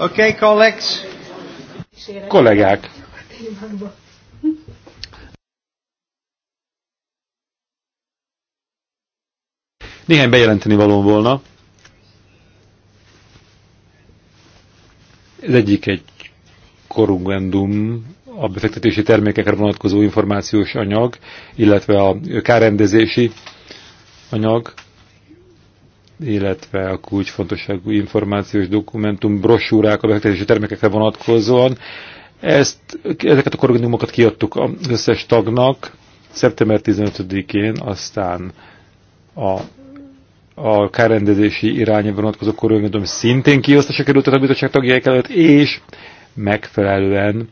Okay, colleagues. Kollégák. Néhány bejelenteni való volna. Ez egyik egy korungendum, a befektetési termékekre vonatkozó információs anyag, illetve a kárrendezési anyag, illetve a kulcsfontosságú információs dokumentum, brosúrák, a befektetési termékekre vonatkozóan. Ezt, ezeket a korrigendumokat kiadtuk az összes tagnak szeptember 15-én, aztán a a kárrendezési irányba vonatkozó korrigendum szintén kiosztása került a bizottság tagjai előtt, és megfelelően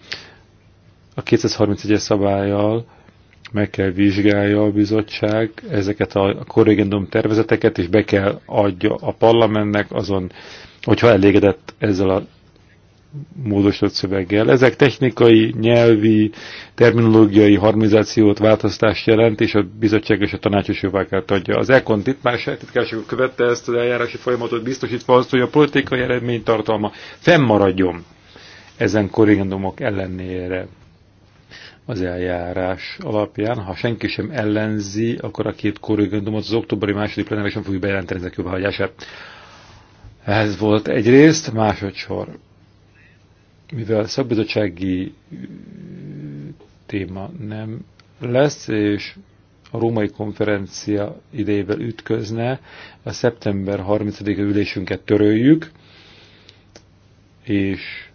a 231-es szabályjal meg kell vizsgálja a bizottság ezeket a korrigendum tervezeteket, és be kell adja a parlamentnek azon, hogyha elégedett ezzel a módosított szöveggel. Ezek technikai, nyelvi, terminológiai harmonizációt, változtást jelent, és a bizottság és a tanácsos kell adja. Az ECON titkárság titkársága követte ezt az eljárási folyamatot, biztosítva azt, hogy a politikai eredmény tartalma fennmaradjon ezen korrigendumok ellenére az eljárás alapján. Ha senki sem ellenzi, akkor a két korrigendumot az októberi második plenárison fogjuk bejelenteni ezek jóváhagyását. Ez volt egyrészt, másodszor. Mivel a szakbizottsági téma nem lesz, és a római konferencia idejével ütközne, a szeptember 30-a ülésünket töröljük, és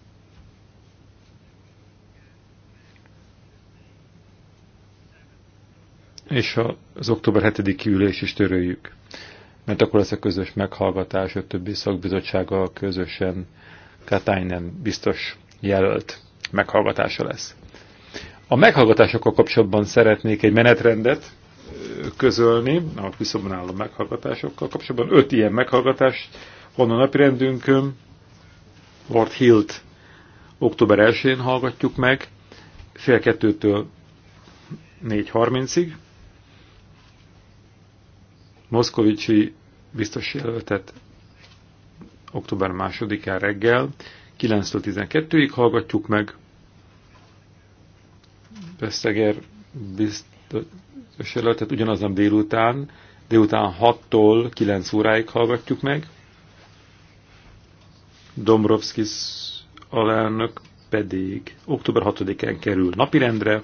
és az október 7-i ülés is töröljük. Mert akkor lesz a közös meghallgatás, a többi szakbizottsága közösen Katainen biztos jelölt meghallgatása lesz. A meghallgatásokkal kapcsolatban szeretnék egy menetrendet közölni, a küszöbön álló meghallgatásokkal kapcsolatban. Öt ilyen meghallgatás van a napirendünkön. Lord Hilt október 1-én hallgatjuk meg, fél kettőtől 4.30-ig, Moszkovicsi biztos jelöltet október másodikán reggel 9-12-ig hallgatjuk meg. Veszeger biztos jelöltet ugyanazon délután, délután 6-tól 9 óráig hallgatjuk meg. Dombrovskis alelnök pedig október 6-án kerül napirendre,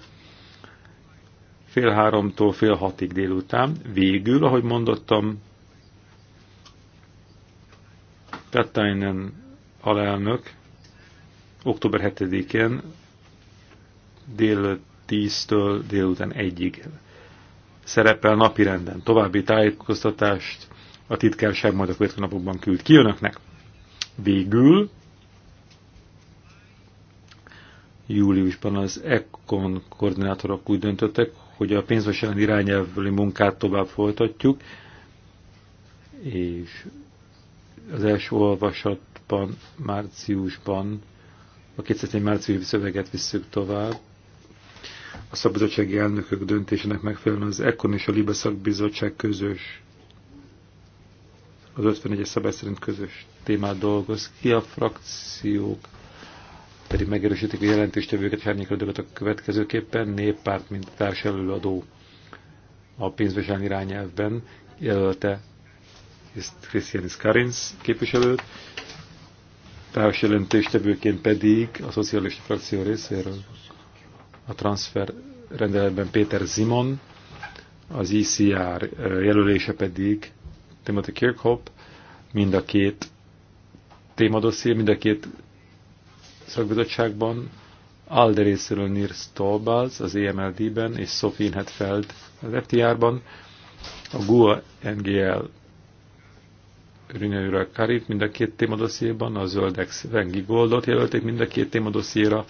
fél háromtól fél hatig délután. Végül, ahogy mondottam, Kattainen alelnök október 7-én dél 10-től délután egyig ig szerepel napirenden. További tájékoztatást a titkárság majd a következő napokban küld ki önöknek. Végül júliusban az ECON koordinátorok úgy döntöttek, hogy a pénzvasárlóan irányelvüli munkát tovább folytatjuk, és az első olvasatban, márciusban a 2001 márciusi szöveget visszük tovább. A szabadsági elnökök döntésének megfelelően az Ekon és a Libe szakbizottság közös, az 51-es szabály szerint közös témát dolgoz ki. A frakciók pedig megerősítik a jelentéstevőket és a következőképpen néppárt, mint társelőadó a pénzvesen irányelvben jelölte Christian Karins képviselőt, társjelentéstevőként pedig a szocialista frakció részéről a transfer rendeletben Péter Zimon, az ICR jelölése pedig Timothy Kirkhope, mind a két témadosszé, mind a két szakbizottságban, alderészről Nir Stolbals az EMLD-ben és Sophie Hetfeld az FTR-ban, a GUA NGL Rinőre Karit mind a két témadosszéban, a Zöldex Vengi Goldot jelölték mind a két témadosszéra,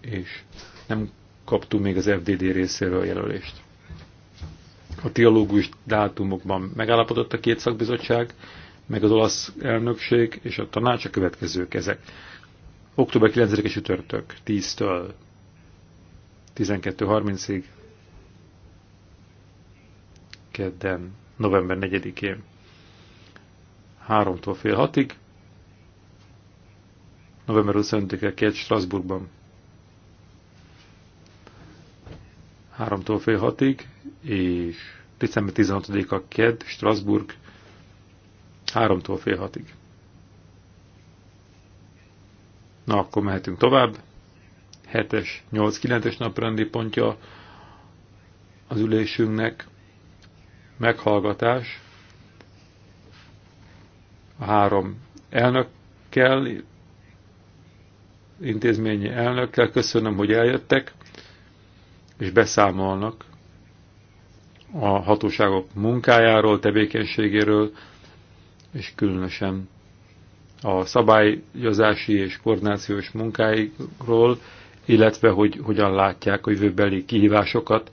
és nem kaptunk még az FDD részéről jelölést. A dialógus dátumokban megállapodott a két szakbizottság, meg az olasz elnökség és a tanács a következők ezek. Október 9 es ütörtök, 10-től 12.30-ig, kedden, november 4-én, 3-tól fél 6-ig, november 25-e két Strasbourgban, 3-tól fél 6-ig, és december 16-a KED, Strasbourg, Háromtól fél hatig. Na, akkor mehetünk tovább. 7-es, 8-9-es naprendi pontja az ülésünknek. Meghallgatás. A három elnökkel, intézményi elnökkel. Köszönöm, hogy eljöttek, és beszámolnak a hatóságok munkájáról, tevékenységéről, és különösen a szabályozási és koordinációs munkáikról, illetve hogy hogyan látják a jövőbeli kihívásokat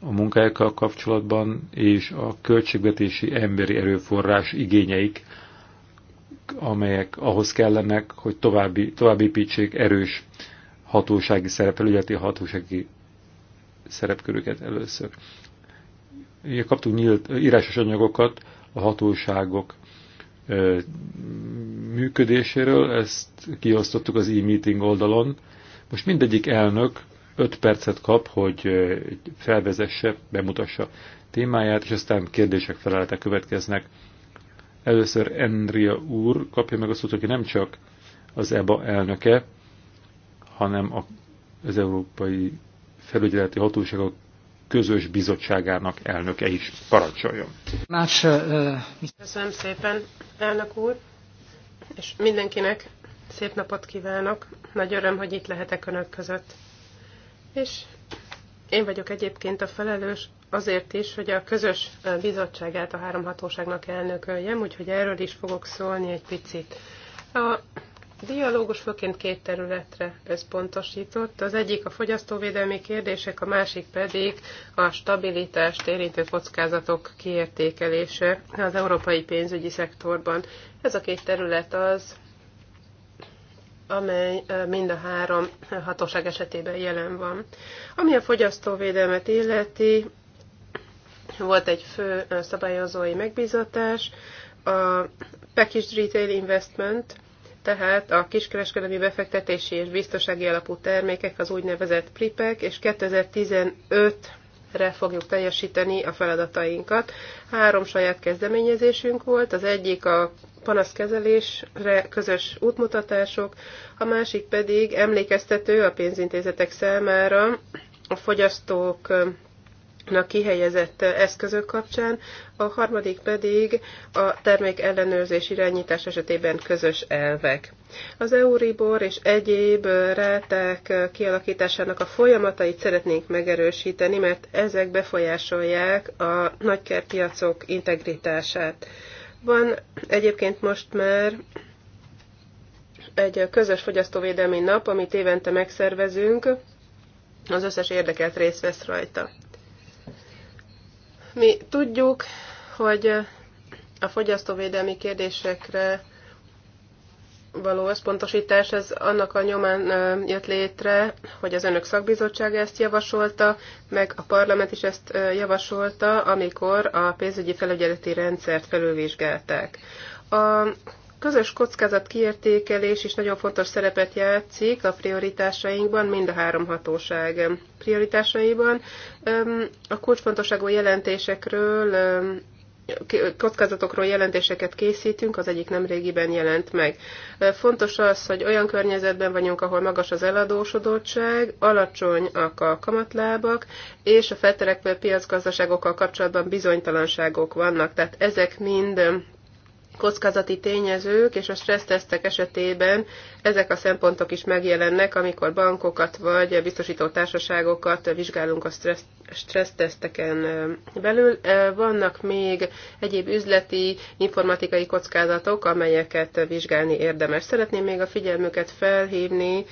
a munkájukkal kapcsolatban, és a költségvetési emberi erőforrás igényeik, amelyek ahhoz kellenek, hogy további, további építsék erős hatósági szerepelügyeti hatósági szerepköröket először. Kaptunk nyílt írásos anyagokat a hatóságok működéséről, ezt kiosztottuk az e-meeting oldalon. Most mindegyik elnök 5 percet kap, hogy felvezesse, bemutassa témáját, és aztán kérdések feleletek következnek. Először Enria úr kapja meg a szót, aki nem csak az EBA elnöke, hanem az Európai Felügyeleti Hatóságok közös bizottságának elnöke is parancsoljon. Más, Köszönöm szépen, elnök úr, és mindenkinek szép napot kívánok. Nagy öröm, hogy itt lehetek önök között. És én vagyok egyébként a felelős azért is, hogy a közös bizottságát a három hatóságnak elnököljem, úgyhogy erről is fogok szólni egy picit. A dialógus főként két területre összpontosított. Az egyik a fogyasztóvédelmi kérdések, a másik pedig a stabilitást érintő kockázatok kiértékelése az európai pénzügyi szektorban. Ez a két terület az, amely mind a három hatóság esetében jelen van. Ami a fogyasztóvédelmet illeti, volt egy fő szabályozói megbízatás, a Package Retail Investment, tehát a kiskereskedelmi befektetési és biztonsági alapú termékek, az úgynevezett PRIPEK, és 2015-re fogjuk teljesíteni a feladatainkat. Három saját kezdeményezésünk volt, az egyik a panaszkezelésre közös útmutatások, a másik pedig emlékeztető a pénzintézetek számára a fogyasztók kihelyezett eszközök kapcsán, a harmadik pedig a termék ellenőrzés irányítás esetében közös elvek. Az Euribor és egyéb ráták kialakításának a folyamatait szeretnénk megerősíteni, mert ezek befolyásolják a nagykerpiacok integritását. Van egyébként most már egy közös fogyasztóvédelmi nap, amit évente megszervezünk, az összes érdekelt részt vesz rajta. Mi tudjuk, hogy a fogyasztóvédelmi kérdésekre való összpontosítás, ez annak a nyomán jött létre, hogy az önök szakbizottság ezt javasolta, meg a parlament is ezt javasolta, amikor a pénzügyi felügyeleti rendszert felülvizsgálták. A közös kockázat kiértékelés is nagyon fontos szerepet játszik a prioritásainkban, mind a három hatóság prioritásaiban. A kulcsfontosságú jelentésekről kockázatokról jelentéseket készítünk, az egyik nem régiben jelent meg. Fontos az, hogy olyan környezetben vagyunk, ahol magas az eladósodottság, alacsony a kamatlábak, és a felterekvő piacgazdaságokkal kapcsolatban bizonytalanságok vannak. Tehát ezek mind kockázati tényezők és a stressztesztek esetében ezek a szempontok is megjelennek, amikor bankokat vagy biztosító társaságokat vizsgálunk a stressztesteken stresszteszteken belül. Vannak még egyéb üzleti, informatikai kockázatok, amelyeket vizsgálni érdemes. Szeretném még a figyelmüket felhívni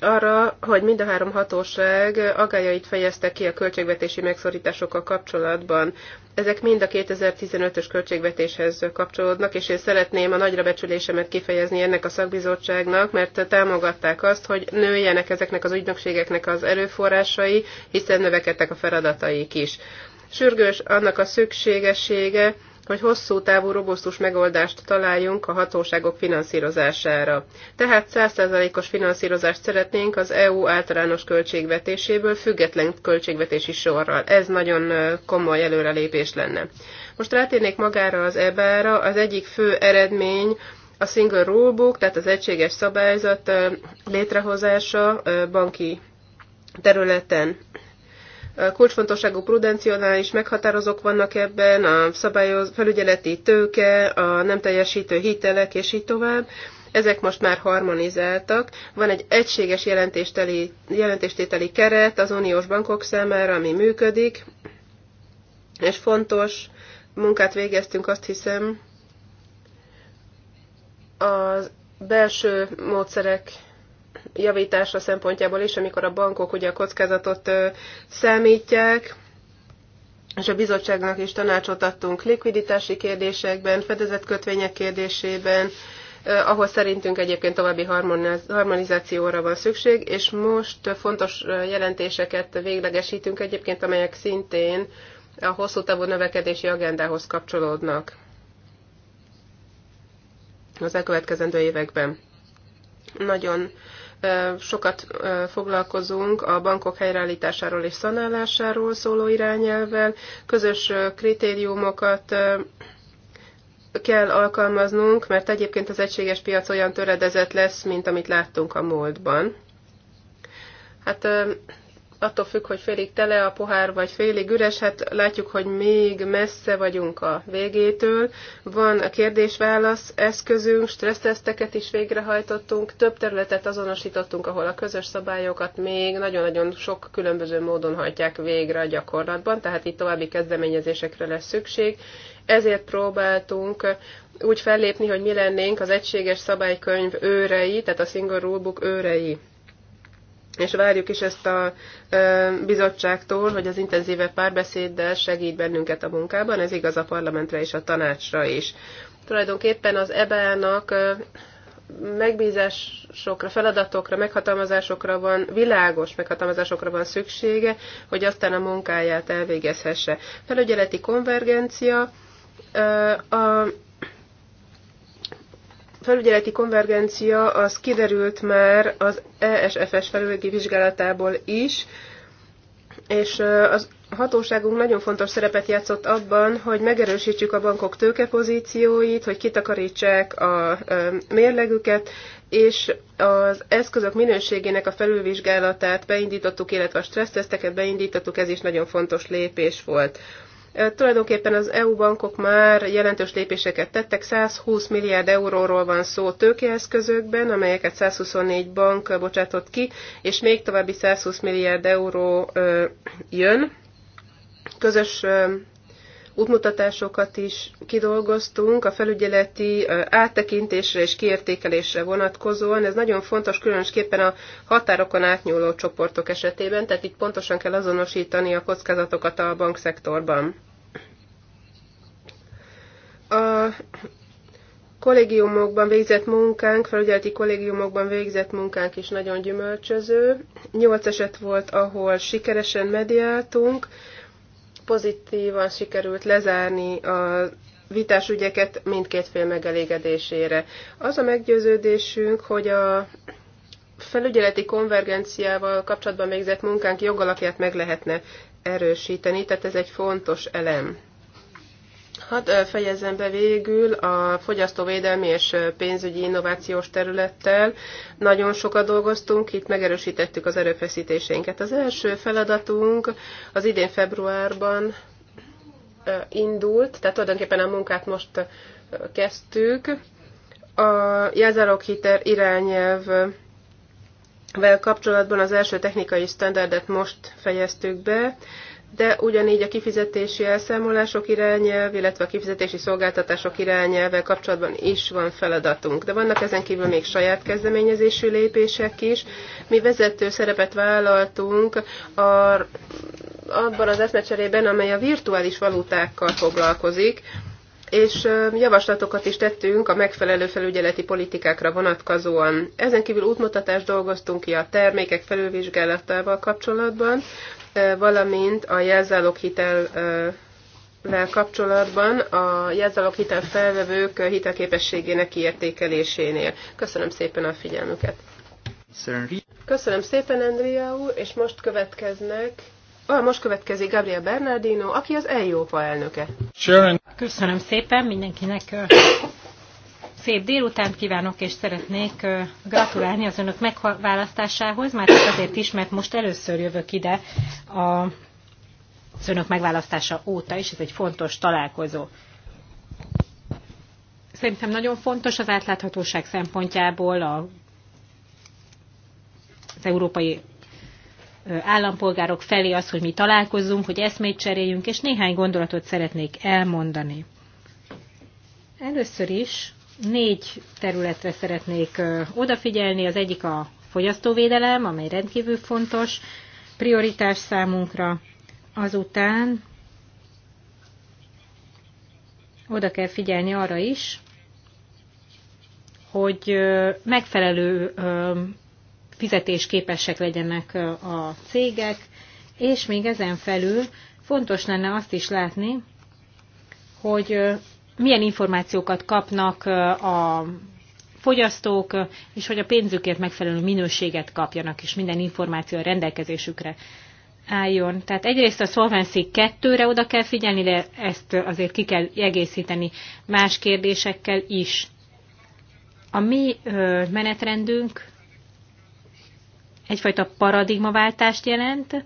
arra, hogy mind a három hatóság agályait fejezte ki a költségvetési megszorításokkal kapcsolatban. Ezek mind a 2015-ös költségvetéshez kapcsolódnak, és én szeretném a nagyra becsülésemet kifejezni ennek a szakbizottságnak, mert támogatták azt, hogy nőjenek ezeknek az ügynökségeknek az erőforrásai, hiszen növekedtek a feladataik is. Sürgős annak a szükségessége, hogy hosszú távú robusztus megoldást találjunk a hatóságok finanszírozására. Tehát 100%-os finanszírozást szeretnénk az EU általános költségvetéséből, független költségvetési sorral. Ez nagyon komoly előrelépés lenne. Most rátérnék magára az EBA-ra. Az egyik fő eredmény, a single rulebook, tehát az egységes szabályzat létrehozása banki területen kulcsfontosságú prudencionális meghatározók vannak ebben, a szabályoz, felügyeleti tőke, a nem teljesítő hitelek, és így tovább. Ezek most már harmonizáltak. Van egy egységes jelentésteli, jelentéstételi keret az uniós bankok számára, ami működik, és fontos munkát végeztünk, azt hiszem, az belső módszerek javítása szempontjából is, amikor a bankok ugye a kockázatot számítják, és a bizottságnak is tanácsot adtunk likviditási kérdésekben, fedezett kötvények kérdésében, ahol szerintünk egyébként további harmonizációra van szükség, és most fontos jelentéseket véglegesítünk egyébként, amelyek szintén a hosszú távú növekedési agendához kapcsolódnak az elkövetkezendő években. Nagyon sokat foglalkozunk a bankok helyreállításáról és szanálásáról szóló irányelvvel, közös kritériumokat kell alkalmaznunk, mert egyébként az egységes piac olyan töredezett lesz, mint amit láttunk a múltban. Hát attól függ, hogy félig tele a pohár, vagy félig üres, hát látjuk, hogy még messze vagyunk a végétől. Van a kérdés-válasz eszközünk, stresszteszteket is végrehajtottunk, több területet azonosítottunk, ahol a közös szabályokat még nagyon-nagyon sok különböző módon hajtják végre a gyakorlatban, tehát itt további kezdeményezésekre lesz szükség. Ezért próbáltunk úgy fellépni, hogy mi lennénk az egységes szabálykönyv őrei, tehát a Single Rulebook őrei és várjuk is ezt a bizottságtól, hogy az intenzíve párbeszéddel segít bennünket a munkában, ez igaz a parlamentre és a tanácsra is. Tulajdonképpen az EBA-nak megbízásokra, feladatokra, meghatalmazásokra van, világos meghatalmazásokra van szüksége, hogy aztán a munkáját elvégezhesse. Felügyeleti konvergencia, a felügyeleti konvergencia az kiderült már az ESFS felügyeleti vizsgálatából is, és az hatóságunk nagyon fontos szerepet játszott abban, hogy megerősítsük a bankok tőkepozícióit, hogy kitakarítsák a mérlegüket, és az eszközök minőségének a felülvizsgálatát beindítottuk, illetve a stresszteszteket beindítottuk, ez is nagyon fontos lépés volt. Tulajdonképpen az EU bankok már jelentős lépéseket tettek, 120 milliárd euróról van szó tőkeeszközökben, amelyeket 124 bank bocsátott ki, és még további 120 milliárd euró jön. Közös útmutatásokat is kidolgoztunk a felügyeleti áttekintésre és kiértékelésre vonatkozóan. Ez nagyon fontos, különösképpen a határokon átnyúló csoportok esetében, tehát itt pontosan kell azonosítani a kockázatokat a bankszektorban. A kollégiumokban végzett munkánk, felügyeleti kollégiumokban végzett munkánk is nagyon gyümölcsöző. Nyolc eset volt, ahol sikeresen mediáltunk, pozitívan sikerült lezárni a vitás ügyeket mindkét fél megelégedésére. Az a meggyőződésünk, hogy a felügyeleti konvergenciával kapcsolatban végzett munkánk jogalapját meg lehetne erősíteni, tehát ez egy fontos elem. Hát fejezem be végül a fogyasztóvédelmi és pénzügyi innovációs területtel. Nagyon sokat dolgoztunk, itt megerősítettük az erőfeszítéseinket. Az első feladatunk az idén februárban indult, tehát tulajdonképpen a munkát most kezdtük. A jelzáloghitel irányelv vel kapcsolatban az első technikai standardet most fejeztük be, de ugyanígy a kifizetési elszámolások irányelv, illetve a kifizetési szolgáltatások irányelve kapcsolatban is van feladatunk. De vannak ezen kívül még saját kezdeményezésű lépések is. Mi vezető szerepet vállaltunk a, abban az eszmecserében, amely a virtuális valutákkal foglalkozik, és javaslatokat is tettünk a megfelelő felügyeleti politikákra vonatkozóan. Ezen kívül útmutatást dolgoztunk ki a termékek felülvizsgálatával kapcsolatban, valamint a jelzáloghitel kapcsolatban a hitel felvevők hitelképességének kiértékelésénél. Köszönöm szépen a figyelmüket! Köszönöm szépen, Andrea úr, és most következnek Ah, most következik Gabriel Bernardino, aki az Európa elnöke. Sharon. Köszönöm szépen mindenkinek. Szép délutánt kívánok, és szeretnék gratulálni az önök megválasztásához, már csak azért is, mert most először jövök ide a, az önök megválasztása óta, és ez egy fontos találkozó. Szerintem nagyon fontos az átláthatóság szempontjából a, az Európai állampolgárok felé az, hogy mi találkozunk, hogy eszmét cseréljünk, és néhány gondolatot szeretnék elmondani. Először is négy területre szeretnék odafigyelni. Az egyik a fogyasztóvédelem, amely rendkívül fontos prioritás számunkra. Azután oda kell figyelni arra is, hogy megfelelő fizetésképesek legyenek a cégek, és még ezen felül fontos lenne azt is látni, hogy milyen információkat kapnak a fogyasztók, és hogy a pénzükért megfelelő minőséget kapjanak, és minden információ a rendelkezésükre álljon. Tehát egyrészt a Solvency 2-re oda kell figyelni, de ezt azért ki kell egészíteni más kérdésekkel is. A mi menetrendünk egyfajta paradigmaváltást jelent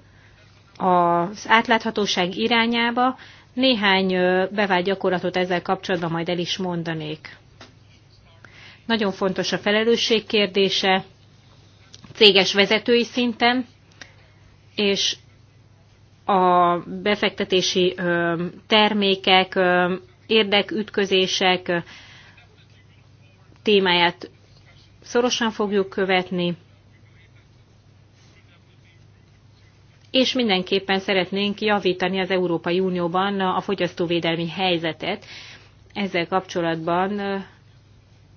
az átláthatóság irányába. Néhány bevált gyakorlatot ezzel kapcsolatban majd el is mondanék. Nagyon fontos a felelősség kérdése céges vezetői szinten, és a befektetési termékek, érdekütközések témáját szorosan fogjuk követni. és mindenképpen szeretnénk javítani az Európai Unióban a fogyasztóvédelmi helyzetet. Ezzel kapcsolatban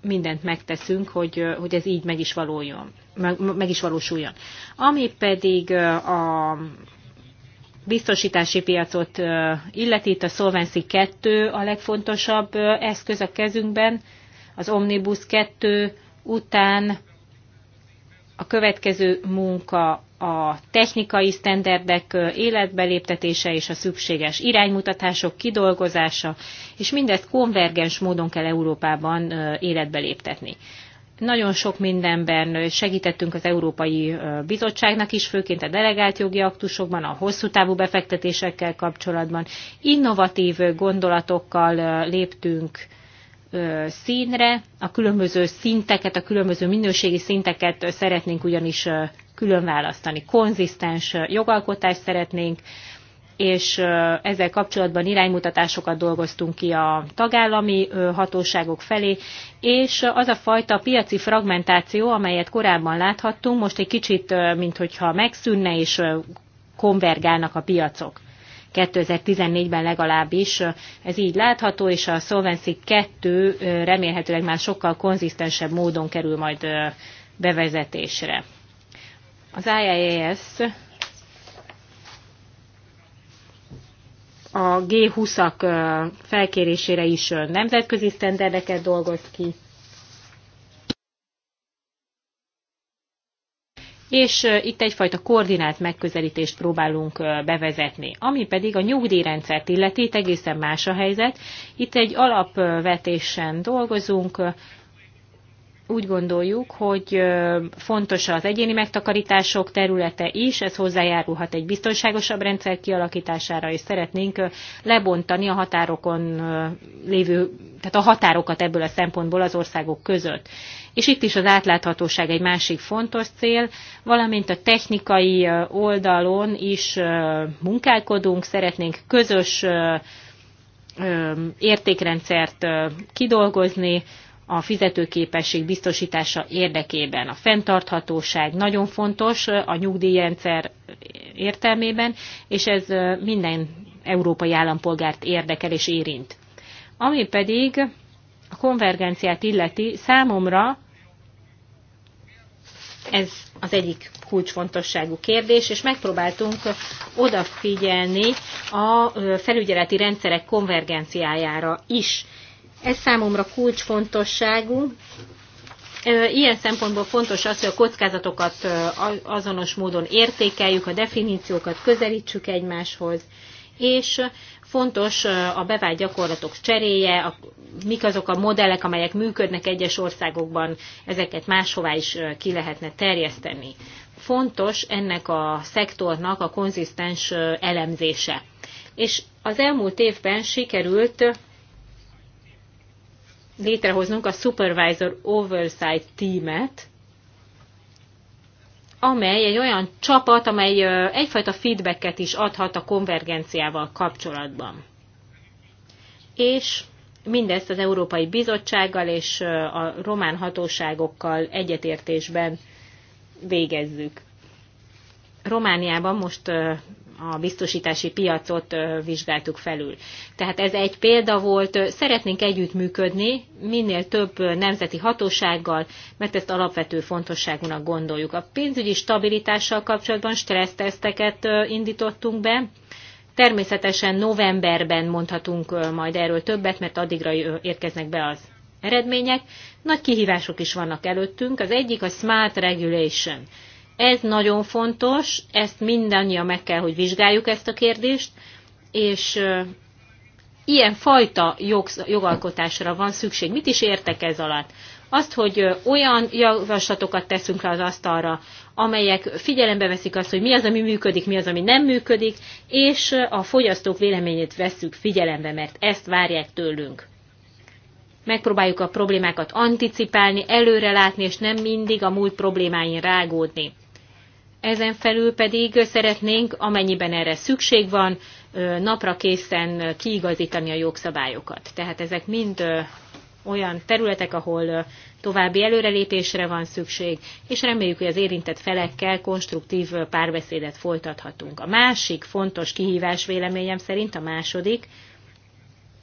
mindent megteszünk, hogy, hogy ez így meg is, valójon, meg, meg is valósuljon. Ami pedig a biztosítási piacot illeti, itt a Solvency 2 a legfontosabb eszköz a kezünkben, az Omnibus 2 után a következő munka a technikai sztenderdek léptetése és a szükséges iránymutatások kidolgozása, és mindezt konvergens módon kell Európában életbe léptetni. Nagyon sok mindenben segítettünk az Európai Bizottságnak is, főként a delegált jogi aktusokban, a hosszú távú befektetésekkel kapcsolatban. Innovatív gondolatokkal léptünk színre, a különböző szinteket, a különböző minőségi szinteket szeretnénk ugyanis különválasztani. Konzisztens jogalkotást szeretnénk, és ezzel kapcsolatban iránymutatásokat dolgoztunk ki a tagállami hatóságok felé, és az a fajta piaci fragmentáció, amelyet korábban láthattunk, most egy kicsit, hogyha megszűnne és konvergálnak a piacok. 2014-ben legalábbis ez így látható, és a Solvency 2 remélhetőleg már sokkal konzisztensebb módon kerül majd bevezetésre. Az IIS a G20-ak felkérésére is nemzetközi sztenderdeket dolgoz ki, és itt egyfajta koordinált megközelítést próbálunk bevezetni. Ami pedig a nyugdíjrendszert illeti, itt egészen más a helyzet. Itt egy alapvetésen dolgozunk, úgy gondoljuk, hogy fontos az egyéni megtakarítások területe is, ez hozzájárulhat egy biztonságosabb rendszer kialakítására, és szeretnénk lebontani a határokon lévő, tehát a határokat ebből a szempontból az országok között. És itt is az átláthatóság egy másik fontos cél, valamint a technikai oldalon is munkálkodunk, szeretnénk közös értékrendszert kidolgozni, a fizetőképesség biztosítása érdekében. A fenntarthatóság nagyon fontos a nyugdíjrendszer értelmében, és ez minden európai állampolgárt érdekel és érint. Ami pedig a konvergenciát illeti, számomra ez az egyik kulcsfontosságú kérdés, és megpróbáltunk odafigyelni a felügyeleti rendszerek konvergenciájára is ez számomra kulcsfontosságú. Ilyen szempontból fontos az, hogy a kockázatokat azonos módon értékeljük, a definíciókat közelítsük egymáshoz, és fontos a bevált gyakorlatok cseréje, a, mik azok a modellek, amelyek működnek egyes országokban, ezeket máshová is ki lehetne terjeszteni. Fontos ennek a szektornak a konzisztens elemzése. És az elmúlt évben sikerült létrehoznunk a Supervisor Oversight team-et, amely egy olyan csapat, amely egyfajta feedbacket is adhat a konvergenciával kapcsolatban. És mindezt az Európai Bizottsággal és a román hatóságokkal egyetértésben végezzük. Romániában most a biztosítási piacot vizsgáltuk felül. Tehát ez egy példa volt. Szeretnénk együttműködni minél több nemzeti hatósággal, mert ezt alapvető fontosságúnak gondoljuk. A pénzügyi stabilitással kapcsolatban stresszteszteket indítottunk be. Természetesen novemberben mondhatunk majd erről többet, mert addigra érkeznek be az eredmények. Nagy kihívások is vannak előttünk. Az egyik a smart regulation ez nagyon fontos, ezt mindannyian meg kell, hogy vizsgáljuk ezt a kérdést, és ilyen fajta jogalkotásra van szükség. Mit is értek ez alatt? Azt, hogy olyan javaslatokat teszünk le az asztalra, amelyek figyelembe veszik azt, hogy mi az, ami működik, mi az, ami nem működik, és a fogyasztók véleményét vesszük figyelembe, mert ezt várják tőlünk. Megpróbáljuk a problémákat anticipálni, előre látni, és nem mindig a múlt problémáin rágódni. Ezen felül pedig szeretnénk, amennyiben erre szükség van, napra készen kiigazítani a jogszabályokat. Tehát ezek mind olyan területek, ahol további előrelépésre van szükség, és reméljük, hogy az érintett felekkel konstruktív párbeszédet folytathatunk. A másik fontos kihívás véleményem szerint a második,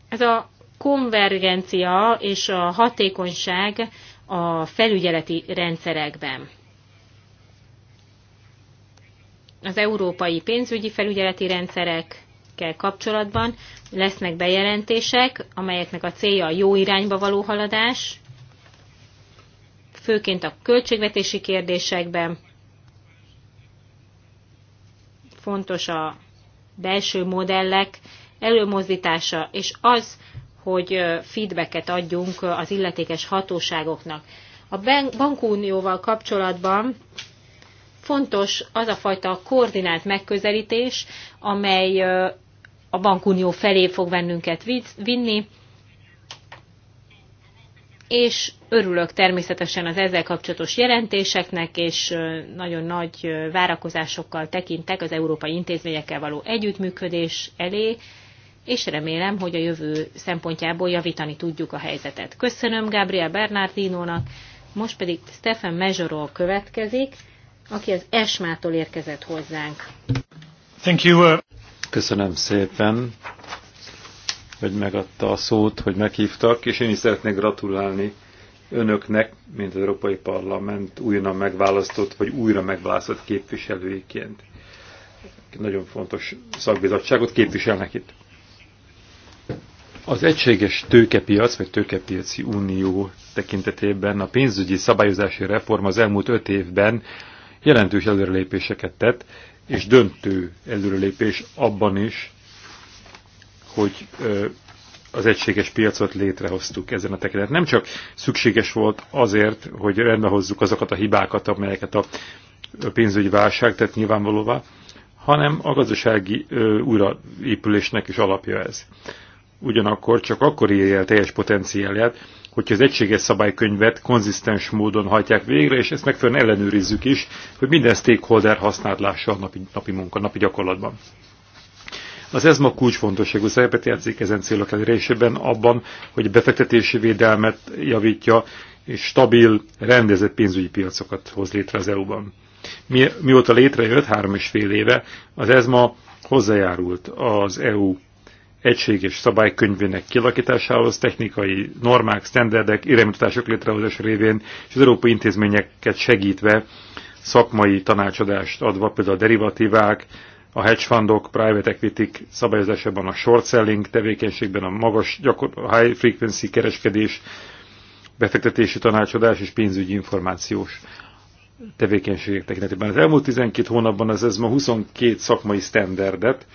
ez a konvergencia és a hatékonyság a felügyeleti rendszerekben az európai pénzügyi felügyeleti rendszerekkel kapcsolatban lesznek bejelentések, amelyeknek a célja a jó irányba való haladás, főként a költségvetési kérdésekben. Fontos a belső modellek előmozdítása, és az, hogy feedbacket adjunk az illetékes hatóságoknak. A bankunióval kapcsolatban Fontos az a fajta koordinált megközelítés, amely a bankunió felé fog bennünket vinni, és örülök természetesen az ezzel kapcsolatos jelentéseknek, és nagyon nagy várakozásokkal tekintek az európai intézményekkel való együttműködés elé, és remélem, hogy a jövő szempontjából javítani tudjuk a helyzetet. Köszönöm Gabriel Bernardino-nak, most pedig Stefan Mezsorol következik, aki az Esmától érkezett hozzánk. Thank you. Uh, Köszönöm szépen, hogy megadta a szót, hogy meghívtak, és én is szeretnék gratulálni önöknek, mint az Európai Parlament újra megválasztott, vagy újra megválasztott képviselőiként. Nagyon fontos szakbizottságot képviselnek itt. Az egységes tőkepiac, vagy tőkepiaci unió tekintetében a pénzügyi szabályozási reform az elmúlt öt évben jelentős előrelépéseket tett, és döntő előrelépés abban is, hogy az egységes piacot létrehoztuk ezen a tekintet. Nem csak szükséges volt azért, hogy rendbe hozzuk azokat a hibákat, amelyeket a pénzügyi válság tett nyilvánvalóvá, hanem a gazdasági újraépülésnek is alapja ez. Ugyanakkor csak akkor érje el teljes potenciálját, hogyha az egységes szabálykönyvet konzisztens módon hajtják végre, és ezt megfelelően ellenőrizzük is, hogy minden stakeholder használt lássa a napi, napi munka, napi gyakorlatban. Az ESMA kulcsfontosságú szerepet játszik ezen célok elérésében abban, hogy a befektetési védelmet javítja, és stabil, rendezett pénzügyi piacokat hoz létre az EU-ban. Mi, mióta létrejött, három és fél éve, az ESMA hozzájárult az EU egységes szabálykönyvének kilakításához, technikai normák, sztenderdek, irányítások létrehozás révén és az európai intézményeket segítve szakmai tanácsadást adva, például a derivatívák, a hedge fundok, private equity szabályozásában a short selling tevékenységben a magas gyakor- high frequency kereskedés, befektetési tanácsadás és pénzügyi információs tevékenységek tekintetében. Az elmúlt 12 hónapban az ez ma 22 szakmai standardet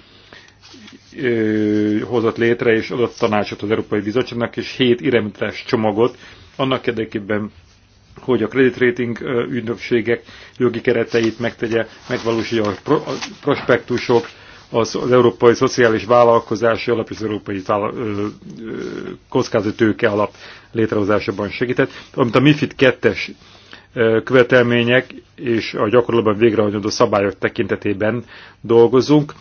hozott létre és adott tanácsot az Európai Bizottságnak, és hét irányítás csomagot annak érdekében, hogy a credit rating ügynökségek jogi kereteit megtegye, megvalósítja a prospektusok, az, az Európai Szociális Vállalkozási Alap és az Európai Kockázatőke Alap létrehozásában segített, amit a MIFID 2-es követelmények és a gyakorlatban végrehajtandó szabályok tekintetében dolgozunk.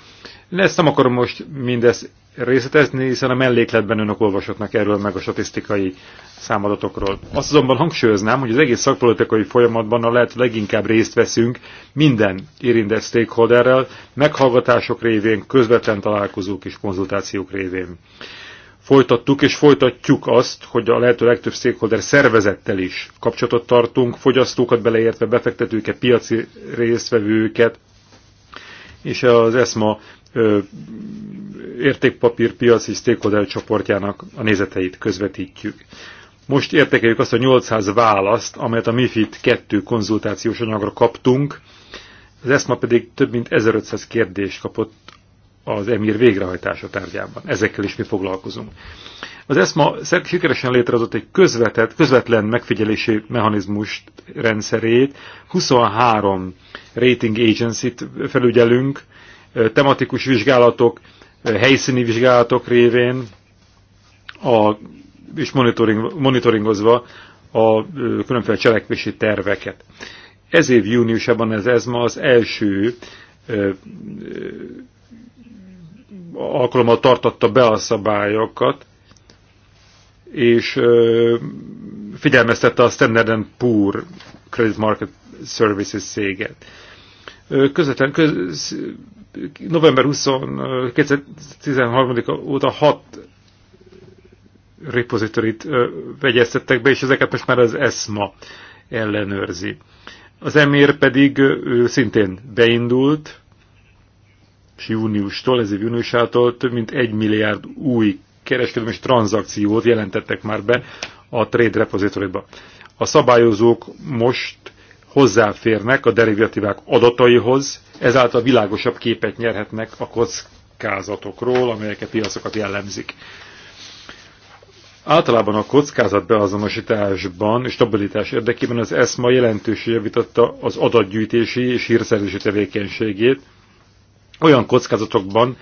Ezt nem akarom most mindezt részletezni, hiszen a mellékletben önök olvashatnak erről meg a statisztikai számadatokról. Azt azonban hangsúlyoznám, hogy az egész szakpolitikai folyamatban a lehet leginkább részt veszünk minden érintett stakeholderrel, meghallgatások révén, közvetlen találkozók és konzultációk révén. Folytattuk és folytatjuk azt, hogy a lehető legtöbb stakeholder szervezettel is kapcsolatot tartunk, fogyasztókat beleértve, befektetőket, piaci résztvevőket, és az ESMA értékpapírpiaci stakeholder csoportjának a nézeteit közvetítjük. Most értékeljük azt a 800 választ, amelyet a MIFID 2 konzultációs anyagra kaptunk, az ESMA pedig több mint 1500 kérdést kapott az EMIR végrehajtása tárgyában. Ezekkel is mi foglalkozunk. Az ESMA sikeresen létrehozott egy közvetett, közvetlen megfigyelési mechanizmus rendszerét, 23 rating agency-t felügyelünk, tematikus vizsgálatok, helyszíni vizsgálatok révén a, és monitoring, monitoringozva a különféle cselekvési terveket. Ez év júniusában ez, ez ma az első alkalommal tartotta be a szabályokat, és ö, figyelmeztette a Standard Poor Credit Market Services széget Közvetlen köz, november 20, 2013 óta hat repozitorit vegyeztettek be, és ezeket most már az ESMA ellenőrzi. Az EMIR pedig ő szintén beindult, és júniustól, ez júniusától több mint egy milliárd új kereskedelmi és tranzakciót jelentettek már be a trade repozitoriba. A szabályozók most hozzáférnek a derivatívák adataihoz, ezáltal világosabb képet nyerhetnek a kockázatokról, amelyeket piacokat jellemzik. Általában a kockázat beazonosításban és stabilitás érdekében az ESMA jelentősé javította az adatgyűjtési és hírszerzési tevékenységét olyan kockázatokban,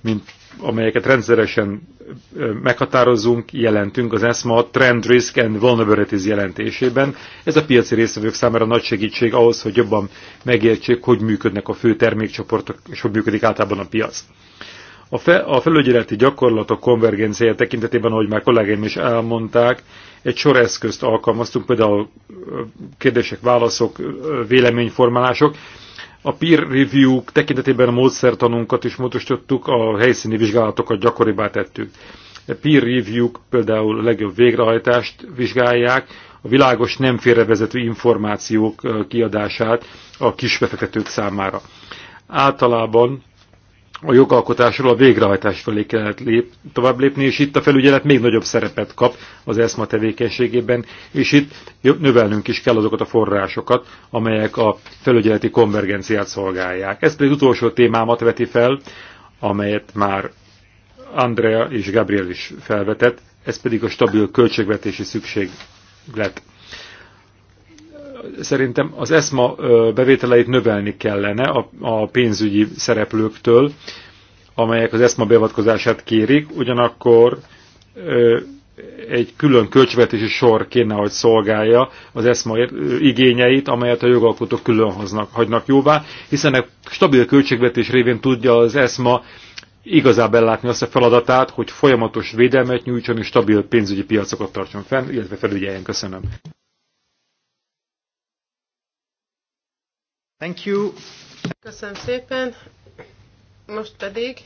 mint amelyeket rendszeresen meghatározunk, jelentünk az ESMA Trend Risk and Vulnerabilities jelentésében. Ez a piaci részvevők számára nagy segítség ahhoz, hogy jobban megértsék, hogy működnek a fő termékcsoportok, és hogy működik általában a piac. A, fe, a felügyeleti gyakorlatok konvergenciája tekintetében, ahogy már kollégáim is elmondták, egy sor eszközt alkalmaztunk, például kérdések, válaszok, véleményformálások, a peer review tekintetében a módszertanunkat is módosítottuk, a helyszíni vizsgálatokat gyakoribbá tettük. A peer review például a legjobb végrehajtást vizsgálják, a világos nem félrevezető információk kiadását a kisbefektetők számára. Általában a jogalkotásról a végrehajtás felé kellett lép, tovább lépni, és itt a felügyelet még nagyobb szerepet kap az ESMA tevékenységében, és itt növelnünk is kell azokat a forrásokat, amelyek a felügyeleti konvergenciát szolgálják. Ez pedig utolsó témámat veti fel, amelyet már Andrea és Gabriel is felvetett, ez pedig a stabil költségvetési szükséglet szerintem az ESMA bevételeit növelni kellene a, a pénzügyi szereplőktől, amelyek az ESMA beavatkozását kérik, ugyanakkor egy külön költségvetési sor kéne, hogy szolgálja az ESMA igényeit, amelyet a jogalkotók külön hoznak, hagynak jóvá, hiszen egy stabil költségvetés révén tudja az ESMA igazából ellátni azt a feladatát, hogy folyamatos védelmet nyújtson és stabil pénzügyi piacokat tartson fenn, illetve felügyeljen. Köszönöm. Thank you. Köszönöm szépen. Most pedig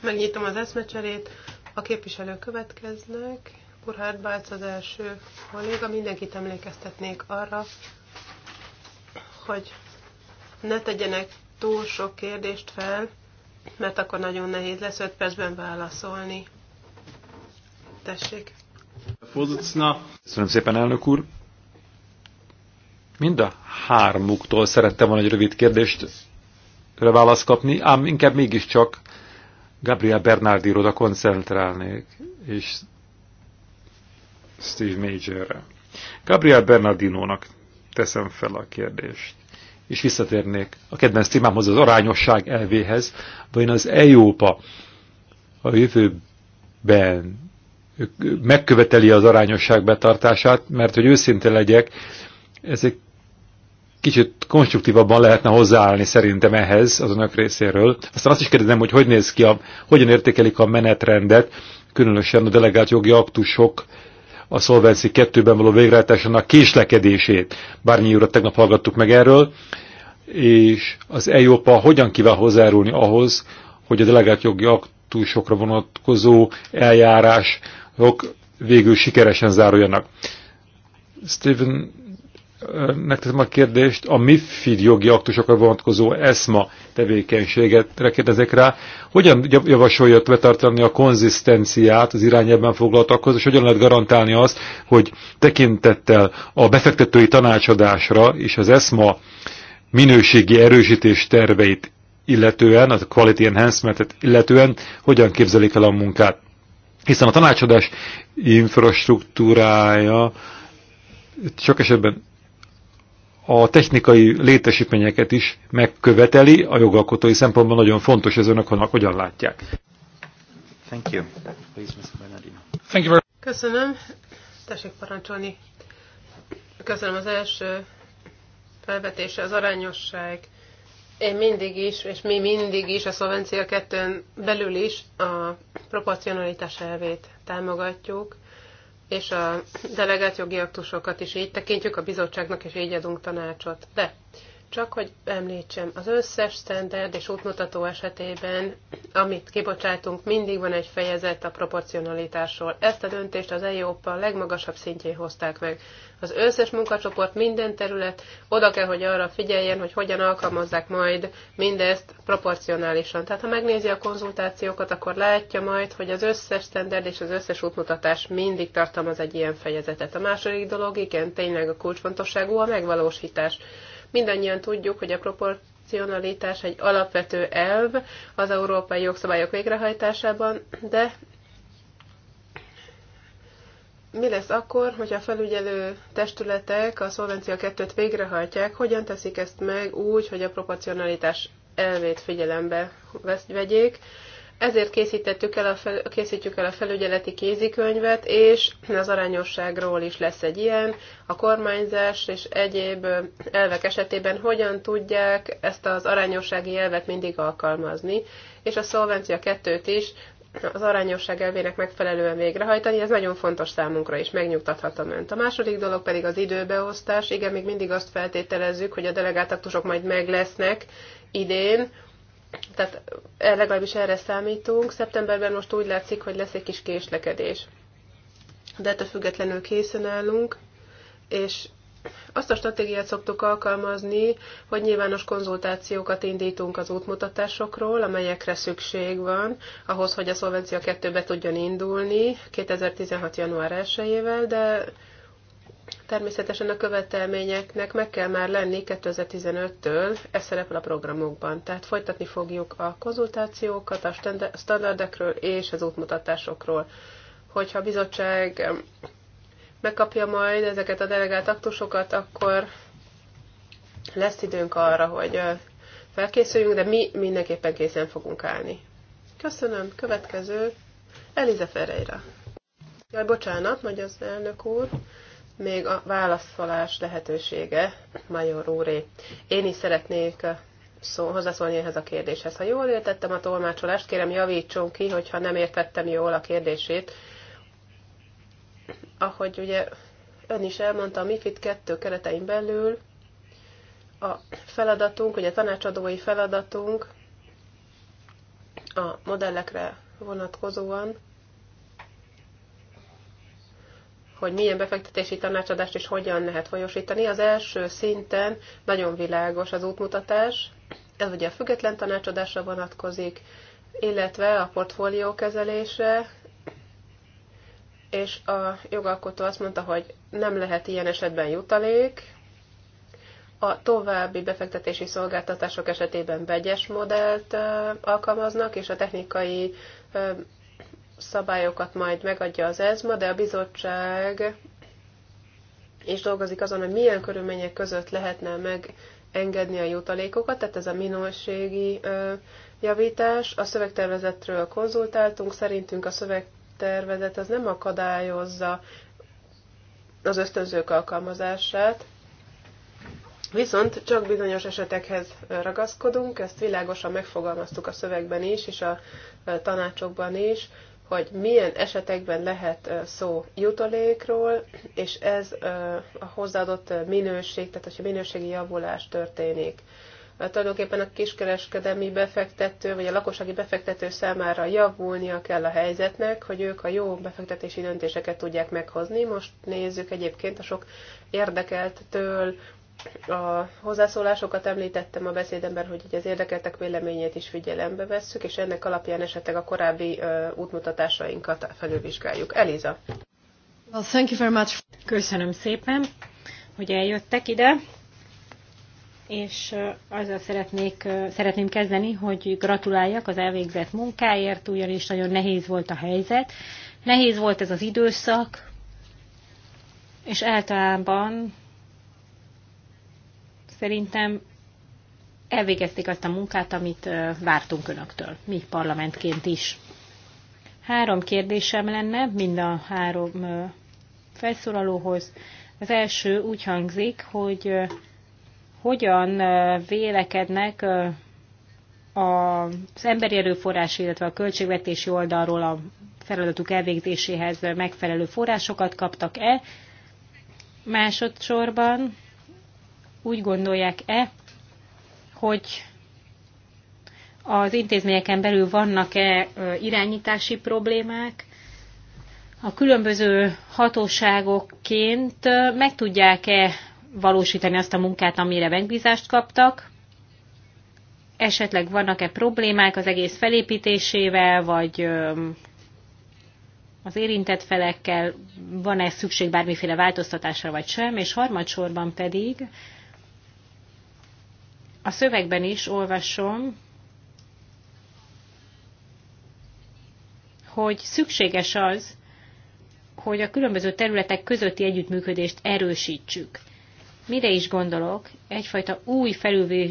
megnyitom az eszmecserét. A képviselők következnek. Burhard Bálc az első kolléga. Mindenkit emlékeztetnék arra, hogy ne tegyenek túl sok kérdést fel, mert akkor nagyon nehéz lesz 5 percben válaszolni. Tessék. Köszönöm szépen, elnök úr. Mind a hármuktól szerettem volna egy rövid kérdést választ kapni, ám inkább mégiscsak Gabriel Bernardiroda koncentrálnék, és Steve Majorre. Gabriel Bernardinónak teszem fel a kérdést, és visszatérnék a kedvenc témámhoz, az arányosság elvéhez, vagy az Európa a jövőben megköveteli az arányosság betartását, mert hogy őszinte legyek, ezek kicsit konstruktívabban lehetne hozzáállni szerintem ehhez az önök részéről. Aztán azt is kérdezem, hogy hogy néz ki, a, hogyan értékelik a menetrendet, különösen a delegált jogi aktusok a Solvency 2-ben való végrehajtásának késlekedését. Bárnyi úrat tegnap hallgattuk meg erről, és az EIOPA hogyan kíván hozzájárulni ahhoz, hogy a delegált jogi aktusokra vonatkozó eljárások végül sikeresen záruljanak. Stephen megteszem a kérdést, a MIFID jogi aktusokra vonatkozó ESMA tevékenységetre kérdezek rá. Hogyan javasolja betartani a konzisztenciát az irányában foglaltakhoz, és hogyan lehet garantálni azt, hogy tekintettel a befektetői tanácsadásra és az ESMA minőségi erősítés terveit illetően, a quality enhancement illetően hogyan képzelik el a munkát. Hiszen a tanácsadás infrastruktúrája sok esetben a technikai létesítményeket is megköveteli, a jogalkotói szempontból nagyon fontos ez önök, hogy hogyan látják. Thank you. Please, Mr. Bernardino. Thank you very Köszönöm. Tessék parancsolni. Köszönöm az első felvetése, az arányosság. Én mindig is, és mi mindig is a szolvencia kettőn belül is a proporcionalitás elvét támogatjuk, és a delegált jogi aktusokat is így tekintjük a bizottságnak, és így adunk tanácsot. De csak hogy említsem, az összes standard és útmutató esetében, amit kibocsátunk, mindig van egy fejezet a proporcionalitásról. Ezt a döntést az EIOPA legmagasabb szintjén hozták meg. Az összes munkacsoport, minden terület oda kell, hogy arra figyeljen, hogy hogyan alkalmazzák majd mindezt proporcionálisan. Tehát ha megnézi a konzultációkat, akkor látja majd, hogy az összes standard és az összes útmutatás mindig tartalmaz egy ilyen fejezetet. A második dolog, igen, tényleg a kulcsfontosságú a megvalósítás Mindannyian tudjuk, hogy a proporcionalitás egy alapvető elv az európai jogszabályok végrehajtásában, de mi lesz akkor, hogy a felügyelő testületek a szolvencia 2-t végrehajtják, hogyan teszik ezt meg úgy, hogy a proporcionalitás elvét figyelembe vegyék, ezért készítettük el a fel, készítjük el a felügyeleti kézikönyvet, és az arányosságról is lesz egy ilyen. A kormányzás és egyéb elvek esetében hogyan tudják ezt az arányossági elvet mindig alkalmazni, és a szolvencia kettőt is az arányosság elvének megfelelően végrehajtani, ez nagyon fontos számunkra is, megnyugtathatom önt. A második dolog pedig az időbeosztás. Igen, még mindig azt feltételezzük, hogy a delegáltaktusok majd meg lesznek idén, tehát legalábbis erre számítunk. Szeptemberben most úgy látszik, hogy lesz egy kis késlekedés. De ettől függetlenül készen állunk, és azt a stratégiát szoktuk alkalmazni, hogy nyilvános konzultációkat indítunk az útmutatásokról, amelyekre szükség van ahhoz, hogy a Szolvencia 2 be tudjon indulni 2016. január 1-ével, de Természetesen a követelményeknek meg kell már lenni 2015-től, ez szerepel a programokban. Tehát folytatni fogjuk a konzultációkat a standardekről és az útmutatásokról. Hogyha a bizottság megkapja majd ezeket a delegált aktusokat, akkor lesz időnk arra, hogy felkészüljünk, de mi mindenképpen készen fogunk állni. Köszönöm. Következő Eliza Ferreira. Jaj, bocsánat, mondja az elnök úr még a válaszolás lehetősége, Major úré. Én is szeretnék uh, szó, hozzászólni ehhez a kérdéshez. Ha jól értettem a tolmácsolást, kérem javítson ki, hogyha nem értettem jól a kérdését. Ahogy ugye ön is elmondta, a MIFID 2 keretein belül a feladatunk, ugye a tanácsadói feladatunk a modellekre vonatkozóan hogy milyen befektetési tanácsadást is hogyan lehet folyosítani. Az első szinten nagyon világos az útmutatás, ez ugye a független tanácsadásra vonatkozik, illetve a portfólió kezelése. és a jogalkotó azt mondta, hogy nem lehet ilyen esetben jutalék, a további befektetési szolgáltatások esetében vegyes modellt alkalmaznak, és a technikai szabályokat majd megadja az ESMA, de a bizottság és dolgozik azon, hogy milyen körülmények között lehetne megengedni a jutalékokat, tehát ez a minőségi javítás. A szövegtervezetről konzultáltunk, szerintünk a szövegtervezet az nem akadályozza az ösztönzők alkalmazását, Viszont csak bizonyos esetekhez ragaszkodunk, ezt világosan megfogalmaztuk a szövegben is, és a tanácsokban is, hogy milyen esetekben lehet szó jutalékról, és ez a hozzáadott minőség, tehát hogyha minőségi javulás történik. Mert tulajdonképpen a kiskereskedelmi befektető, vagy a lakossági befektető számára javulnia kell a helyzetnek, hogy ők a jó befektetési döntéseket tudják meghozni. Most nézzük egyébként a sok érdekelttől, a hozzászólásokat említettem a beszédemben, hogy így az érdekeltek véleményét is figyelembe vesszük, és ennek alapján esetleg a korábbi uh, útmutatásainkat felülvizsgáljuk. Eliza. Well, thank you very much. Köszönöm szépen, hogy eljöttek ide, és azzal szeretnék, szeretném kezdeni, hogy gratuláljak az elvégzett munkáért, ugyanis nagyon nehéz volt a helyzet. Nehéz volt ez az időszak, és általában szerintem elvégezték azt a munkát, amit vártunk önöktől, mi parlamentként is. Három kérdésem lenne mind a három felszólalóhoz. Az első úgy hangzik, hogy hogyan vélekednek az emberi erőforrás, illetve a költségvetési oldalról a feladatuk elvégzéséhez megfelelő forrásokat kaptak-e. Másodszorban úgy gondolják-e, hogy az intézményeken belül vannak-e irányítási problémák, a különböző hatóságokként meg tudják-e valósítani azt a munkát, amire megbízást kaptak, esetleg vannak-e problémák az egész felépítésével, vagy az érintett felekkel, van-e szükség bármiféle változtatásra, vagy sem, és harmadsorban pedig a szövegben is olvasom, hogy szükséges az, hogy a különböző területek közötti együttműködést erősítsük. Mire is gondolok? Egyfajta új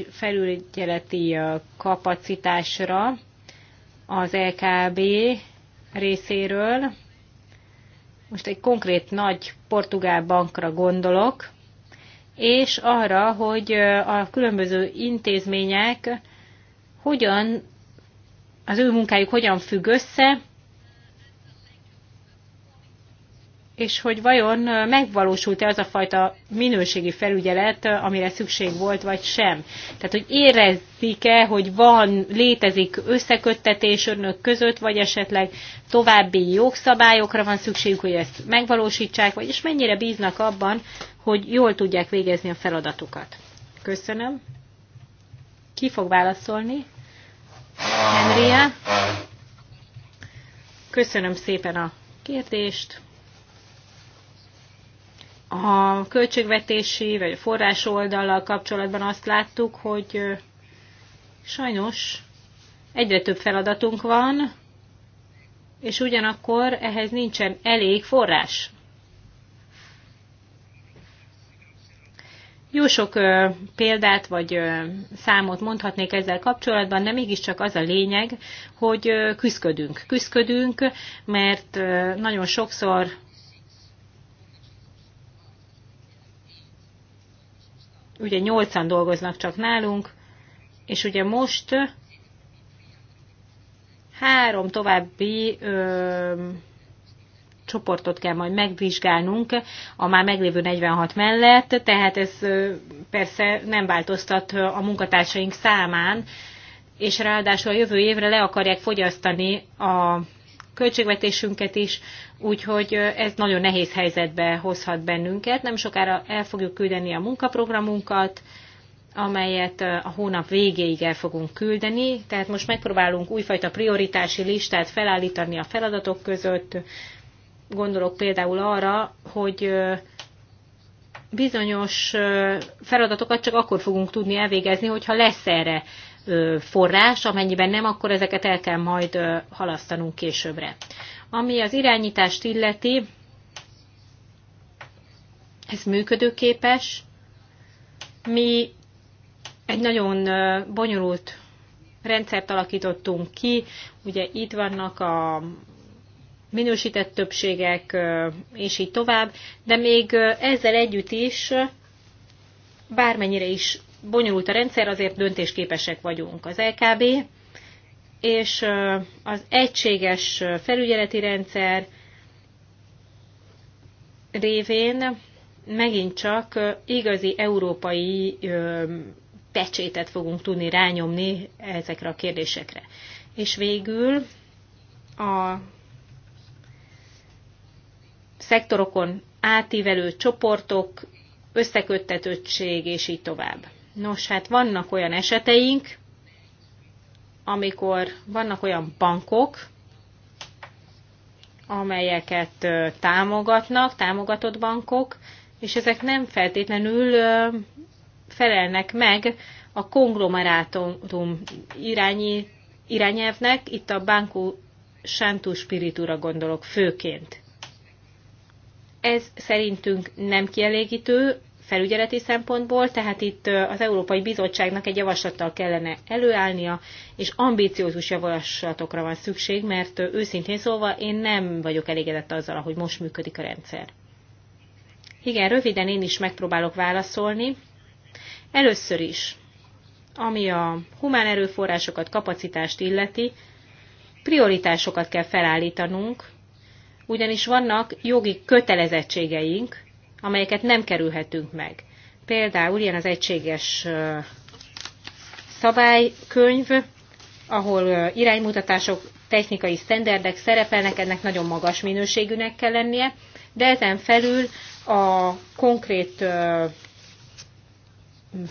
felügyeleti kapacitásra az LKB részéről. Most egy konkrét nagy portugál bankra gondolok, és arra, hogy a különböző intézmények hogyan, az ő munkájuk hogyan függ össze, és hogy vajon megvalósult-e az a fajta minőségi felügyelet, amire szükség volt, vagy sem. Tehát, hogy érezzik-e, hogy van, létezik összeköttetés önök között, vagy esetleg további jogszabályokra van szükségük, hogy ezt megvalósítsák, vagy és mennyire bíznak abban, hogy jól tudják végezni a feladatukat. Köszönöm. Ki fog válaszolni? Henria. Köszönöm szépen a kérdést. A költségvetési vagy a forrás oldallal kapcsolatban azt láttuk, hogy sajnos egyre több feladatunk van, és ugyanakkor ehhez nincsen elég forrás. Jó sok ö, példát vagy ö, számot mondhatnék ezzel kapcsolatban, de mégiscsak az a lényeg, hogy ö, küzdködünk. Küzdködünk, mert ö, nagyon sokszor ugye nyolcan dolgoznak csak nálunk, és ugye most három további ö, csoportot kell majd megvizsgálnunk a már meglévő 46 mellett, tehát ez persze nem változtat a munkatársaink számán, és ráadásul a jövő évre le akarják fogyasztani a költségvetésünket is, úgyhogy ez nagyon nehéz helyzetbe hozhat bennünket. Nem sokára el fogjuk küldeni a munkaprogramunkat, amelyet a hónap végéig el fogunk küldeni, tehát most megpróbálunk újfajta prioritási listát felállítani a feladatok között, Gondolok például arra, hogy bizonyos feladatokat csak akkor fogunk tudni elvégezni, hogyha lesz erre forrás, amennyiben nem, akkor ezeket el kell majd halasztanunk későbbre. Ami az irányítást illeti, ez működőképes. Mi egy nagyon bonyolult rendszert alakítottunk ki, ugye itt vannak a minősített többségek, és így tovább, de még ezzel együtt is, bármennyire is bonyolult a rendszer, azért döntésképesek vagyunk. Az LKB és az egységes felügyeleti rendszer révén megint csak igazi európai pecsétet fogunk tudni rányomni ezekre a kérdésekre. És végül a szektorokon átívelő csoportok, összeköttetettség, és így tovább. Nos, hát vannak olyan eseteink, amikor vannak olyan bankok, amelyeket támogatnak, támogatott bankok, és ezek nem feltétlenül felelnek meg a konglomerátum irányi, irányelvnek, itt a Banco Santu Spiritura gondolok főként. Ez szerintünk nem kielégítő felügyeleti szempontból, tehát itt az Európai Bizottságnak egy javaslattal kellene előállnia, és ambíciózus javaslatokra van szükség, mert őszintén szólva én nem vagyok elégedett azzal, ahogy most működik a rendszer. Igen, röviden én is megpróbálok válaszolni. Először is, ami a humán erőforrásokat, kapacitást illeti, prioritásokat kell felállítanunk, ugyanis vannak jogi kötelezettségeink, amelyeket nem kerülhetünk meg. Például ilyen az egységes szabálykönyv, ahol iránymutatások, technikai sztenderdek szerepelnek, ennek nagyon magas minőségűnek kell lennie, de ezen felül a konkrét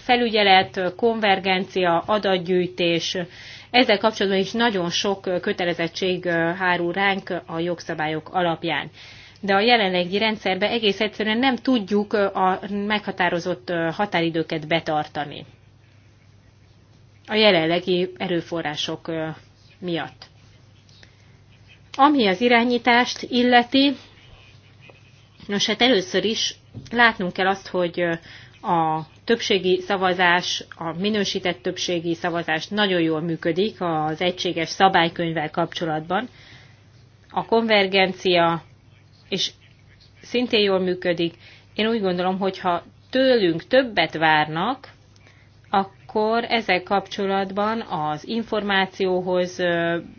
felügyelet, konvergencia, adatgyűjtés, ezzel kapcsolatban is nagyon sok kötelezettség hárul ránk a jogszabályok alapján. De a jelenlegi rendszerben egész egyszerűen nem tudjuk a meghatározott határidőket betartani. A jelenlegi erőforrások miatt. Ami az irányítást illeti, nos hát először is látnunk kell azt, hogy a többségi szavazás, a minősített többségi szavazás nagyon jól működik az egységes szabálykönyvvel kapcsolatban. A konvergencia és szintén jól működik. Én úgy gondolom, hogy ha tőlünk többet várnak, akkor ezzel kapcsolatban az információhoz,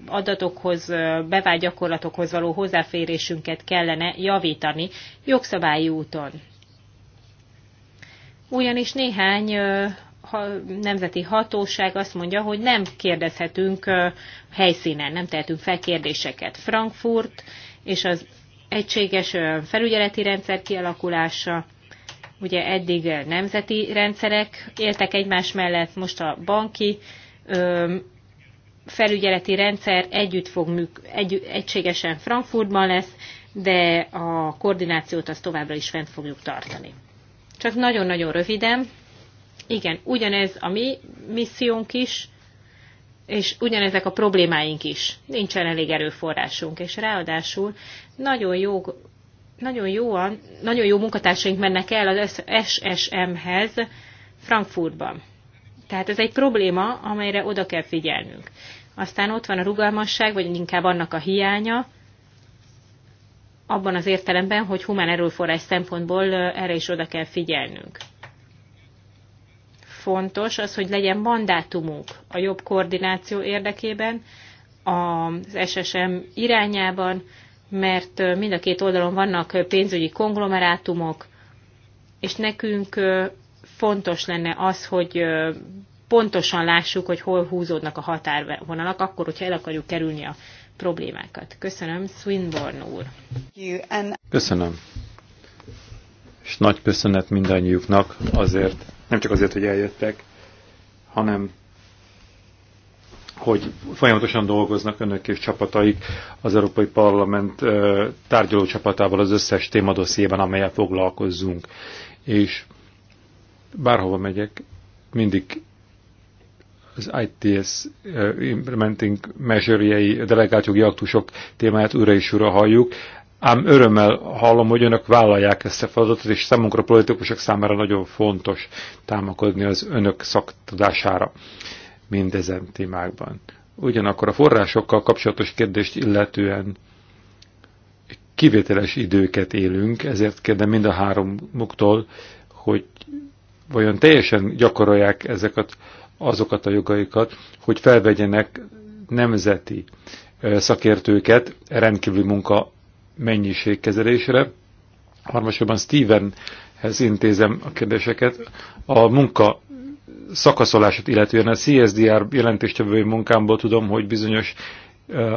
adatokhoz, bevált gyakorlatokhoz való hozzáférésünket kellene javítani jogszabályi úton ugyanis néhány nemzeti hatóság azt mondja, hogy nem kérdezhetünk helyszínen, nem tehetünk fel kérdéseket. Frankfurt és az egységes felügyeleti rendszer kialakulása, ugye eddig nemzeti rendszerek éltek egymás mellett, most a banki felügyeleti rendszer együtt fog műk, egy, egységesen Frankfurtban lesz, de a koordinációt azt továbbra is fent fogjuk tartani. Csak nagyon-nagyon röviden. Igen, ugyanez a mi missziónk is, és ugyanezek a problémáink is. Nincsen elég erőforrásunk, és ráadásul nagyon jó nagyon, jóan, nagyon jó munkatársaink mennek el az SSM-hez Frankfurtban. Tehát ez egy probléma, amelyre oda kell figyelnünk. Aztán ott van a rugalmasság, vagy inkább annak a hiánya, abban az értelemben, hogy humán erőforrás szempontból erre is oda kell figyelnünk. Fontos az, hogy legyen mandátumunk a jobb koordináció érdekében, az SSM irányában, mert mind a két oldalon vannak pénzügyi konglomerátumok, és nekünk fontos lenne az, hogy pontosan lássuk, hogy hol húzódnak a határvonalak, akkor, hogyha el akarjuk kerülni a problémákat. Köszönöm, Swinburne úr. Köszönöm. És nagy köszönet mindannyiuknak azért, nem csak azért, hogy eljöttek, hanem hogy folyamatosan dolgoznak önök és csapataik az Európai Parlament tárgyaló csapatával az összes témadosszében, amelyel foglalkozzunk. És bárhova megyek, mindig az ITS implementing measure-jei, delegált jogi aktusok témáját újra és újra halljuk, ám örömmel hallom, hogy önök vállalják ezt a feladatot, és számunkra politikusok számára nagyon fontos támakodni az önök szaktudására mindezen témákban. Ugyanakkor a forrásokkal kapcsolatos kérdést illetően kivételes időket élünk, ezért kérdem mind a háromuktól, hogy vajon teljesen gyakorolják ezeket azokat a jogaikat, hogy felvegyenek nemzeti szakértőket rendkívüli munka mennyiségkezelésre. Harmadsorban Stevenhez intézem a kérdéseket. A munka szakaszolását illetően a CSDR jelentéstevői munkámból tudom, hogy bizonyos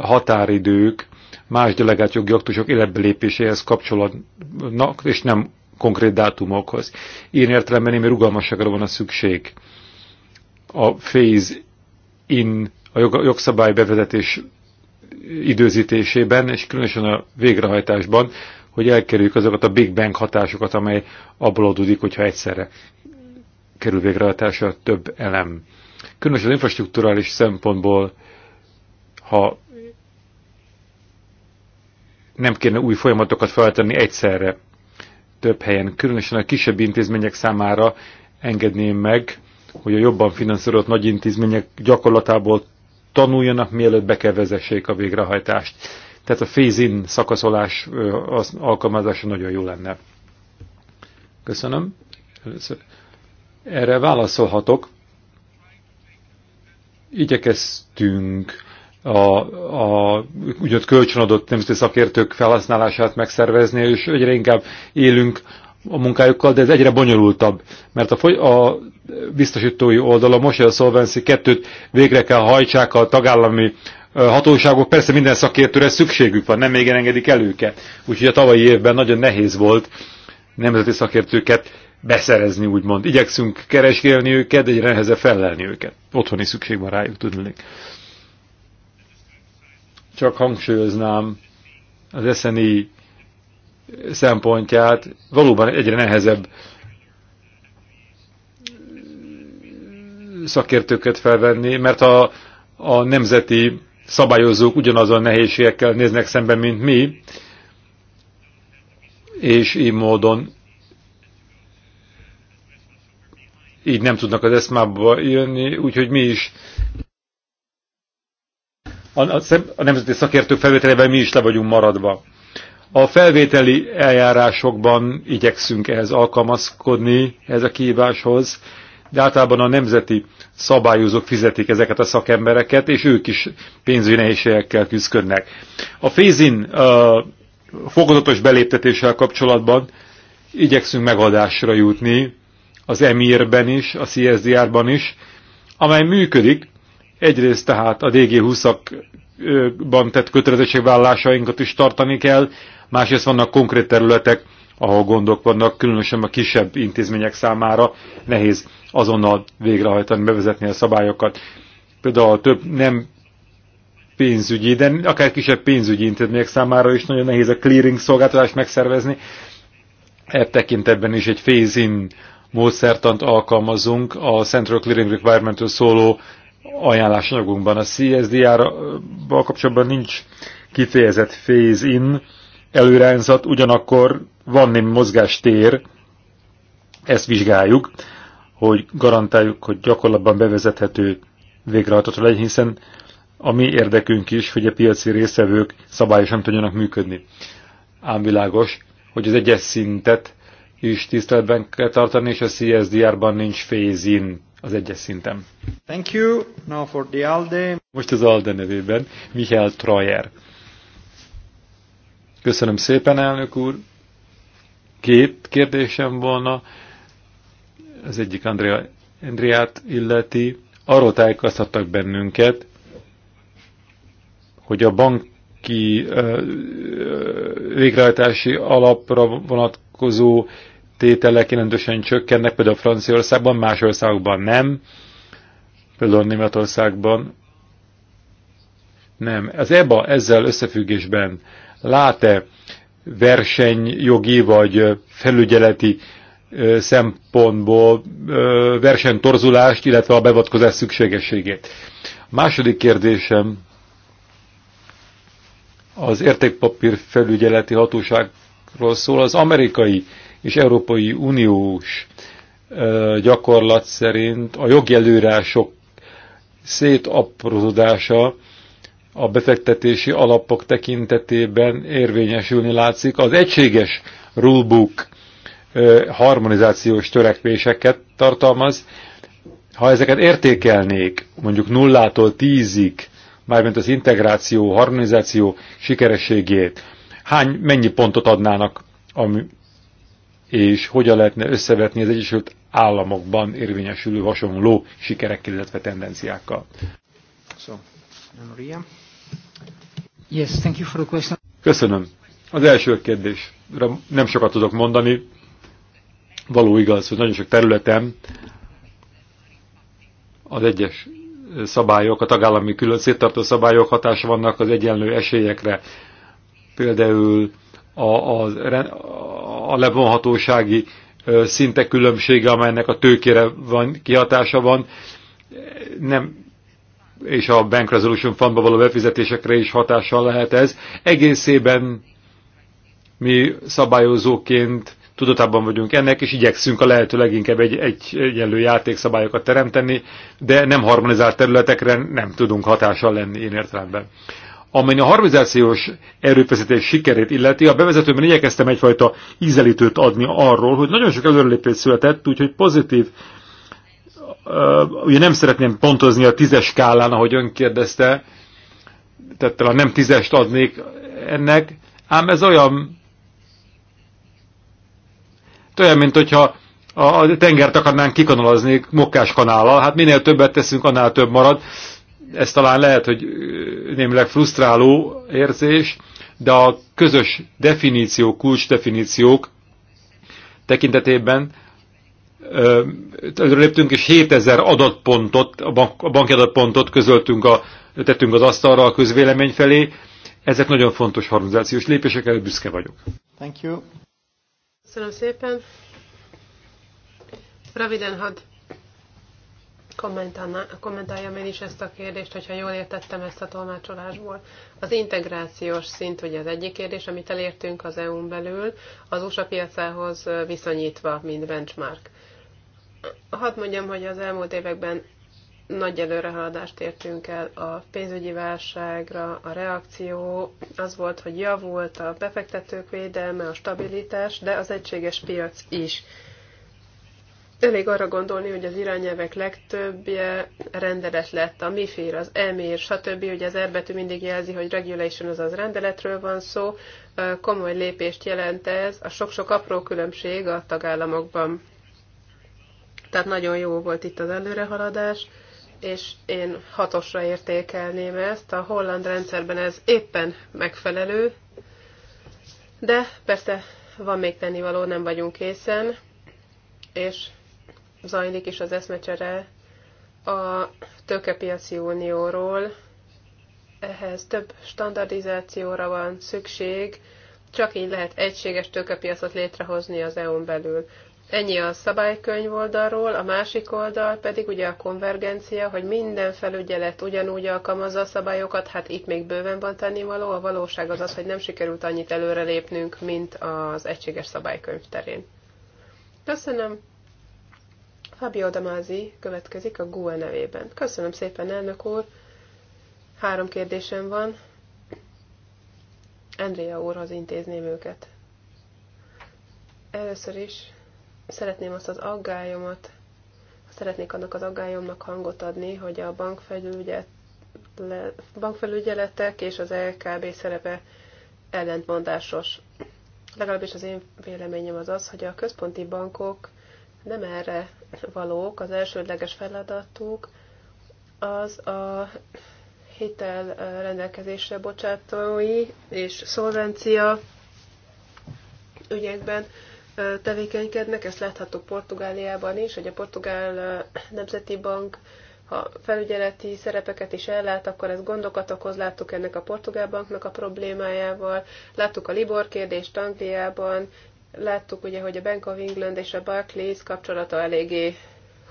határidők más delegált jogi aktusok életbelépéséhez kapcsolatnak, és nem konkrét dátumokhoz. Én értelemben én rugalmasságra van a szükség a phase in, a jogszabály bevezetés időzítésében, és különösen a végrehajtásban, hogy elkerüljük azokat a Big Bang hatásokat, amely abból adódik, hogyha egyszerre kerül végrehajtásra több elem. Különösen az infrastruktúrális szempontból, ha nem kéne új folyamatokat feltenni egyszerre több helyen. Különösen a kisebb intézmények számára engedném meg, hogy a jobban finanszírozott nagy intézmények gyakorlatából tanuljanak, mielőtt bekevezessék a végrehajtást. Tehát a phase-in szakaszolás az alkalmazása nagyon jó lenne. Köszönöm. Először. Erre válaszolhatok. Igyekeztünk a, a úgynevezett kölcsönadott nemzeti szakértők felhasználását megszervezni, és egyre inkább élünk a munkájukkal, de ez egyre bonyolultabb, mert a, foly, a biztosítói oldala most a Solvency 2 végre kell hajtsák a tagállami hatóságok, persze minden szakértőre szükségük van, nem még engedik el őket. Úgyhogy a tavalyi évben nagyon nehéz volt nemzeti szakértőket beszerezni, úgymond. Igyekszünk keresgélni őket, egyre nehezebb felelni őket. Otthoni szükség van rájuk, tudnék. Csak hangsúlyoznám, az SNI szempontját valóban egyre nehezebb szakértőket felvenni, mert a, a nemzeti szabályozók ugyanazon nehézségekkel néznek szemben, mint mi, és így módon így nem tudnak az eszmába jönni, úgyhogy mi is a, a, a nemzeti szakértők felvételében mi is le vagyunk maradva. A felvételi eljárásokban igyekszünk ehhez alkalmazkodni, ez a kihíváshoz, de általában a nemzeti szabályozók fizetik ezeket a szakembereket, és ők is pénzügyi nehézségekkel küzdködnek. A fézin fokozatos beléptetéssel kapcsolatban igyekszünk megadásra jutni, az EMIR-ben is, a CSDR-ban is, amely működik, egyrészt tehát a DG20-akban tett kötelezettségvállásainkat is tartani kell, másrészt vannak konkrét területek, ahol gondok vannak, különösen a kisebb intézmények számára nehéz azonnal végrehajtani, bevezetni a szabályokat. Például több nem pénzügyi, de akár kisebb pénzügyi intézmények számára is nagyon nehéz a clearing szolgáltatást megszervezni. Ebb tekintetben is egy phase-in módszertant alkalmazunk a Central Clearing requirement szóló ajánlásanyagunkban. A csdr ra kapcsolatban nincs kifejezett phase-in, előrányzat, ugyanakkor van némi mozgástér, ezt vizsgáljuk, hogy garantáljuk, hogy gyakorlatban bevezethető végrehajtató legyen, hiszen a mi érdekünk is, hogy a piaci részevők szabályosan tudjanak működni. Ám világos, hogy az egyes szintet is tiszteletben kell tartani, és a CSDR-ban nincs phase-in az egyes szinten. Thank you. Now for the ALDE. Most az ALDE nevében Michael Troyer. Köszönöm szépen, elnök úr. Két kérdésem volna. Az egyik Andrea, Andriát illeti. Arról tájékoztattak bennünket, hogy a banki ö, ö, végrehajtási alapra vonatkozó tételek jelentősen csökkennek, például Franciaországban, más országokban nem, például Németországban nem. Az EBA ezzel összefüggésben lát-e versenyjogi vagy felügyeleti szempontból versenytorzulást, illetve a beavatkozás szükségességét. A második kérdésem az értékpapír felügyeleti hatóságról szól. Az amerikai és Európai Uniós gyakorlat szerint a jogjelőrások előírások szétaprózódása a befektetési alapok tekintetében érvényesülni látszik. Az egységes rulebook harmonizációs törekvéseket tartalmaz. Ha ezeket értékelnék, mondjuk nullától tízig, mármint az integráció, harmonizáció sikerességét, hány, mennyi pontot adnának, ami, és hogyan lehetne összevetni az Egyesült Államokban érvényesülő hasonló sikerekkel, illetve tendenciákkal. So, Yes, thank you for the question. Köszönöm. Az első kérdésre nem sokat tudok mondani. Való igaz, hogy nagyon sok területen az egyes szabályok, a tagállami külön széttartó szabályok hatása vannak az egyenlő esélyekre. Például a, a, a levonhatósági szintek különbsége, amelynek a tőkére van, kihatása van, nem és a Bank Resolution Fundba való befizetésekre is hatással lehet ez. Egészében mi szabályozóként tudatában vagyunk ennek, és igyekszünk a lehető leginkább egy, egy egyenlő játékszabályokat teremteni, de nem harmonizált területekre nem tudunk hatással lenni én értelemben. Amely a harmonizációs erőfeszítés sikerét illeti, a bevezetőben igyekeztem egyfajta ízelítőt adni arról, hogy nagyon sok előrelépés született, úgyhogy pozitív ugye nem szeretném pontozni a tízes skálán, ahogy ön kérdezte, tehát talán nem tízest adnék ennek, ám ez olyan, hát olyan, mint hogyha a tengert akarnánk kikanalazni mokkás kanállal, hát minél többet teszünk, annál több marad. Ez talán lehet, hogy némileg frusztráló érzés, de a közös definíciók, kulcs definíciók tekintetében léptünk, és 7000 adatpontot, a, bank, a banki adatpontot közöltünk, a, tettünk az asztalra a közvélemény felé. Ezek nagyon fontos harmonizációs lépések, erre büszke vagyok. Thank you. Köszönöm szépen. Röviden hadd kommentáljam én is ezt a kérdést, hogyha jól értettem ezt a tolmácsolásból. Az integrációs szint ugye az egyik kérdés, amit elértünk az EU-n belül, az USA piacához viszonyítva, mint benchmark hadd mondjam, hogy az elmúlt években nagy előrehaladást értünk el a pénzügyi válságra, a reakció az volt, hogy javult a befektetők védelme, a stabilitás, de az egységes piac is. Elég arra gondolni, hogy az irányelvek legtöbbje rendelet lett, a MIFIR, az EMIR, stb. Ugye az erbetű mindig jelzi, hogy regulation, azaz rendeletről van szó. Komoly lépést jelent ez, a sok-sok apró különbség a tagállamokban. Tehát nagyon jó volt itt az előrehaladás, és én hatosra értékelném ezt. A holland rendszerben ez éppen megfelelő, de persze van még tennivaló, nem vagyunk készen, és zajlik is az eszmecsere a tőkepiaci unióról. Ehhez több standardizációra van szükség, csak így lehet egységes tőkepiacot létrehozni az EU-n belül. Ennyi a szabálykönyv oldalról, a másik oldal pedig ugye a konvergencia, hogy minden felügyelet ugyanúgy alkalmazza a szabályokat, hát itt még bőven van tennivaló, a valóság az az, hogy nem sikerült annyit előrelépnünk, mint az egységes szabálykönyv terén. Köszönöm. Fabio Damázi következik a GUE nevében. Köszönöm szépen, elnök úr. Három kérdésem van. Andrea úrhoz intézném őket. Először is szeretném azt az aggályomat, szeretnék annak az aggályomnak hangot adni, hogy a bankfelügyet, bankfelügyeletek és az LKB szerepe ellentmondásos. Legalábbis az én véleményem az az, hogy a központi bankok nem erre valók, az elsődleges feladatuk az a hitel rendelkezésre bocsátói és szolvencia ügyekben tevékenykednek, ezt látható Portugáliában is, hogy a Portugál Nemzeti Bank ha felügyeleti szerepeket is ellát, akkor ez gondokat okoz, láttuk ennek a portugál banknak a problémájával, láttuk a Libor kérdést Angliában, láttuk ugye, hogy a Bank of England és a Barclays kapcsolata eléggé,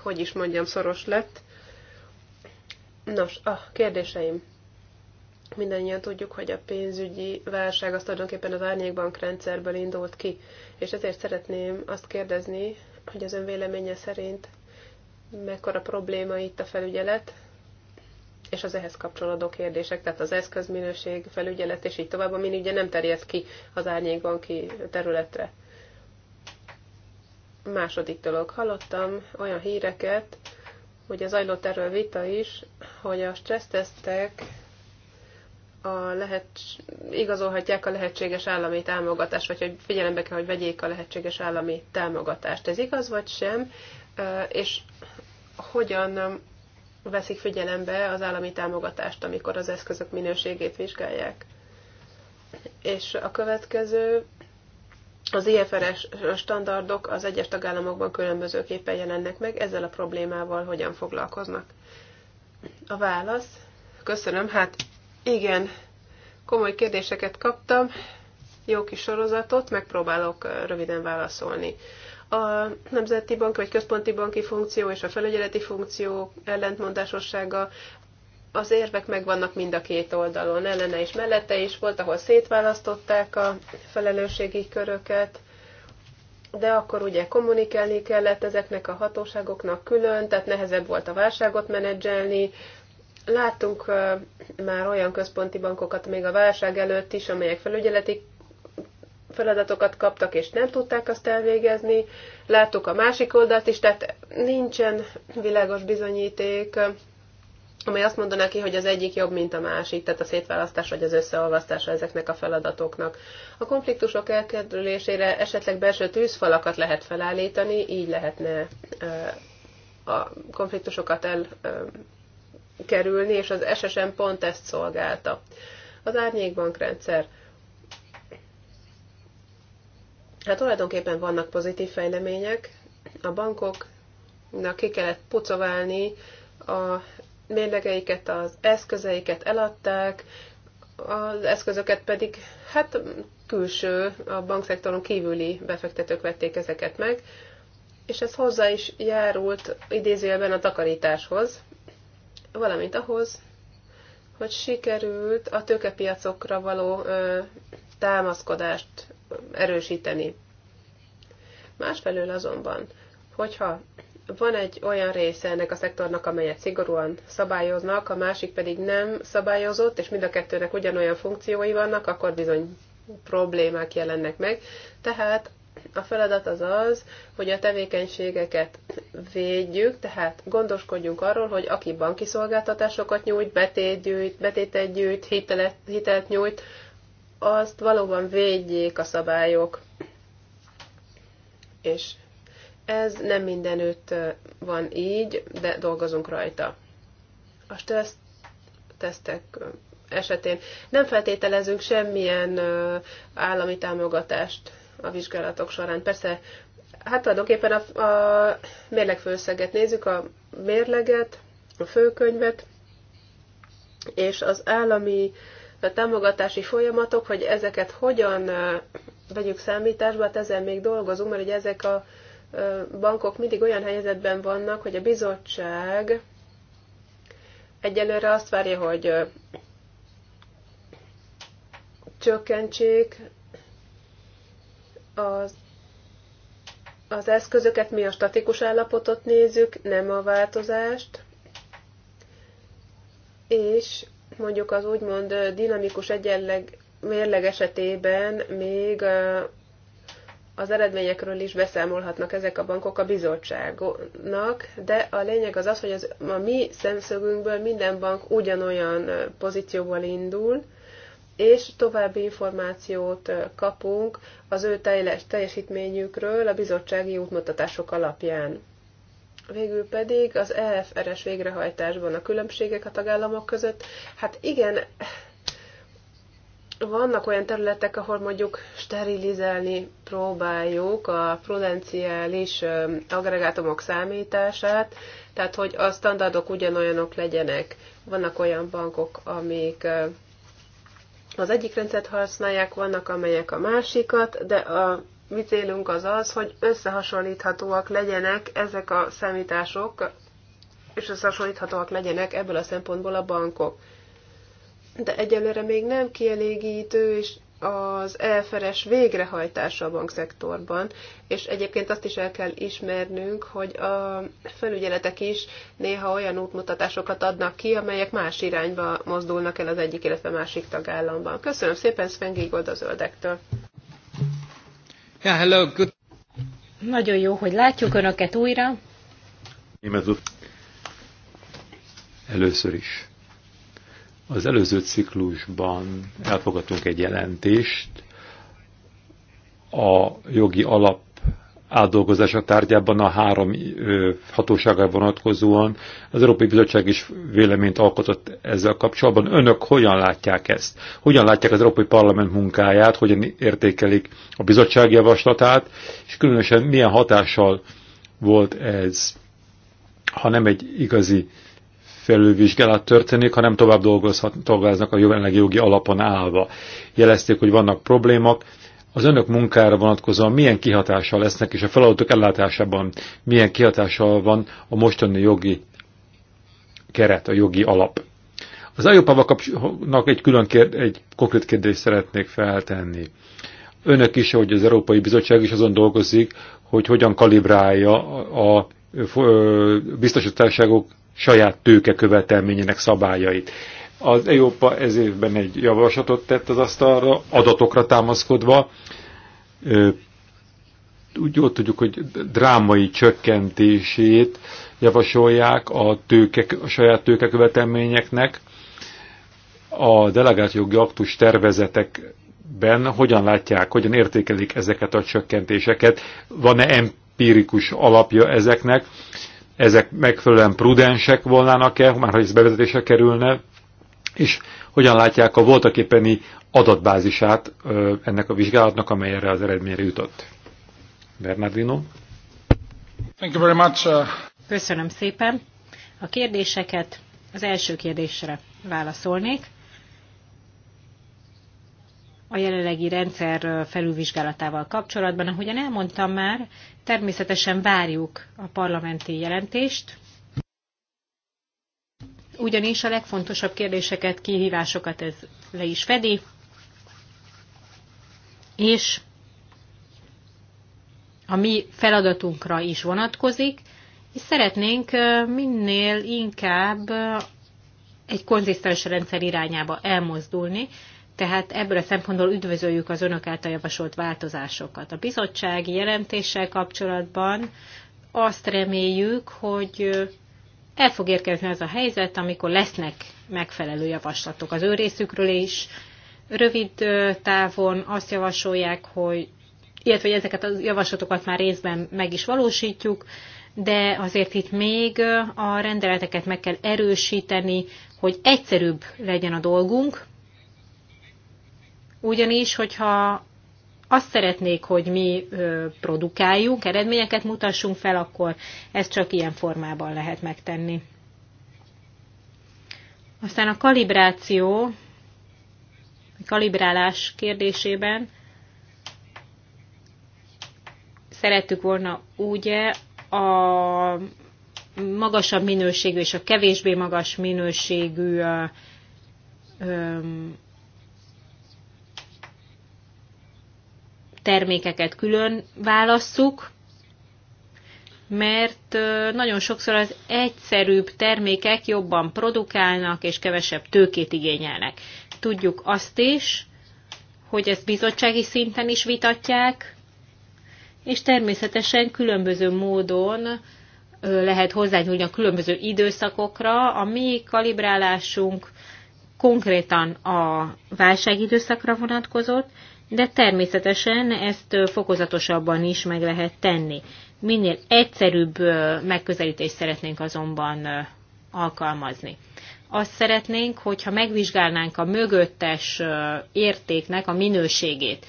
hogy is mondjam, szoros lett. Nos, a kérdéseim. Mindannyian tudjuk, hogy a pénzügyi válság az tulajdonképpen az árnyékbank rendszerből indult ki, és ezért szeretném azt kérdezni, hogy az ön véleménye szerint mekkora probléma itt a felügyelet, és az ehhez kapcsolódó kérdések, tehát az eszközminőség, felügyelet, és így tovább, ami ugye nem terjed ki az árnyékbanki területre. Második dolog. Hallottam olyan híreket, hogy az zajlott erről vita is, hogy a stressztesztek a lehet, igazolhatják a lehetséges állami támogatást, vagy hogy figyelembe kell, hogy vegyék a lehetséges állami támogatást. Ez igaz vagy sem, és hogyan veszik figyelembe az állami támogatást, amikor az eszközök minőségét vizsgálják. És a következő, az IFRS standardok az egyes tagállamokban különbözőképpen jelennek meg, ezzel a problémával hogyan foglalkoznak? A válasz, köszönöm, hát igen, komoly kérdéseket kaptam, jó kis sorozatot, megpróbálok röviden válaszolni. A Nemzeti Bank vagy Központi Banki funkció és a felügyeleti funkció ellentmondásossága az érvek megvannak mind a két oldalon, ellene és mellette is volt, ahol szétválasztották a felelősségi köröket, de akkor ugye kommunikálni kellett ezeknek a hatóságoknak külön, tehát nehezebb volt a válságot menedzselni, Láttunk már olyan központi bankokat még a válság előtt is, amelyek felügyeleti feladatokat kaptak, és nem tudták azt elvégezni. Láttuk a másik oldalt is, tehát nincsen világos bizonyíték, amely azt mondaná ki, hogy az egyik jobb, mint a másik, tehát a szétválasztás vagy az összeolvasztása ezeknek a feladatoknak. A konfliktusok elkerülésére esetleg belső tűzfalakat lehet felállítani, így lehetne a konfliktusokat el kerülni, és az SSM pont ezt szolgálta. Az árnyékbankrendszer. Hát tulajdonképpen vannak pozitív fejlemények. A bankoknak ki kellett pucoválni a mérlegeiket, az eszközeiket eladták, az eszközöket pedig hát külső, a bankszektoron kívüli befektetők vették ezeket meg, és ez hozzá is járult idézőjelben a takarításhoz, valamint ahhoz, hogy sikerült a tőkepiacokra való támaszkodást erősíteni. Másfelől azonban, hogyha van egy olyan része ennek a szektornak, amelyet szigorúan szabályoznak, a másik pedig nem szabályozott, és mind a kettőnek ugyanolyan funkciói vannak, akkor bizony problémák jelennek meg. Tehát a feladat az az, hogy a tevékenységeket védjük, tehát gondoskodjunk arról, hogy aki banki szolgáltatásokat nyújt, betét gyűjt, betétet gyűjt, hitelet, hitelt nyújt, azt valóban védjék a szabályok. És ez nem mindenütt van így, de dolgozunk rajta. A stressz tesztek esetén nem feltételezünk semmilyen állami támogatást a vizsgálatok során. Persze, hát tulajdonképpen a, a mérlegfőszeget nézzük, a mérleget, a főkönyvet, és az állami a támogatási folyamatok, hogy ezeket hogyan vegyük számításba, hát ezzel még dolgozunk, mert ugye ezek a bankok mindig olyan helyzetben vannak, hogy a bizottság egyelőre azt várja, hogy csökkentsék az, az eszközöket mi a statikus állapotot nézzük, nem a változást, és mondjuk az úgymond dinamikus egyenleg mérleg esetében még az eredményekről is beszámolhatnak ezek a bankok a bizottságnak, de a lényeg az az, hogy az, a mi szemszögünkből minden bank ugyanolyan pozícióval indul, és további információt kapunk az ő teljesítményükről a bizottsági útmutatások alapján. Végül pedig az EFRS végrehajtásban a különbségek a tagállamok között. Hát igen, vannak olyan területek, ahol mondjuk sterilizálni próbáljuk a prudenciális agregátumok számítását, tehát hogy a standardok ugyanolyanok legyenek. Vannak olyan bankok, amik az egyik rendszert használják, vannak amelyek a másikat, de a mi célunk az az, hogy összehasonlíthatóak legyenek ezek a számítások, és összehasonlíthatóak legyenek ebből a szempontból a bankok. De egyelőre még nem kielégítő, és az elferes végrehajtása a bankszektorban, és egyébként azt is el kell ismernünk, hogy a felügyeletek is néha olyan útmutatásokat adnak ki, amelyek más irányba mozdulnak el az egyik, illetve másik tagállamban. Köszönöm szépen, Sven Giegold a zöldektől. Yeah, hello, good. Nagyon jó, hogy látjuk Önöket újra. Német Először is az előző ciklusban elfogadtunk egy jelentést a jogi alap átdolgozása tárgyában a három hatóságára vonatkozóan. Az Európai Bizottság is véleményt alkotott ezzel kapcsolatban. Önök hogyan látják ezt? Hogyan látják az Európai Parlament munkáját? Hogyan értékelik a bizottság javaslatát? És különösen milyen hatással volt ez, ha nem egy igazi felülvizsgálat történik, hanem tovább dolgozhat, dolgoznak a jelenlegi jogi alapon állva. Jelezték, hogy vannak problémák, az önök munkára vonatkozóan milyen kihatással lesznek, és a feladatok ellátásában milyen kihatással van a mostani jogi keret, a jogi alap. Az IOPA-val kapcsolatnak egy külön kérd, egy konkrét kérdést szeretnék feltenni. Önök is, hogy az Európai Bizottság is azon dolgozik, hogy hogyan kalibrálja a biztosításágok saját tőke követelményének szabályait. Az Európa ez évben egy javaslatot tett az asztalra, adatokra támaszkodva. Úgy jól tudjuk, hogy drámai csökkentését javasolják a, tőke, a saját tőke követelményeknek. A delegált jogi aktus tervezetekben hogyan látják, hogyan értékelik ezeket a csökkentéseket? Van-e empirikus alapja ezeknek? ezek megfelelően prudensek volnának-e, már ha ez bevezetése kerülne, és hogyan látják a voltaképeni adatbázisát adatbázisát ennek a vizsgálatnak, amely erre az eredményre jutott. Bernardino. Thank you very much. Uh, Köszönöm szépen. A kérdéseket az első kérdésre válaszolnék a jelenlegi rendszer felülvizsgálatával kapcsolatban. Ahogyan elmondtam már, természetesen várjuk a parlamenti jelentést, ugyanis a legfontosabb kérdéseket, kihívásokat ez le is fedi, és a mi feladatunkra is vonatkozik, és szeretnénk minél inkább egy konzisztens rendszer irányába elmozdulni, tehát ebből a szempontból üdvözöljük az önök által javasolt változásokat. A bizottsági jelentéssel kapcsolatban azt reméljük, hogy el fog érkezni az a helyzet, amikor lesznek megfelelő javaslatok az ő részükről is. Rövid távon azt javasolják, hogy illetve hogy ezeket a javaslatokat már részben meg is valósítjuk, de azért itt még a rendeleteket meg kell erősíteni, hogy egyszerűbb legyen a dolgunk, ugyanis, hogyha azt szeretnék, hogy mi produkáljunk, eredményeket mutassunk fel, akkor ezt csak ilyen formában lehet megtenni. Aztán a kalibráció, a kalibrálás kérdésében szerettük volna ugye a magasabb minőségű és a kevésbé magas minőségű termékeket külön válasszuk, mert nagyon sokszor az egyszerűbb termékek jobban produkálnak és kevesebb tőkét igényelnek. Tudjuk azt is, hogy ezt bizottsági szinten is vitatják, és természetesen különböző módon lehet hozzányúlni a különböző időszakokra. A mi kalibrálásunk konkrétan a válságidőszakra vonatkozott, de természetesen ezt fokozatosabban is meg lehet tenni. Minél egyszerűbb megközelítést szeretnénk azonban alkalmazni. Azt szeretnénk, hogyha megvizsgálnánk a mögöttes értéknek a minőségét,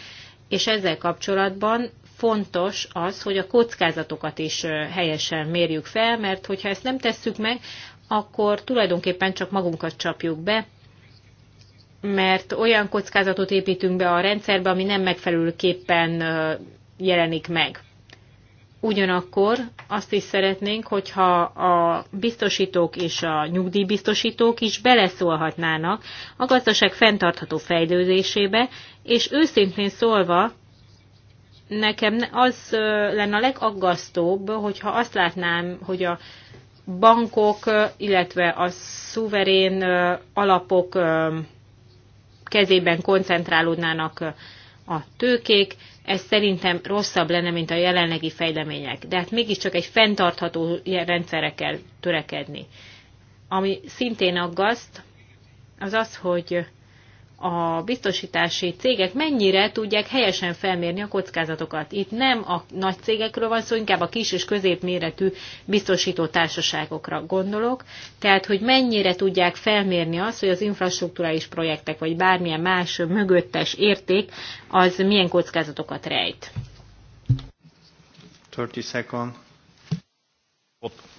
és ezzel kapcsolatban fontos az, hogy a kockázatokat is helyesen mérjük fel, mert hogyha ezt nem tesszük meg, akkor tulajdonképpen csak magunkat csapjuk be, mert olyan kockázatot építünk be a rendszerbe, ami nem megfelelőképpen jelenik meg. Ugyanakkor azt is szeretnénk, hogyha a biztosítók és a nyugdíjbiztosítók is beleszólhatnának a gazdaság fenntartható fejlődésébe, és őszintén szólva, nekem az lenne a legaggasztóbb, hogyha azt látnám, hogy a bankok, illetve a szuverén alapok kezében koncentrálódnának a tőkék, ez szerintem rosszabb lenne, mint a jelenlegi fejlemények. De hát mégiscsak egy fenntartható rendszerre kell törekedni. Ami szintén aggaszt, az az, hogy a biztosítási cégek mennyire tudják helyesen felmérni a kockázatokat. Itt nem a nagy cégekről van szó, inkább a kis és középméretű biztosító társaságokra gondolok. Tehát, hogy mennyire tudják felmérni azt, hogy az infrastruktúrális projektek vagy bármilyen más mögöttes érték az milyen kockázatokat rejt. 30 second.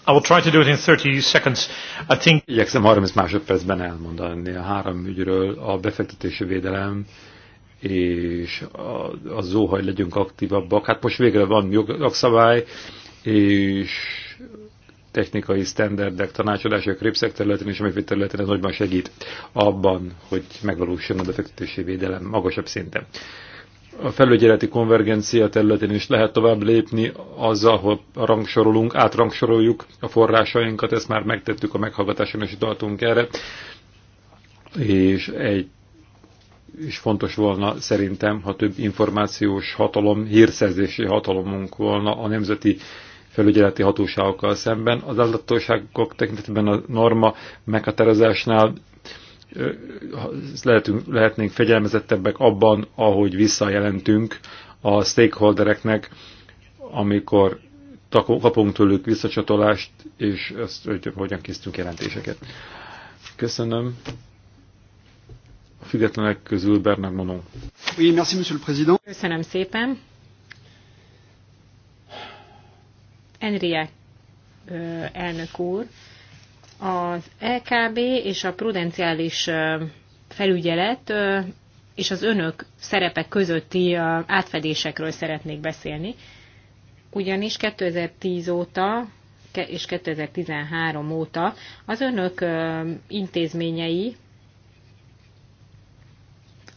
I will try to do it in 30 seconds. I think... Igyekszem 30 másodpercben elmondani a három ügyről, a befektetési védelem és a, a zó, legyünk aktívabbak. Hát most végre van jogszabály, és technikai sztenderdek, tanácsadás, a kripszek területen és a MIFID területen ez nagyban segít abban, hogy megvalósuljon a befektetési védelem magasabb szinten a felügyeleti konvergencia területén is lehet tovább lépni azzal, hogy rangsorolunk, átrangsoroljuk a forrásainkat, ezt már megtettük a meghallgatáson, és utaltunk erre, és egy és fontos volna szerintem, ha több információs hatalom, hírszerzési hatalomunk volna a nemzeti felügyeleti hatóságokkal szemben. Az állatóságok tekintetében a norma meghatározásnál lehetünk, lehetnénk fegyelmezettebbek abban, ahogy visszajelentünk a stakeholdereknek, amikor kapunk tőlük visszacsatolást, és azt, hogy hogyan készítünk jelentéseket. Köszönöm. A függetlenek közül Bernard Monon. Oui, merci, monsieur le président. Köszönöm szépen. Enriek elnök úr az LKB e és a prudenciális felügyelet és az önök szerepe közötti átfedésekről szeretnék beszélni, ugyanis 2010 óta és 2013 óta az önök intézményei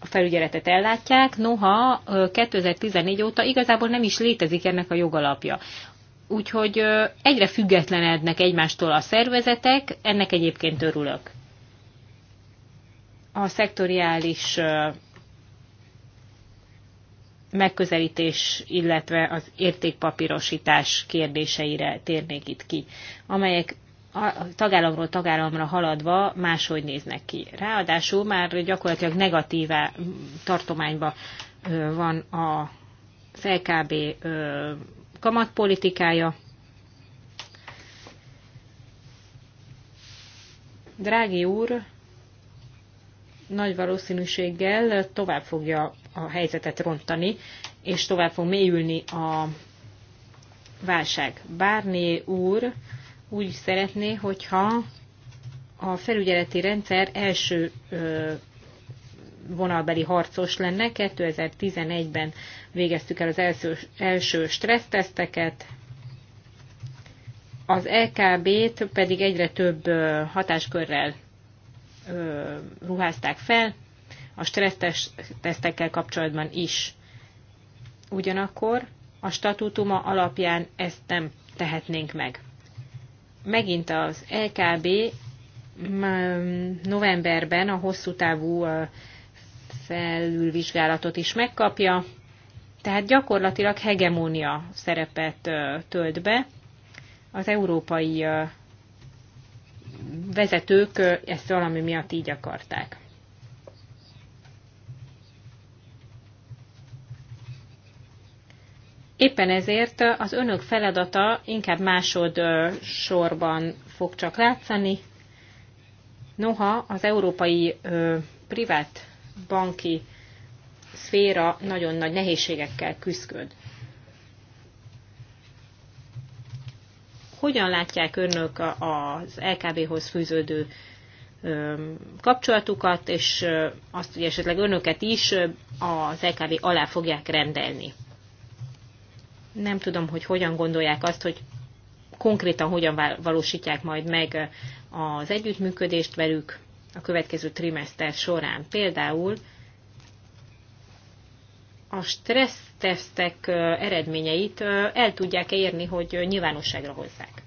a felügyeletet ellátják, noha 2014 óta igazából nem is létezik ennek a jogalapja. Úgyhogy egyre függetlenednek egymástól a szervezetek, ennek egyébként örülök. A szektoriális megközelítés, illetve az értékpapírosítás kérdéseire térnék itt ki, amelyek a tagállamról tagállamra haladva máshogy néznek ki. Ráadásul már gyakorlatilag negatív tartományba van a LKB kamatpolitikája. Drági úr nagy valószínűséggel tovább fogja a helyzetet rontani, és tovább fog mélyülni a válság. Bárné úr úgy szeretné, hogyha a felügyeleti rendszer első ö, vonalbeli harcos lenne. 2011-ben végeztük el az első, első stresszteszteket, az LKB-t e pedig egyre több hatáskörrel ruházták fel, a stressztesztekkel kapcsolatban is. Ugyanakkor a statútuma alapján ezt nem tehetnénk meg. Megint az LKB e novemberben a hosszú távú felülvizsgálatot is megkapja, tehát gyakorlatilag hegemónia szerepet tölt be. Az európai vezetők ezt valami miatt így akarták. Éppen ezért az önök feladata inkább másod sorban fog csak látszani. Noha az európai ö, privát banki szféra nagyon nagy nehézségekkel küzdköd. Hogyan látják önök az LKB-hoz fűződő kapcsolatukat, és azt, hogy esetleg önöket is az LKB alá fogják rendelni? Nem tudom, hogy hogyan gondolják azt, hogy konkrétan hogyan valósítják majd meg az együttműködést velük, a következő trimester során. Például a stressz tesztek eredményeit el tudják -e érni, hogy nyilvánosságra hozzák.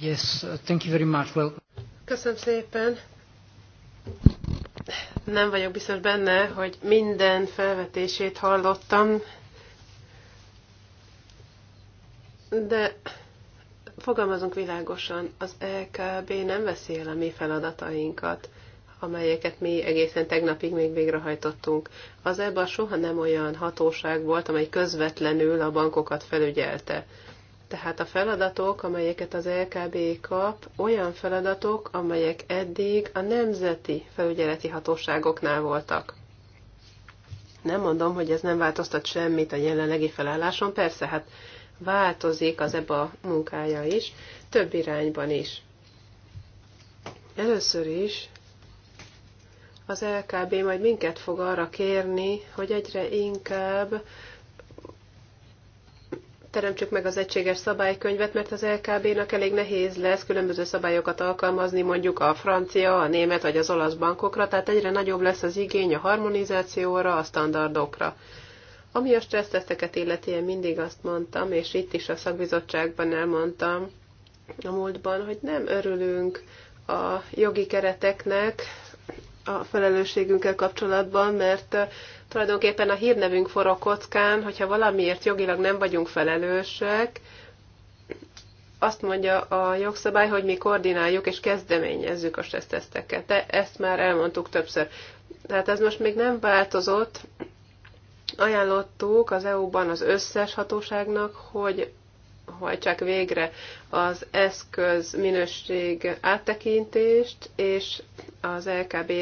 Yes, thank you very much. Well... Köszönöm szépen. Nem vagyok biztos benne, hogy minden felvetését hallottam, de fogalmazunk világosan, az EKB nem veszi el a mi feladatainkat, amelyeket mi egészen tegnapig még végrehajtottunk. Az EBA soha nem olyan hatóság volt, amely közvetlenül a bankokat felügyelte. Tehát a feladatok, amelyeket az LKB kap, olyan feladatok, amelyek eddig a nemzeti felügyeleti hatóságoknál voltak. Nem mondom, hogy ez nem változtat semmit a jelenlegi felálláson, persze, hát változik az EBA munkája is, több irányban is. Először is az LKB majd minket fog arra kérni, hogy egyre inkább teremtsük meg az egységes szabálykönyvet, mert az LKB-nak elég nehéz lesz különböző szabályokat alkalmazni mondjuk a francia, a német vagy az olasz bankokra, tehát egyre nagyobb lesz az igény a harmonizációra, a standardokra. Ami a stresszteszteket illeti, én mindig azt mondtam, és itt is a szakbizottságban elmondtam a múltban, hogy nem örülünk a jogi kereteknek, a felelősségünkkel kapcsolatban, mert tulajdonképpen a hírnevünk forog kockán, hogyha valamiért jogilag nem vagyunk felelősek, azt mondja a jogszabály, hogy mi koordináljuk és kezdeményezzük a stresszteszteket. De ezt már elmondtuk többször. Tehát ez most még nem változott, ajánlottuk az EU-ban az összes hatóságnak, hogy hajtsák végre az eszköz minőség áttekintést, és az LKB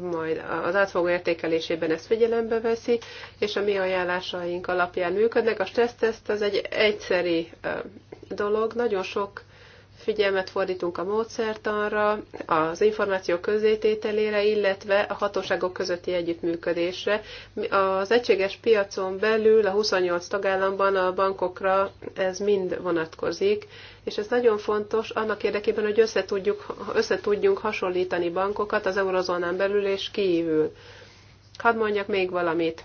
majd az átfogó értékelésében ezt figyelembe veszi, és a mi ajánlásaink alapján működnek. A stresszteszt az egy egyszeri dolog, nagyon sok figyelmet fordítunk a módszertanra, az információ közzétételére, illetve a hatóságok közötti együttműködésre. Az egységes piacon belül a 28 tagállamban a bankokra ez mind vonatkozik, és ez nagyon fontos annak érdekében, hogy összetudjuk, összetudjunk hasonlítani bankokat az eurozónán belül és kívül. Hadd mondjak még valamit.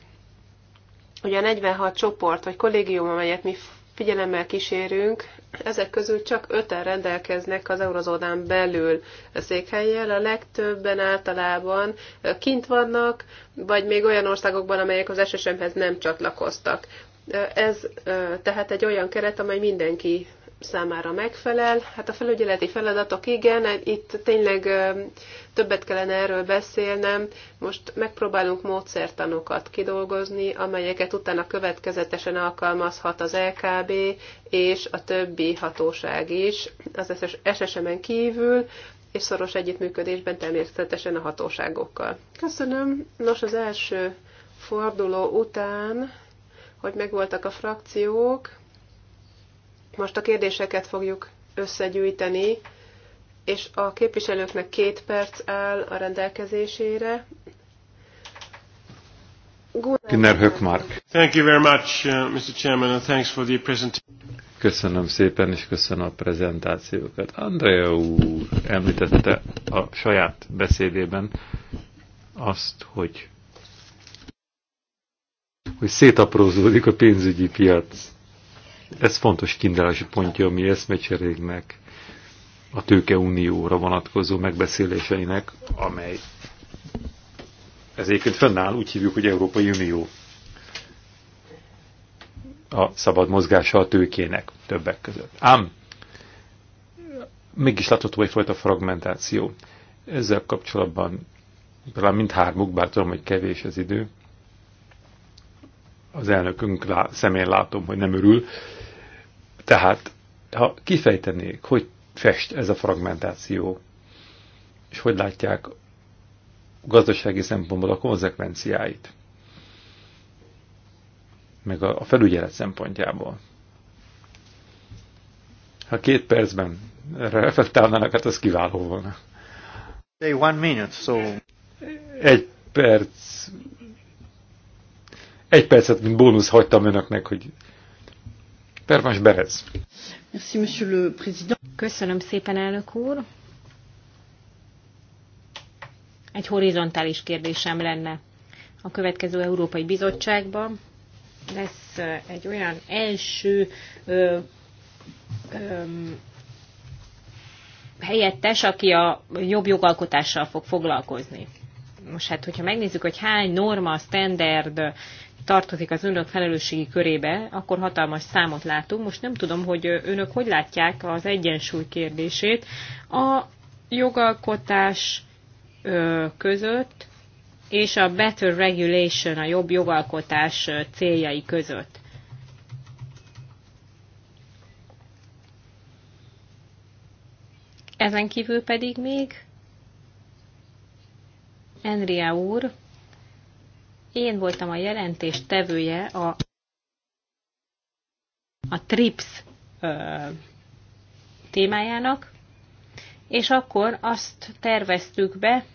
Ugye a 46 csoport vagy kollégium, amelyet mi figyelemmel kísérünk, ezek közül csak öten rendelkeznek az eurozódán belül székhelyjel, a legtöbben általában kint vannak, vagy még olyan országokban, amelyek az SSM-hez nem csatlakoztak. Ez tehát egy olyan keret, amely mindenki számára megfelel. Hát a felügyeleti feladatok igen, itt tényleg többet kellene erről beszélnem. Most megpróbálunk módszertanokat kidolgozni, amelyeket utána következetesen alkalmazhat az LKB és a többi hatóság is, az SSM-en kívül, és szoros együttműködésben természetesen a hatóságokkal. Köszönöm. Nos, az első forduló után, hogy megvoltak a frakciók, most a kérdéseket fogjuk összegyűjteni, és a képviselőknek két perc áll a rendelkezésére. Gunnar Hökmark. Thank you very much, uh, Mr. Chairman, and thanks for the presentation. Köszönöm szépen, és köszönöm a prezentációkat. Andrea úr említette a saját beszédében azt, hogy hogy szétaprózódik a pénzügyi piac ez fontos kiindulási pontja a mi eszmecserégnek, a tőkeunióra vonatkozó megbeszéléseinek, amely ez egyébként fennáll, úgy hívjuk, hogy Európai Unió a szabad mozgása a tőkének többek között. Ám mégis látható egyfajta fragmentáció. Ezzel kapcsolatban talán mindhármuk, bár tudom, hogy kevés az idő, az elnökünk lá, látom, hogy nem örül tehát, ha kifejtenék, hogy fest ez a fragmentáció, és hogy látják gazdasági szempontból a konzekvenciáit, meg a felügyelet szempontjából. Ha két percben reflektálnának, hát az kiváló volna. one minute, so... Egy perc... Egy percet, mint bónusz hagytam önöknek, hogy Pervas Berez. Köszönöm szépen, elnök úr. Egy horizontális kérdésem lenne. A következő Európai Bizottságban lesz egy olyan első ö, ö, helyettes, aki a jobb jogalkotással fog foglalkozni. Most hát, hogyha megnézzük, hogy hány norma, standard tartozik az önök felelősségi körébe, akkor hatalmas számot látunk. Most nem tudom, hogy önök hogy látják az egyensúly kérdését a jogalkotás között és a better regulation, a jobb jogalkotás céljai között. Ezen kívül pedig még Enria úr én voltam a jelentés tevője a, a TRIPS ö, témájának, és akkor azt terveztük be,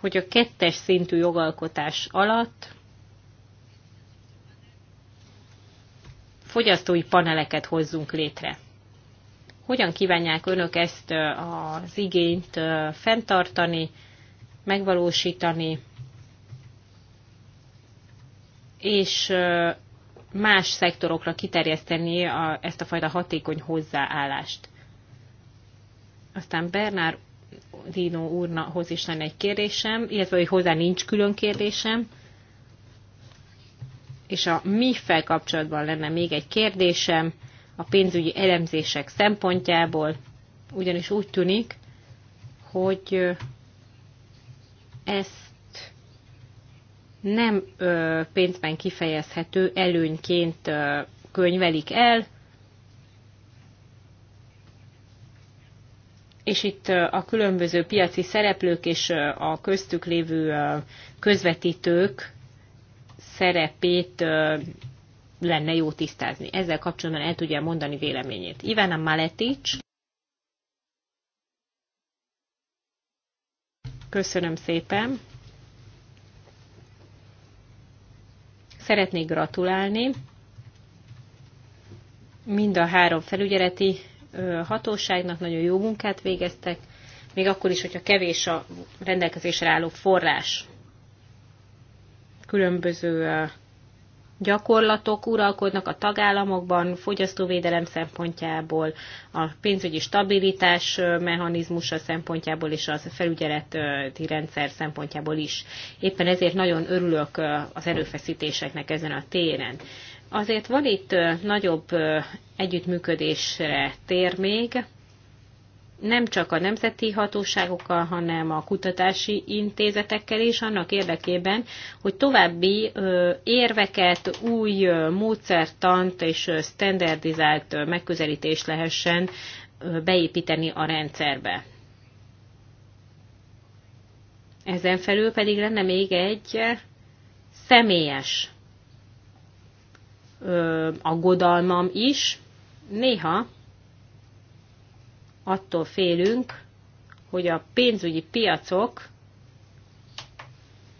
hogy a kettes szintű jogalkotás alatt fogyasztói paneleket hozzunk létre. Hogyan kívánják önök ezt az igényt fenntartani, megvalósítani? és más szektorokra kiterjeszteni a, ezt a fajta hatékony hozzáállást. Aztán Bernár Dino úrnahoz is lenne egy kérdésem, illetve hogy hozzá nincs külön kérdésem. És a mi felkapcsolatban lenne még egy kérdésem a pénzügyi elemzések szempontjából, ugyanis úgy tűnik, hogy ez nem ö, pénzben kifejezhető előnyként ö, könyvelik el, és itt a különböző piaci szereplők és a köztük lévő közvetítők szerepét lenne jó tisztázni. Ezzel kapcsolatban el tudja mondani véleményét. Ivana Maletic. Köszönöm szépen. Szeretnék gratulálni mind a három felügyeleti hatóságnak, nagyon jó munkát végeztek, még akkor is, hogyha kevés a rendelkezésre álló forrás. Különböző gyakorlatok uralkodnak a tagállamokban, fogyasztóvédelem szempontjából, a pénzügyi stabilitás mechanizmusa szempontjából és a felügyeleti rendszer szempontjából is. Éppen ezért nagyon örülök az erőfeszítéseknek ezen a téren. Azért van itt nagyobb együttműködésre tér még, nem csak a nemzeti hatóságokkal, hanem a kutatási intézetekkel is, annak érdekében, hogy további érveket, új módszertant és standardizált megközelítést lehessen beépíteni a rendszerbe. Ezen felül pedig lenne még egy személyes aggodalmam is. Néha attól félünk, hogy a pénzügyi piacok,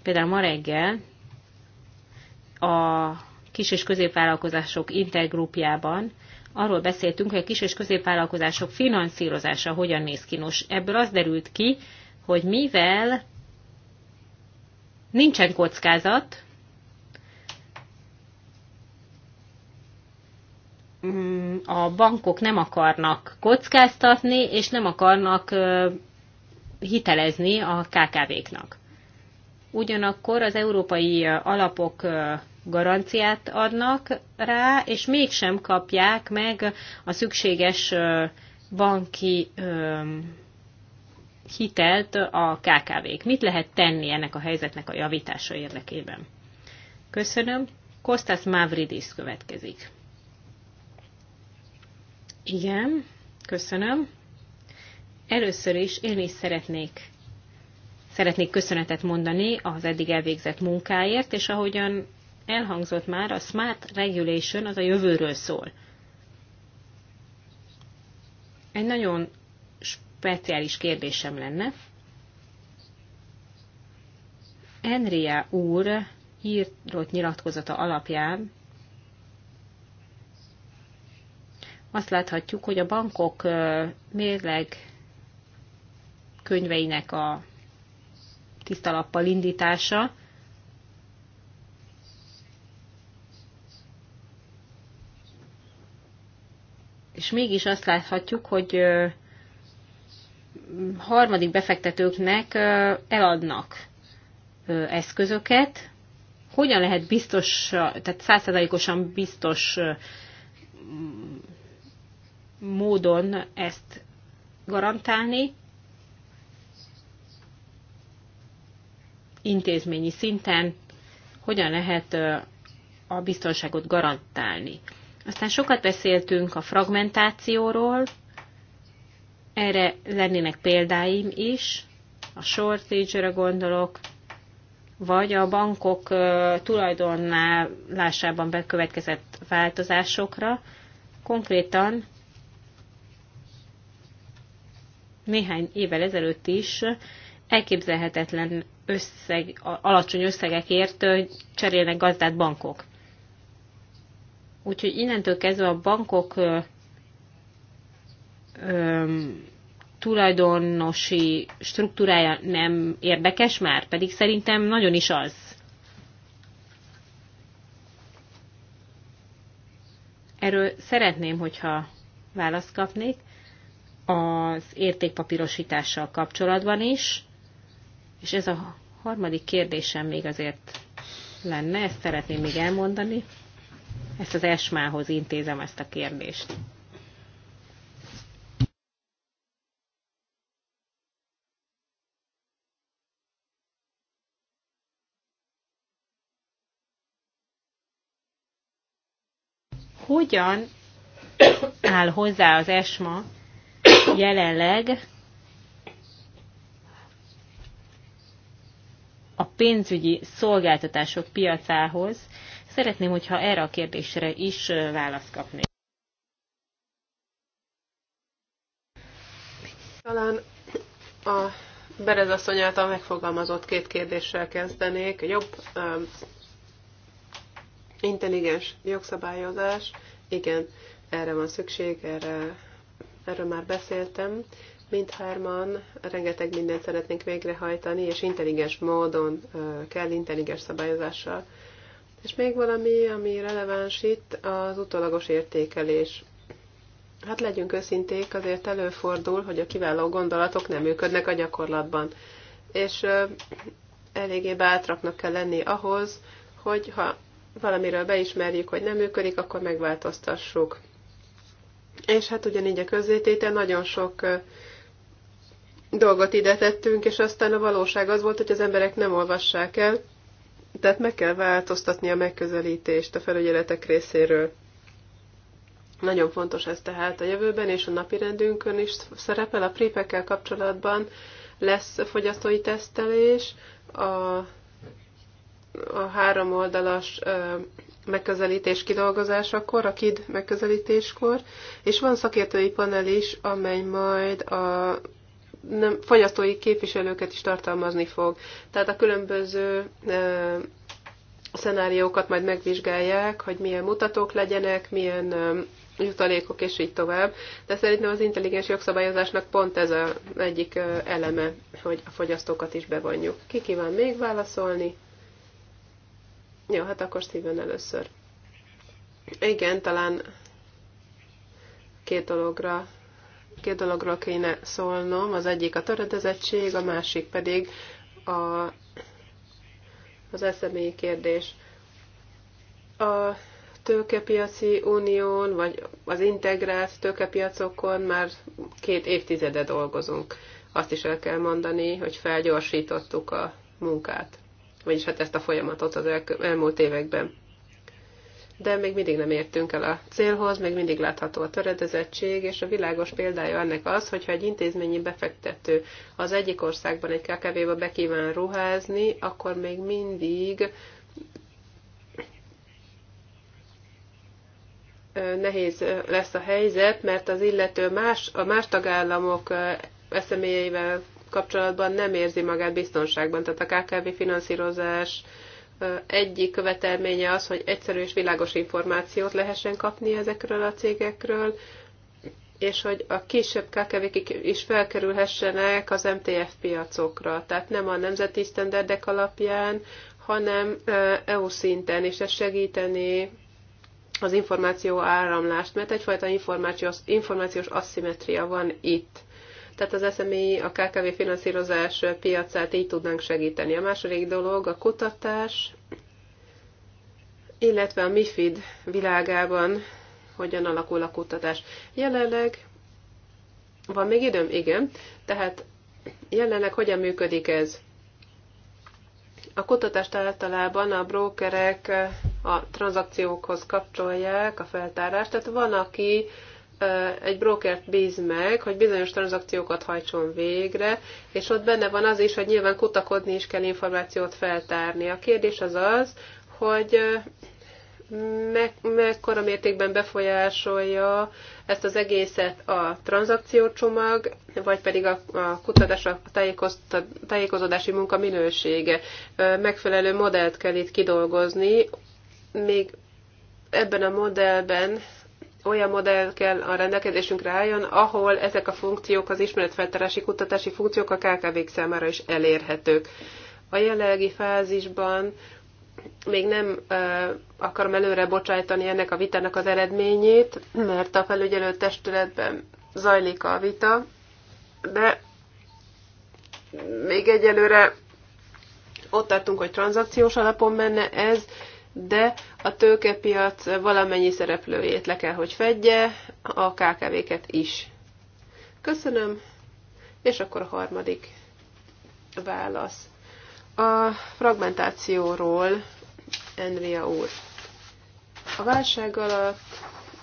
például ma reggel a kis- és középvállalkozások intergrupjában arról beszéltünk, hogy a kis- és középvállalkozások finanszírozása hogyan néz ki. Nos, ebből az derült ki, hogy mivel nincsen kockázat, Mm, a bankok nem akarnak kockáztatni, és nem akarnak hitelezni a KKV-knak. Ugyanakkor az európai alapok garanciát adnak rá, és mégsem kapják meg a szükséges banki hitelt a KKV-k. Mit lehet tenni ennek a helyzetnek a javítása érdekében? Köszönöm. Kostas Mavridis következik. Igen, köszönöm. Először is én is szeretnék szeretnék köszönetet mondani az eddig elvégzett munkáért, és ahogyan elhangzott már, a Smart Regulation az a jövőről szól. Egy nagyon speciális kérdésem lenne. Enria úr írott nyilatkozata alapján azt láthatjuk, hogy a bankok mérleg könyveinek a tisztalappal indítása és mégis azt láthatjuk, hogy harmadik befektetőknek eladnak eszközöket. Hogyan lehet biztos, tehát százszerzalékosan biztos módon ezt garantálni, intézményi szinten hogyan lehet a biztonságot garantálni. Aztán sokat beszéltünk a fragmentációról, erre lennének példáim is, a shortage-re gondolok, vagy a bankok tulajdonlásában bekövetkezett változásokra, konkrétan néhány évvel ezelőtt is elképzelhetetlen összeg, alacsony összegekért cserélnek gazdát bankok. Úgyhogy innentől kezdve a bankok ö, ö, tulajdonosi struktúrája nem érdekes már, pedig szerintem nagyon is az. Erről szeretném, hogyha választ kapnék az értékpapírosítással kapcsolatban is, és ez a harmadik kérdésem még azért lenne, ezt szeretném még elmondani. Ezt az esmához intézem ezt a kérdést. Hogyan áll hozzá az esma jelenleg a pénzügyi szolgáltatások piacához. Szeretném, hogyha erre a kérdésre is választ kapnék. Talán a Berez asszony által megfogalmazott két kérdéssel kezdenék. Jobb, um, intelligens jogszabályozás, igen, erre van szükség, erre erről már beszéltem, mindhárman rengeteg mindent szeretnénk végrehajtani, és intelligens módon kell, intelligens szabályozással. És még valami, ami releváns itt, az utolagos értékelés. Hát legyünk őszinték, azért előfordul, hogy a kiváló gondolatok nem működnek a gyakorlatban. És eléggé bátraknak kell lenni ahhoz, hogy ha valamiről beismerjük, hogy nem működik, akkor megváltoztassuk. És hát ugyanígy a közzététel nagyon sok dolgot ide tettünk, és aztán a valóság az volt, hogy az emberek nem olvassák el, tehát meg kell változtatni a megközelítést a felügyeletek részéről. Nagyon fontos ez tehát a jövőben, és a napi rendünkön is szerepel a prépekkel kapcsolatban lesz fogyasztói tesztelés, a a három oldalas megközelítés kidolgozásakor, a KID megközelítéskor, és van szakértői panel is, amely majd a nem, fogyasztói képviselőket is tartalmazni fog. Tehát a különböző ö, szenáriókat majd megvizsgálják, hogy milyen mutatók legyenek, milyen ö, jutalékok, és így tovább. De szerintem az intelligens jogszabályozásnak pont ez az egyik eleme, hogy a fogyasztókat is bevonjuk. Ki kíván még válaszolni? Jó, hát akkor Steven először. Igen, talán két dologra két dologról kéne szólnom, az egyik a töredezettség, a másik pedig a, az eszemélyi kérdés. A tőkepiaci unión, vagy az integrált tőkepiacokon már két évtizede dolgozunk. Azt is el kell mondani, hogy felgyorsítottuk a munkát vagyis hát ezt a folyamatot az el, elmúlt években. De még mindig nem értünk el a célhoz, még mindig látható a töredezettség, és a világos példája ennek az, hogyha egy intézményi befektető az egyik országban egy KKV-ba bekíván ruházni, akkor még mindig nehéz lesz a helyzet, mert az illető más, a más tagállamok eszemélyeivel kapcsolatban nem érzi magát biztonságban. Tehát a KKV finanszírozás egyik követelménye az, hogy egyszerű és világos információt lehessen kapni ezekről a cégekről, és hogy a kisebb kkv is felkerülhessenek az MTF piacokra. Tehát nem a nemzeti sztenderdek alapján, hanem EU szinten, és ez segíteni az információ áramlást, mert egyfajta információs, információs asszimetria van itt tehát az SMI, a KKV finanszírozás piacát így tudnánk segíteni. A második dolog a kutatás, illetve a MIFID világában hogyan alakul a kutatás. Jelenleg van még időm? Igen. Tehát jelenleg hogyan működik ez? A kutatást általában a brókerek a tranzakciókhoz kapcsolják a feltárást, tehát van, aki egy brokert bíz meg, hogy bizonyos tranzakciókat hajtson végre, és ott benne van az is, hogy nyilván kutakodni is kell információt feltárni. A kérdés az az, hogy me- mekkora mértékben befolyásolja ezt az egészet a tranzakciócsomag, vagy pedig a, a kutatás, a tájékozódási munka minősége. Megfelelő modellt kell itt kidolgozni, még ebben a modellben olyan modell kell a rendelkezésünkre álljon, ahol ezek a funkciók, az ismeretfeltárási kutatási funkciók a kkv számára is elérhetők. A jelenlegi fázisban még nem ö, akarom előre bocsájtani ennek a vitának az eredményét, mert a felügyelő testületben zajlik a vita, de még egyelőre ott tartunk, hogy tranzakciós alapon menne ez, de a tőkepiac valamennyi szereplőjét le kell, hogy fedje, a KKV-ket is. Köszönöm, és akkor a harmadik válasz. A fragmentációról, Enria úr. A válság alatt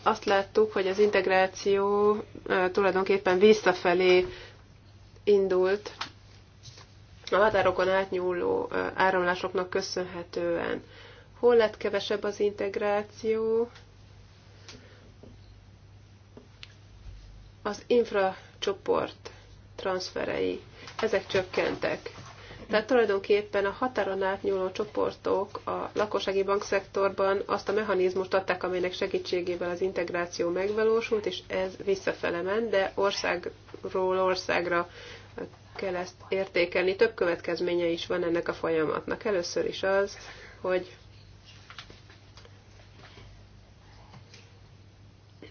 azt láttuk, hogy az integráció tulajdonképpen visszafelé indult a határokon átnyúló áramlásoknak köszönhetően hol lett kevesebb az integráció, az infracsoport transferei, ezek csökkentek. Tehát tulajdonképpen a határon átnyúló csoportok a lakossági bankszektorban azt a mechanizmust adták, amelynek segítségével az integráció megvalósult, és ez visszafele ment, de országról országra kell ezt értékelni. Több következménye is van ennek a folyamatnak. Először is az, hogy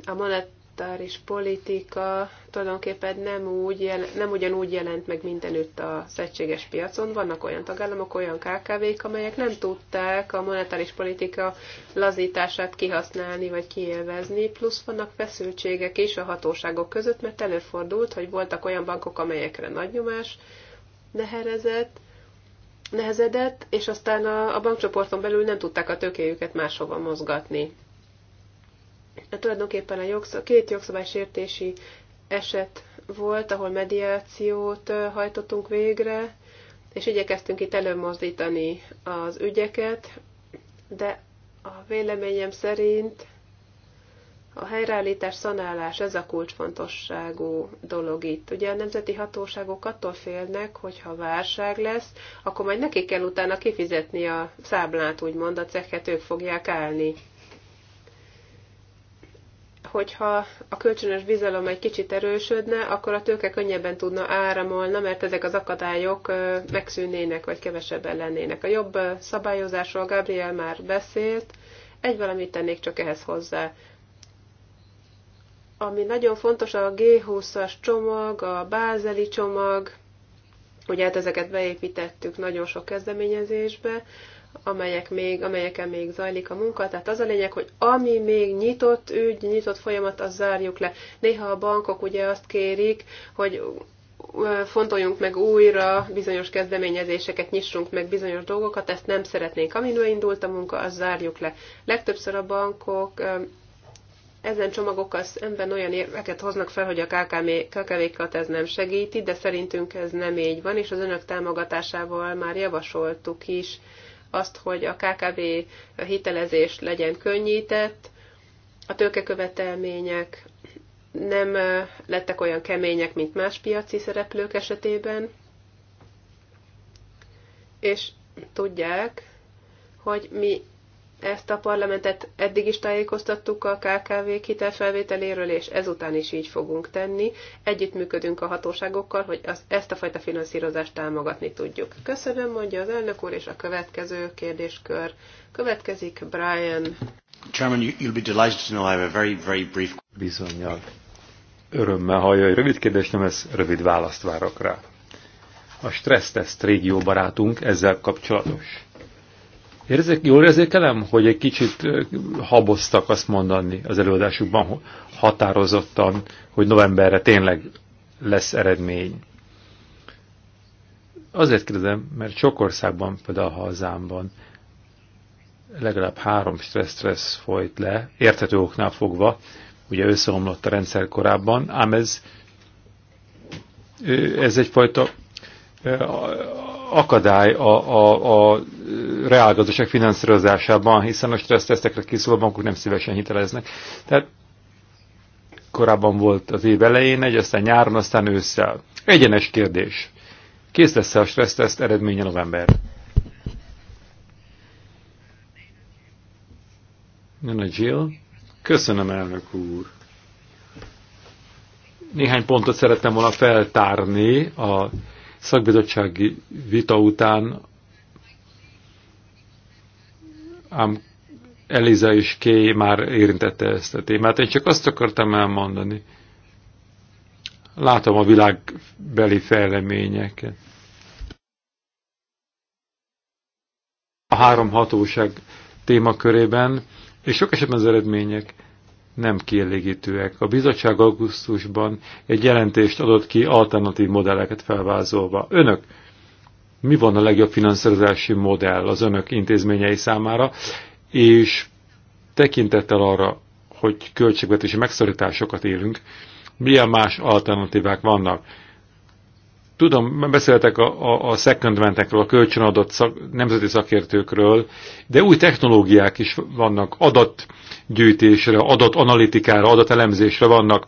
a monetáris politika tulajdonképpen nem, úgy jel, nem ugyanúgy jelent meg mindenütt a egységes piacon. Vannak olyan tagállamok, olyan KKV-k, amelyek nem tudták a monetáris politika lazítását kihasználni vagy kiélvezni, plusz vannak feszültségek is a hatóságok között, mert előfordult, hogy voltak olyan bankok, amelyekre nagy nyomás neherezett, nehezedett, és aztán a, a bankcsoporton belül nem tudták a tökéjüket máshova mozgatni tulajdonképpen a jogszab- két jogszabálysértési eset volt, ahol mediációt hajtottunk végre, és igyekeztünk itt előmozdítani az ügyeket, de a véleményem szerint a helyreállítás, szanálás, ez a kulcsfontosságú dolog itt. Ugye a nemzeti hatóságok attól félnek, hogy ha válság lesz, akkor majd nekik kell utána kifizetni a számlát, úgymond a cekhet ők fogják állni hogyha a kölcsönös bizalom egy kicsit erősödne, akkor a tőke könnyebben tudna áramolna, mert ezek az akadályok megszűnnének, vagy kevesebben lennének. A jobb szabályozásról Gabriel már beszélt, egy valamit tennék csak ehhez hozzá. Ami nagyon fontos, a G20-as csomag, a bázeli csomag, ugye hát ezeket beépítettük nagyon sok kezdeményezésbe, amelyek még, amelyeken még zajlik a munka. Tehát az a lényeg, hogy ami még nyitott ügy, nyitott folyamat, az zárjuk le. Néha a bankok ugye azt kérik, hogy fontoljunk meg újra bizonyos kezdeményezéseket, nyissunk meg bizonyos dolgokat, ezt nem szeretnénk. Amin indult a munka, az zárjuk le. Legtöbbször a bankok ezen csomagokkal szemben olyan érveket hoznak fel, hogy a KKV-kat ez nem segíti, de szerintünk ez nem így van, és az önök támogatásával már javasoltuk is, azt, hogy a KKV hitelezés legyen könnyített, a tőkekövetelmények nem lettek olyan kemények, mint más piaci szereplők esetében, és tudják, hogy mi ezt a parlamentet eddig is tájékoztattuk a KKV-k hitelfelvételéről, és ezután is így fogunk tenni. Együttműködünk a hatóságokkal, hogy az, ezt a fajta finanszírozást támogatni tudjuk. Köszönöm, mondja az elnök úr, és a következő kérdéskör következik Brian. Chairman, you'll be delighted to know I have a very, very brief... Bizonyal. Örömmel hallja, hogy rövid kérdés, nem ez rövid választ várok rá. A stressztest régió barátunk ezzel kapcsolatos Érzek, jól érzékelem, hogy egy kicsit haboztak azt mondani az előadásukban határozottan, hogy novemberre tényleg lesz eredmény. Azért kérdezem, mert sok országban, például a hazámban, legalább három stressz-stressz folyt le, érthető oknál fogva, ugye összeomlott a rendszer korábban, ám ez, ez egyfajta akadály a, a, a reálgazdaság finanszírozásában, hiszen a tesztekre készülő bankok nem szívesen hiteleznek. Tehát korábban volt az év elején egy, aztán nyáron, aztán ősszel. Egyenes kérdés. Kész lesz -e a stresszteszt eredménye november? Jön a Jill. Köszönöm, elnök úr. Néhány pontot szerettem volna feltárni a szakbizottsági vita után ám Eliza és Kay már érintette ezt a témát. Én csak azt akartam elmondani. Látom a világbeli fejleményeket. A három hatóság témakörében, és sok esetben az eredmények nem kielégítőek. A bizottság augusztusban egy jelentést adott ki alternatív modelleket felvázolva. Önök, mi van a legjobb finanszírozási modell az önök intézményei számára, és tekintettel arra, hogy költségvetési megszorításokat élünk, milyen más alternatívák vannak. Tudom, beszéltek a, a, a secondmentekről, a kölcsönadott szak, nemzeti szakértőkről, de új technológiák is vannak, adat adatgyűjtésre, adatanalitikára, adatelemzésre vannak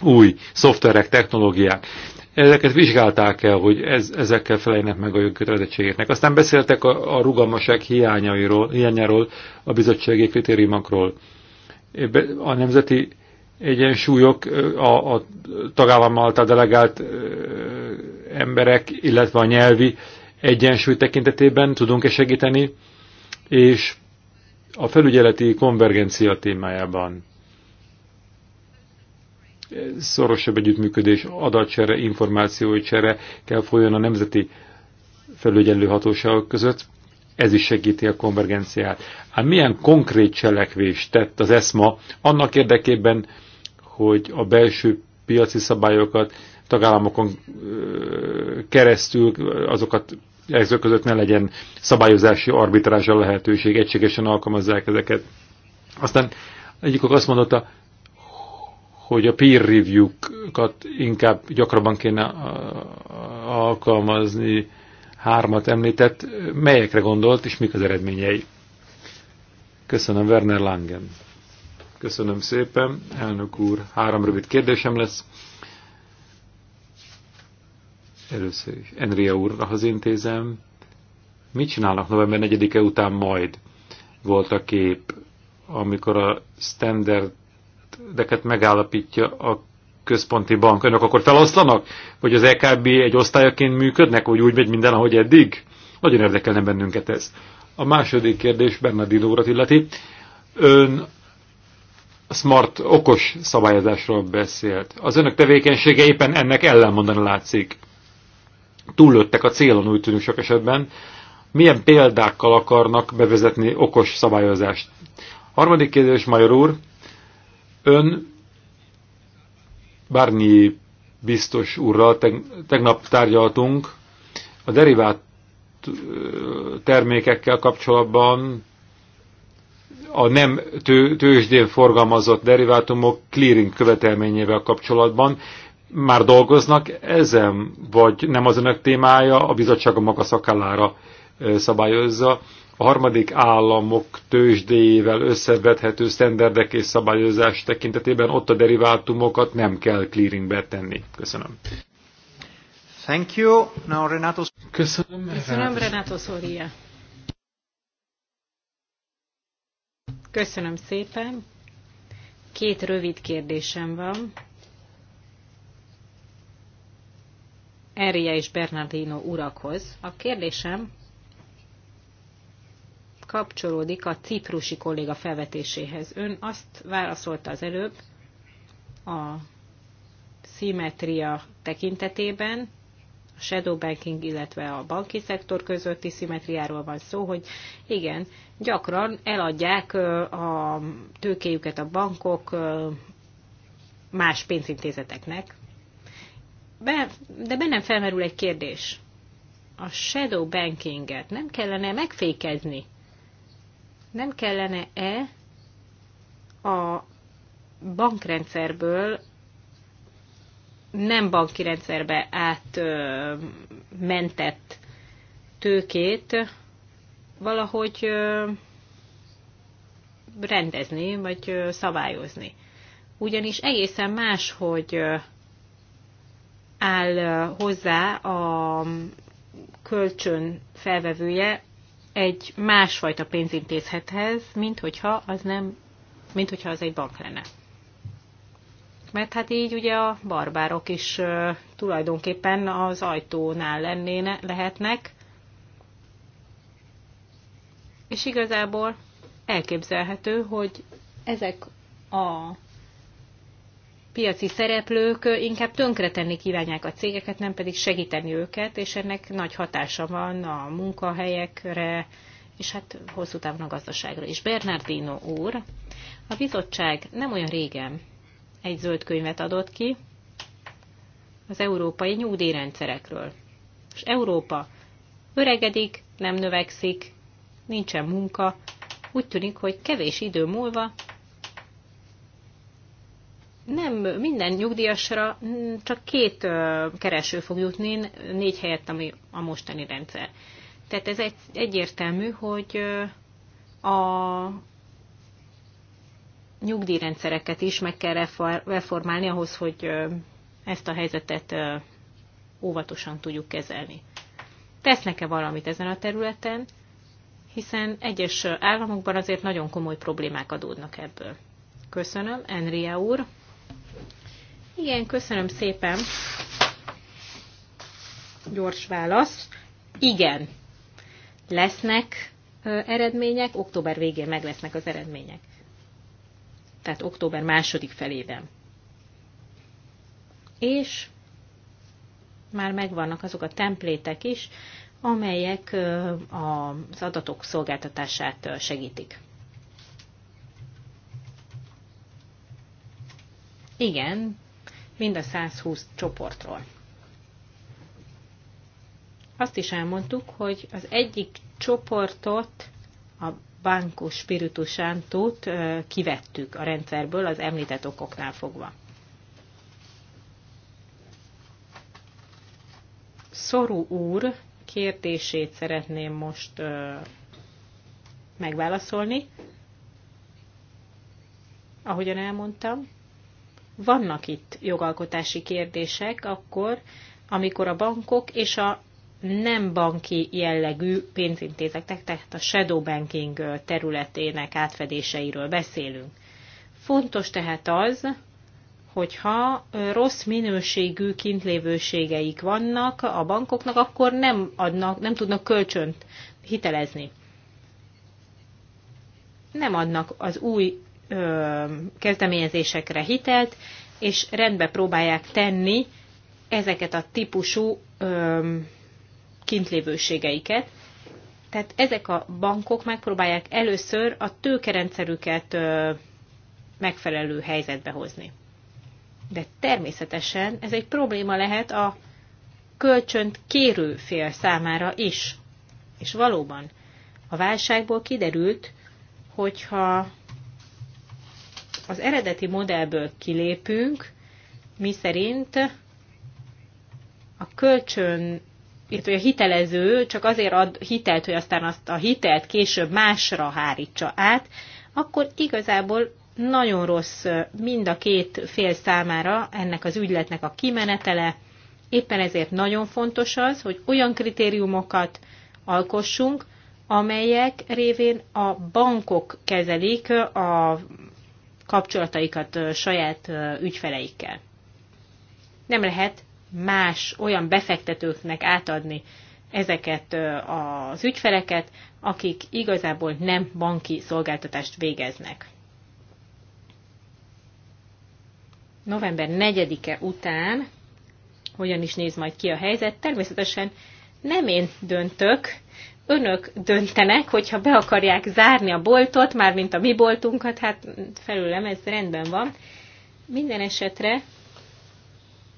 új szoftverek, technológiák. Ezeket vizsgálták el, hogy ez, ezekkel felejnek meg a jogkötelezettségeknek. Aztán beszéltek a, a rugalmaság hiányairól, hiányáról, a bizottsági kritériumokról. A nemzeti egyensúlyok a, a tagállam által delegált emberek, illetve a nyelvi egyensúly tekintetében tudunk-e segíteni, és a felügyeleti konvergencia témájában szorosabb együttműködés, adatcsere, információcsere kell folyjon a nemzeti felügyelő hatóságok között. Ez is segíti a konvergenciát. Hát milyen konkrét cselekvést tett az ESMA annak érdekében, hogy a belső piaci szabályokat tagállamokon keresztül azokat ezek között ne legyen szabályozási arbitrázsa lehetőség, egységesen alkalmazzák ezeket. Aztán egyikük azt mondotta, hogy a peer review-kat inkább gyakrabban kéne alkalmazni, hármat említett, melyekre gondolt és mik az eredményei. Köszönöm, Werner Langen. Köszönöm szépen, elnök úr. Három rövid kérdésem lesz. Először is. Enria úrhoz intézem. Mit csinálnak november 4-e után majd? Volt a kép, amikor a standardeket megállapítja a központi bank. Önök akkor feloszlanak? Vagy az EKB egy osztályaként működnek, vagy úgy megy minden, ahogy eddig? Nagyon érdekelne bennünket ez. A második kérdés Bernardino urat illeti. Ön smart, okos szabályozásról beszélt. Az önök tevékenysége éppen ennek ellenmondani látszik túllőttek a célon úgy tűnik sok esetben, milyen példákkal akarnak bevezetni okos szabályozást. Harmadik kérdés, Major úr, ön bármi biztos úrral tegnap tárgyaltunk a derivát termékekkel kapcsolatban a nem tő, tőzsdén forgalmazott derivátumok clearing követelményével kapcsolatban már dolgoznak ezen, vagy nem az önök témája, a bizottság a maga szakállára szabályozza. A harmadik államok tőzsdéjével összevethető sztenderdek és szabályozás tekintetében ott a derivátumokat nem kell clearingbe tenni. Köszönöm. Thank you. Now Renato... Köszönöm. Köszönöm, Renato Soria. Köszönöm szépen. Két rövid kérdésem van. Erie és Bernardino urakhoz. A kérdésem kapcsolódik a ciprusi kolléga felvetéséhez. Ön azt válaszolta az előbb a szimetria tekintetében, a shadow banking, illetve a banki szektor közötti szimetriáról van szó, hogy igen, gyakran eladják a tőkéjüket a bankok más pénzintézeteknek, be, de bennem felmerül egy kérdés. A shadow bankinget nem kellene megfékezni? Nem kellene-e a bankrendszerből nem banki rendszerbe átmentett tőkét valahogy ö, rendezni, vagy ö, szabályozni. Ugyanis egészen más, hogy ö, áll hozzá a kölcsön felvevője egy másfajta pénzintézhethez, mint hogyha az nem, mint hogyha az egy bank lenne. Mert hát így ugye a barbárok is tulajdonképpen az ajtónál lennéne, lehetnek, és igazából elképzelhető, hogy ezek a piaci szereplők inkább tönkretenni kívánják a cégeket, nem pedig segíteni őket, és ennek nagy hatása van a munkahelyekre, és hát hosszú távon a gazdaságra is. Bernardino úr, a bizottság nem olyan régen egy zöld könyvet adott ki az európai nyugdíjrendszerekről. És Európa öregedik, nem növekszik, nincsen munka, úgy tűnik, hogy kevés idő múlva nem minden nyugdíjasra mm, csak két kereső fog jutni, négy helyett, ami a mostani rendszer. Tehát ez egy, egyértelmű, hogy a nyugdíjrendszereket is meg kell reformálni ahhoz, hogy ezt a helyzetet óvatosan tudjuk kezelni. Tesznek-e valamit ezen a területen, hiszen egyes államokban azért nagyon komoly problémák adódnak ebből. Köszönöm, Enria úr. Igen, köszönöm szépen. Gyors válasz. Igen. Lesznek eredmények, október végén meg lesznek az eredmények. Tehát október második felében. És már megvannak azok a templétek is, amelyek az adatok szolgáltatását segítik. Igen, mind a 120 csoportról. Azt is elmondtuk, hogy az egyik csoportot, a Banco Spiritu Santót kivettük a rendszerből az említett okoknál fogva. Szoru úr kérdését szeretném most ö, megválaszolni. Ahogyan elmondtam, vannak itt jogalkotási kérdések, akkor, amikor a bankok és a nem banki jellegű pénzintézetek, tehát a shadow banking területének átfedéseiről beszélünk. Fontos tehát az, hogyha rossz minőségű kintlévőségeik vannak a bankoknak, akkor nem, adnak, nem tudnak kölcsönt hitelezni. Nem adnak az új ö, kezdeményezésekre hitelt, és rendbe próbálják tenni ezeket a típusú ö, kintlévőségeiket. Tehát ezek a bankok megpróbálják először a tőkerendszerüket ö, megfelelő helyzetbe hozni. De természetesen ez egy probléma lehet a kölcsönt kérő fél számára is. És valóban a válságból kiderült, hogyha az eredeti modellből kilépünk, mi szerint a kölcsön, illetve a hitelező csak azért ad hitelt, hogy aztán azt a hitelt később másra hárítsa át, akkor igazából nagyon rossz mind a két fél számára ennek az ügyletnek a kimenetele. Éppen ezért nagyon fontos az, hogy olyan kritériumokat alkossunk, amelyek révén a bankok kezelik a kapcsolataikat saját ügyfeleikkel. Nem lehet más olyan befektetőknek átadni ezeket az ügyfeleket, akik igazából nem banki szolgáltatást végeznek. November 4-e után hogyan is néz majd ki a helyzet, természetesen nem én döntök, önök döntenek, hogyha be akarják zárni a boltot, már mint a mi boltunkat, hát felőlem ez rendben van. Minden esetre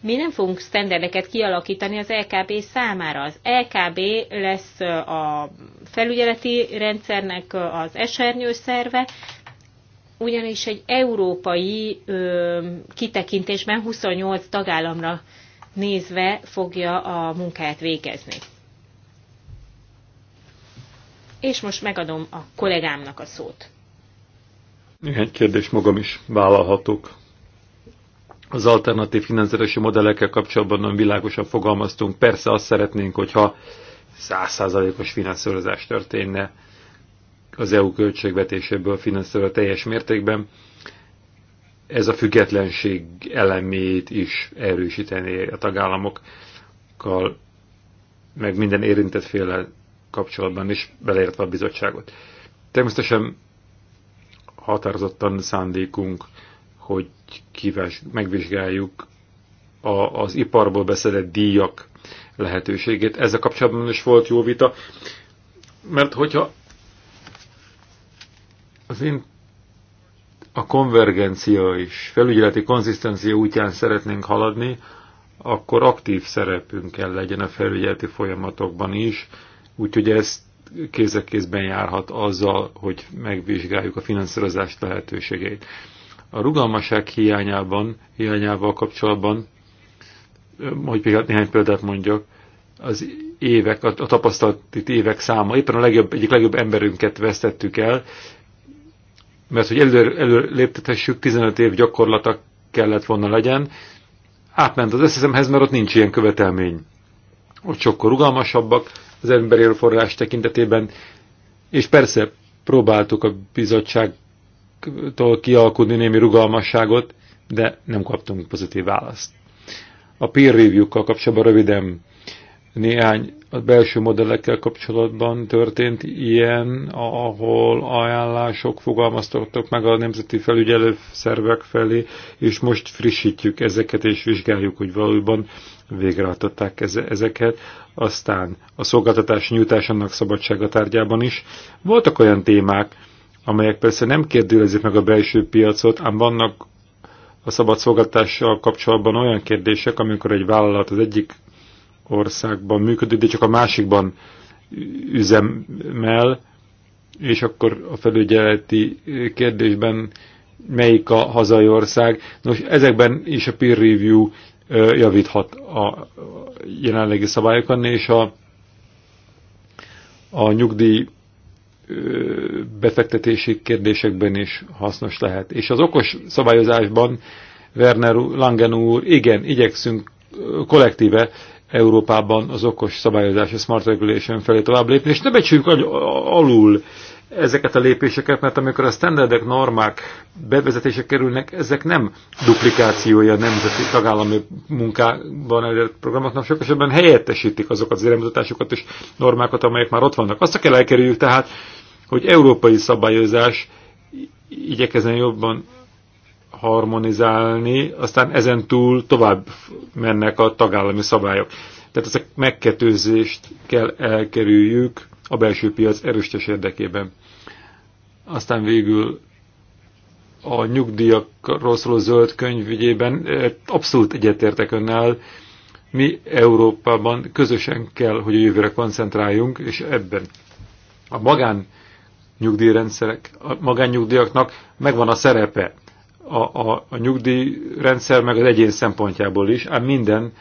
mi nem fogunk sztenderdeket kialakítani az LKB számára. Az LKB lesz a felügyeleti rendszernek az esernyő szerve, ugyanis egy európai ö, kitekintésben 28 tagállamra nézve fogja a munkáját végezni és most megadom a kollégámnak a szót. Néhány kérdés magam is vállalhatok. Az alternatív finanszírozási modellekkel kapcsolatban nagyon világosan fogalmaztunk. Persze azt szeretnénk, hogyha százszázalékos finanszírozás történne az EU költségvetéséből finanszírozva teljes mértékben. Ez a függetlenség elemét is erősítené a tagállamokkal, meg minden érintett féle kapcsolatban is, beleértve a bizottságot. Természetesen határozottan szándékunk, hogy kívás, megvizsgáljuk a, az iparból beszedett díjak lehetőségét. Ezzel kapcsolatban is volt jó vita, mert hogyha az én a konvergencia és felügyeleti konzisztencia útján szeretnénk haladni, akkor aktív szerepünk kell legyen a felügyeleti folyamatokban is, Úgyhogy ez kéz a kézben járhat azzal, hogy megvizsgáljuk a finanszírozás lehetőségeit. A rugalmaság hiányában, hiányával kapcsolatban, hogy néhány példát mondjak, az évek, a, a tapasztalati évek száma, éppen a legjobb, egyik legjobb emberünket vesztettük el, mert hogy előre elő léptetessük, 15 év gyakorlata kellett volna legyen, átment az eszemhez, mert ott nincs ilyen követelmény. Ott sokkal rugalmasabbak, az emberi erőforrás tekintetében, és persze próbáltuk a bizottságtól kialkudni némi rugalmasságot, de nem kaptunk pozitív választ. A peer review-kkal kapcsolatban röviden néhány a belső modellekkel kapcsolatban történt ilyen, ahol ajánlások fogalmaztak meg a nemzeti felügyelő szervek felé, és most frissítjük ezeket, és vizsgáljuk, hogy valóban végrehajtották ezeket. Aztán a szolgáltatás nyújtásának szabadsága tárgyában is voltak olyan témák, amelyek persze nem kérdőlezik meg a belső piacot, ám vannak a szabad szolgáltással kapcsolatban olyan kérdések, amikor egy vállalat az egyik országban működik, de csak a másikban üzemel, és akkor a felügyeleti kérdésben melyik a hazai ország. Nos, ezekben is a peer review javíthat a jelenlegi szabályokon, és a, a nyugdíj befektetési kérdésekben is hasznos lehet. És az okos szabályozásban Werner Langen úr, igen, igyekszünk kollektíve Európában az okos szabályozás, a smart regulation felé tovább lépni, és ne becsüljük alul ezeket a lépéseket, mert amikor a standardek, normák bevezetése kerülnek, ezek nem duplikációja a nemzeti tagállami munkában elért programoknak, sok esetben helyettesítik azokat az iránymutatásokat és normákat, amelyek már ott vannak. Azt kell elkerüljük tehát, hogy európai szabályozás igyekezzen jobban harmonizálni, aztán ezen túl tovább mennek a tagállami szabályok. Tehát ezt a megkettőzést kell elkerüljük a belső piac erőstes érdekében. Aztán végül a nyugdíjakról szóló zöld könyv ügyében eh, abszolút egyetértek önnel. Mi Európában közösen kell, hogy a jövőre koncentráljunk, és ebben a magán nyugdíjrendszerek, a magánnyugdíjaknak megvan a szerepe a, a, a nyugdíjrendszer meg az egyén szempontjából is, ám minden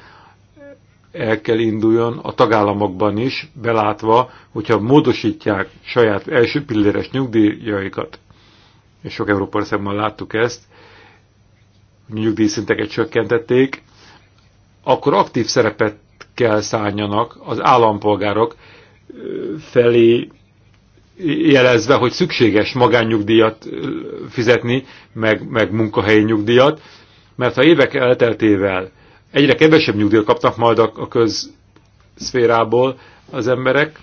el kell induljon a tagállamokban is, belátva, hogyha módosítják saját első pilléres nyugdíjaikat, és sok európai szemben láttuk ezt, nyugdíjszinteket csökkentették, akkor aktív szerepet kell szálljanak az állampolgárok felé jelezve, hogy szükséges magánnyugdíjat fizetni, meg, meg munkahelyi nyugdíjat, mert ha évek elteltével egyre kevesebb nyugdíjat kapnak majd a, a közszférából az emberek,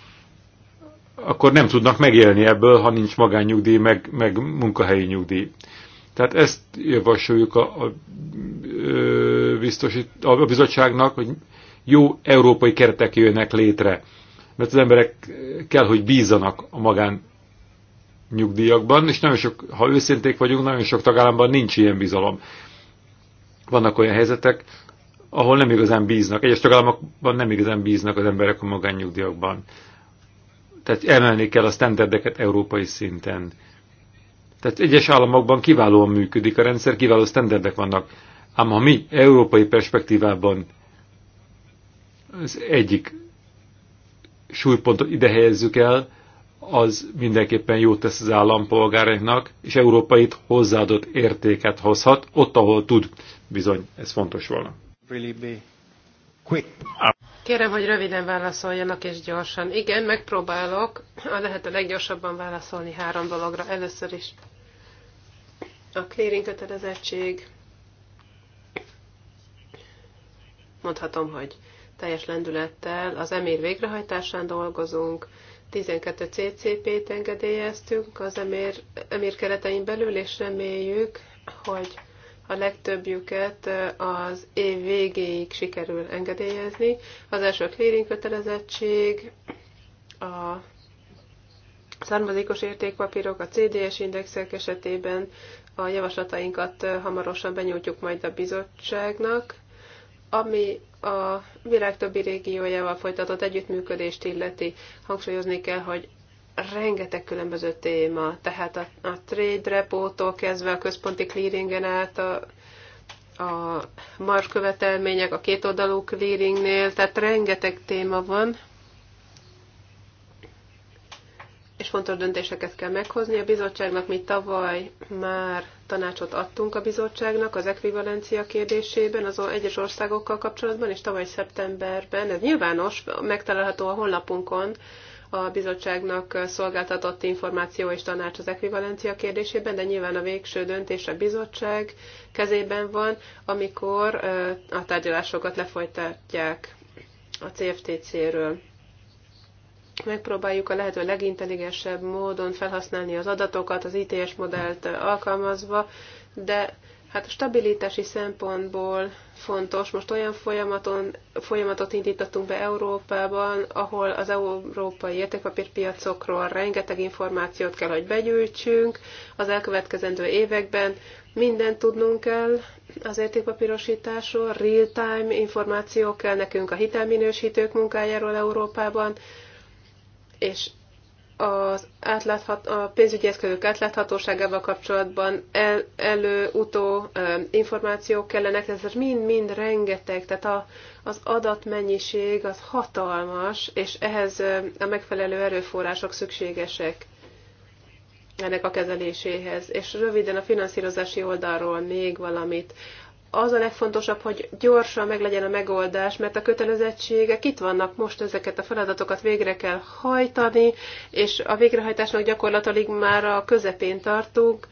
akkor nem tudnak megélni ebből, ha nincs magánnyugdíj, meg, meg munkahelyi nyugdíj. Tehát ezt javasoljuk a, a, a, a bizottságnak, hogy jó európai keretek jönnek létre mert az emberek kell, hogy bízzanak a magán nyugdíjakban, és nagyon sok, ha őszinték vagyunk, nagyon sok tagállamban nincs ilyen bizalom. Vannak olyan helyzetek, ahol nem igazán bíznak. Egyes tagállamokban nem igazán bíznak az emberek a magánnyugdíjakban. Tehát emelni kell a standardeket európai szinten. Tehát egyes államokban kiválóan működik a rendszer, kiváló standardek vannak. Ám ha mi európai perspektívában az egyik súlypontot ide helyezzük el, az mindenképpen jót tesz az állampolgárainknak, és Európa itt hozzáadott értéket hozhat, ott, ahol tud. Bizony, ez fontos volna. Kérem, hogy röviden válaszoljanak és gyorsan. Igen, megpróbálok a lehető leggyorsabban válaszolni három dologra. Először is a clearing kötelezettség. Mondhatom, hogy teljes lendülettel az emér végrehajtásán dolgozunk, 12 CCP-t engedélyeztünk az emér, emér keretein belül, és reméljük, hogy a legtöbbjüket az év végéig sikerül engedélyezni. Az első clearing kötelezettség, a származékos értékpapírok, a CDS indexek esetében a javaslatainkat hamarosan benyújtjuk majd a bizottságnak, ami a világ többi régiójával folytatott együttműködést illeti, hangsúlyozni kell, hogy rengeteg különböző téma, tehát a, a trade repótól kezdve a központi clearingen át a, a marskövetelmények követelmények, a kétoldalú clearingnél, tehát rengeteg téma van, és fontos döntéseket kell meghozni. A bizottságnak mi tavaly már tanácsot adtunk a bizottságnak az ekvivalencia kérdésében az egyes országokkal kapcsolatban, és tavaly szeptemberben, ez nyilvános, megtalálható a honlapunkon, a bizottságnak szolgáltatott információ és tanács az ekvivalencia kérdésében, de nyilván a végső döntés a bizottság kezében van, amikor a tárgyalásokat lefolytatják a CFTC-ről megpróbáljuk a lehető legintelligensebb módon felhasználni az adatokat, az ITS modellt alkalmazva, de hát a stabilitási szempontból fontos. Most olyan folyamaton, folyamatot indítottunk be Európában, ahol az európai értékpapírpiacokról rengeteg információt kell, hogy begyűjtsünk az elkövetkezendő években. Mindent tudnunk kell az értékpapírosításról, real-time információk kell nekünk a hitelminősítők munkájáról Európában, és az átláthat, a pénzügyi eszközök átláthatóságával kapcsolatban el, elő-utó információk kellenek, ez mind-mind rengeteg, tehát a, az adatmennyiség az hatalmas, és ehhez a megfelelő erőforrások szükségesek ennek a kezeléséhez. És röviden a finanszírozási oldalról még valamit az a legfontosabb, hogy gyorsan meglegyen a megoldás, mert a kötelezettségek itt vannak most, ezeket a feladatokat végre kell hajtani, és a végrehajtásnak gyakorlatilag már a közepén tartunk,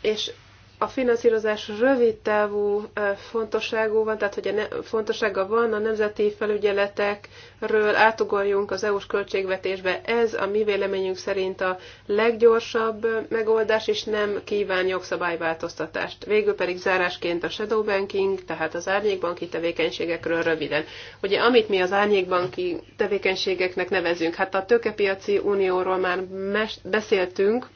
és a finanszírozás rövid távú fontosságú van, tehát hogy a ne, fontossága van a nemzeti felügyeletekről átugorjunk az EU-s költségvetésbe. Ez a mi véleményünk szerint a leggyorsabb megoldás, és nem kíván jogszabályváltoztatást. Végül pedig zárásként a shadow banking, tehát az árnyékbanki tevékenységekről röviden. Ugye amit mi az árnyékbanki tevékenységeknek nevezünk, hát a tőkepiaci unióról már beszéltünk,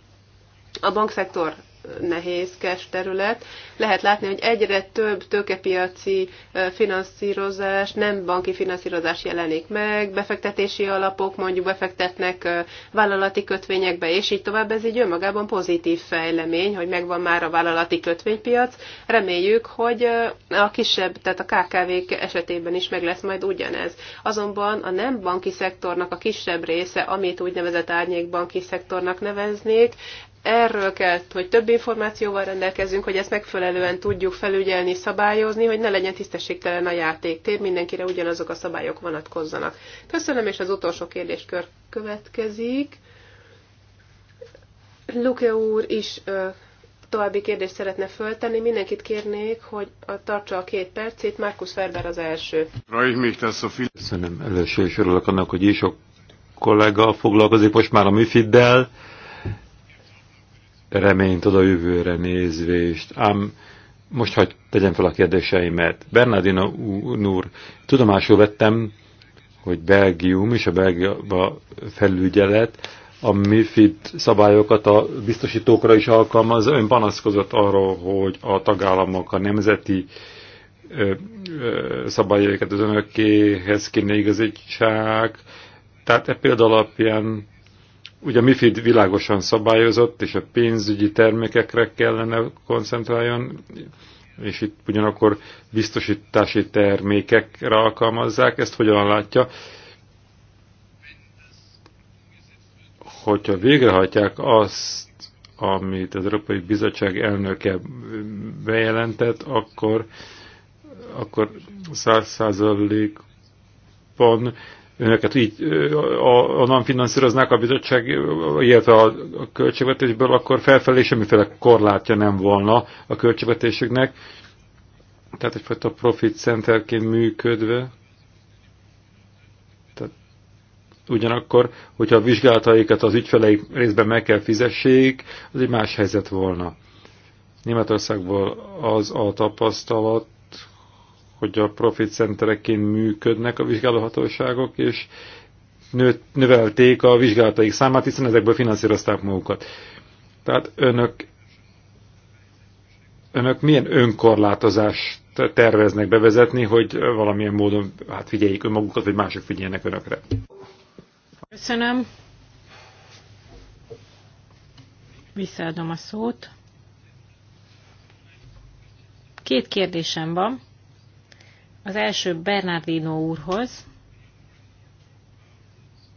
a bankszektor nehézkes terület. Lehet látni, hogy egyre több tőkepiaci finanszírozás, nem banki finanszírozás jelenik meg, befektetési alapok mondjuk befektetnek vállalati kötvényekbe, és így tovább. Ez így önmagában pozitív fejlemény, hogy megvan már a vállalati kötvénypiac. Reméljük, hogy a kisebb, tehát a KKV esetében is meg lesz majd ugyanez. Azonban a nem banki szektornak a kisebb része, amit úgynevezett árnyékbanki szektornak neveznék, erről kell, hogy több információval rendelkezünk, hogy ezt megfelelően tudjuk felügyelni, szabályozni, hogy ne legyen tisztességtelen a játéktér, mindenkire ugyanazok a szabályok vonatkozzanak. Köszönöm, és az utolsó kérdéskör következik. Luke úr is ö, további kérdést szeretne föltenni. Mindenkit kérnék, hogy a, tartsa a két percét. Markus Ferber az első. Köszönöm. Először is örülök annak, hogy is sok kollega foglalkozik most már a műfiddel reményt oda a jövőre nézvést. Ám most hagyd tegyem fel a kérdéseimet. Bernardino úr, tudomásul vettem, hogy Belgium és a Belgia felügyelet a MIFID szabályokat a biztosítókra is alkalmaz. Ön panaszkozott arról, hogy a tagállamok a nemzeti ö, ö, szabályaikat az önökéhez kéne igazítsák. Tehát e példa alapján Ugye a MIFID világosan szabályozott, és a pénzügyi termékekre kellene koncentráljon, és itt ugyanakkor biztosítási termékekre alkalmazzák, ezt hogyan látja? Hogyha végrehajtják azt, amit az Európai Bizottság elnöke bejelentett, akkor akkor száz százalékban önöket így onnan finanszíroznák a bizottság, illetve a költségvetésből, akkor felfelé semmiféle korlátja nem volna a költségvetésüknek. Tehát egyfajta profit centerként működve. Tehát ugyanakkor, hogyha a vizsgálataikat az ügyfeleik részben meg kell fizessék, az egy más helyzet volna. Németországból az a tapasztalat, hogy a profit centereként működnek a vizsgálóhatóságok, és nőtt, növelték a vizsgálataik számát, hiszen ezekből finanszírozták magukat. Tehát önök, önök milyen önkorlátozást terveznek bevezetni, hogy valamilyen módon hát figyeljék önmagukat, vagy mások figyeljenek önökre? Köszönöm. Visszaadom a szót. Két kérdésem van. Az első Bernardino úrhoz.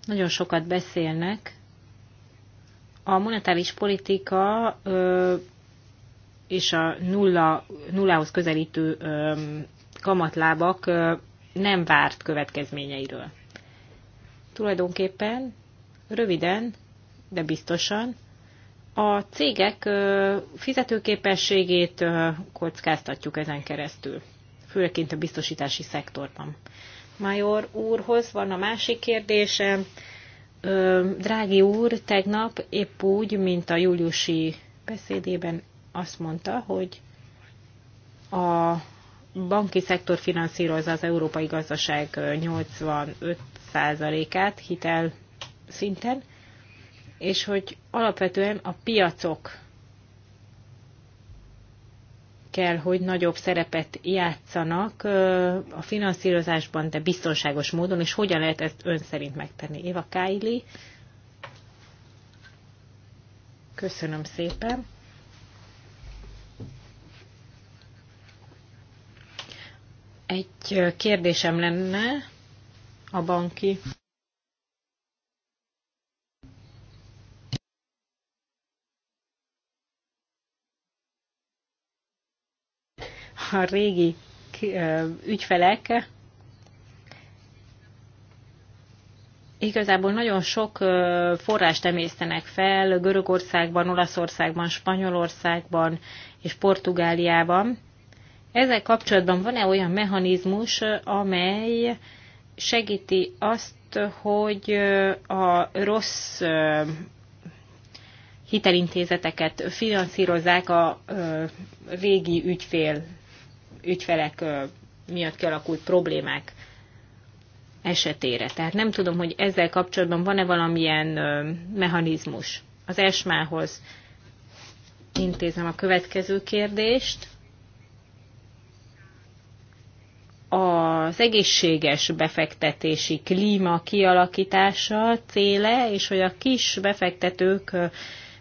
Nagyon sokat beszélnek. A monetáris politika ö, és a nulla, nullához közelítő ö, kamatlábak ö, nem várt következményeiről. Tulajdonképpen röviden, de biztosan a cégek fizetőképességét kockáztatjuk ezen keresztül főként a biztosítási szektorban. Major úrhoz van a másik kérdése. Drági úr tegnap épp úgy, mint a júliusi beszédében azt mondta, hogy a banki szektor finanszírozza az európai gazdaság 85%-át hitel szinten, és hogy alapvetően a piacok kell, hogy nagyobb szerepet játszanak a finanszírozásban, de biztonságos módon, és hogyan lehet ezt ön szerint megtenni. Éva Káili, köszönöm szépen. Egy kérdésem lenne a banki a régi ügyfelek igazából nagyon sok forrást emésztenek fel Görögországban, Olaszországban, Spanyolországban és Portugáliában. Ezzel kapcsolatban van-e olyan mechanizmus, amely segíti azt, hogy a rossz hitelintézeteket finanszírozzák a régi ügyfél ügyfelek miatt kialakult problémák esetére. Tehát nem tudom, hogy ezzel kapcsolatban van-e valamilyen mechanizmus. Az esmához intézem a következő kérdést. az egészséges befektetési klíma kialakítása céle, és hogy a kis befektetők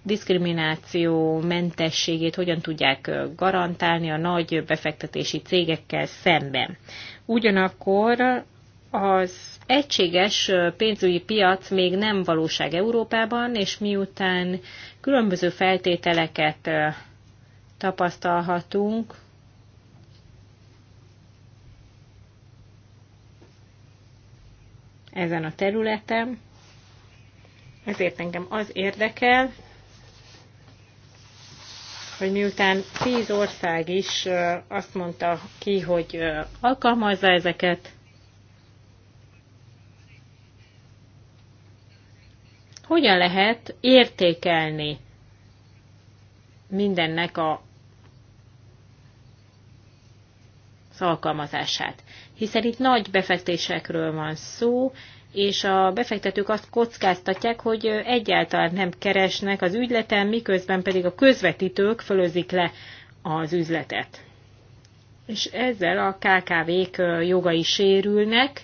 diszkrimináció mentességét hogyan tudják garantálni a nagy befektetési cégekkel szemben. Ugyanakkor az egységes pénzügyi piac még nem valóság Európában, és miután különböző feltételeket tapasztalhatunk, ezen a területen. Ezért engem az érdekel, hogy miután tíz ország is azt mondta ki, hogy alkalmazza ezeket, hogyan lehet értékelni mindennek a az alkalmazását. Hiszen itt nagy befektésekről van szó, és a befektetők azt kockáztatják, hogy egyáltalán nem keresnek az ügyleten, miközben pedig a közvetítők fölözik le az üzletet. És ezzel a KKV-k jogai sérülnek.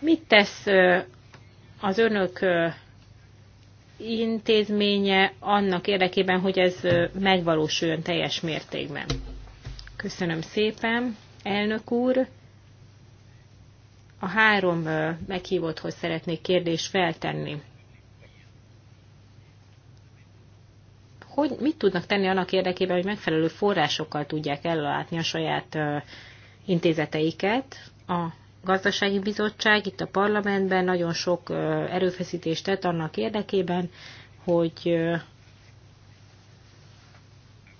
Mit tesz az önök intézménye annak érdekében, hogy ez megvalósuljon teljes mértékben? Köszönöm szépen! elnök úr. A három meghívotthoz szeretnék kérdést feltenni. Hogy, mit tudnak tenni annak érdekében, hogy megfelelő forrásokkal tudják ellátni a saját intézeteiket? A gazdasági bizottság itt a parlamentben nagyon sok erőfeszítést tett annak érdekében, hogy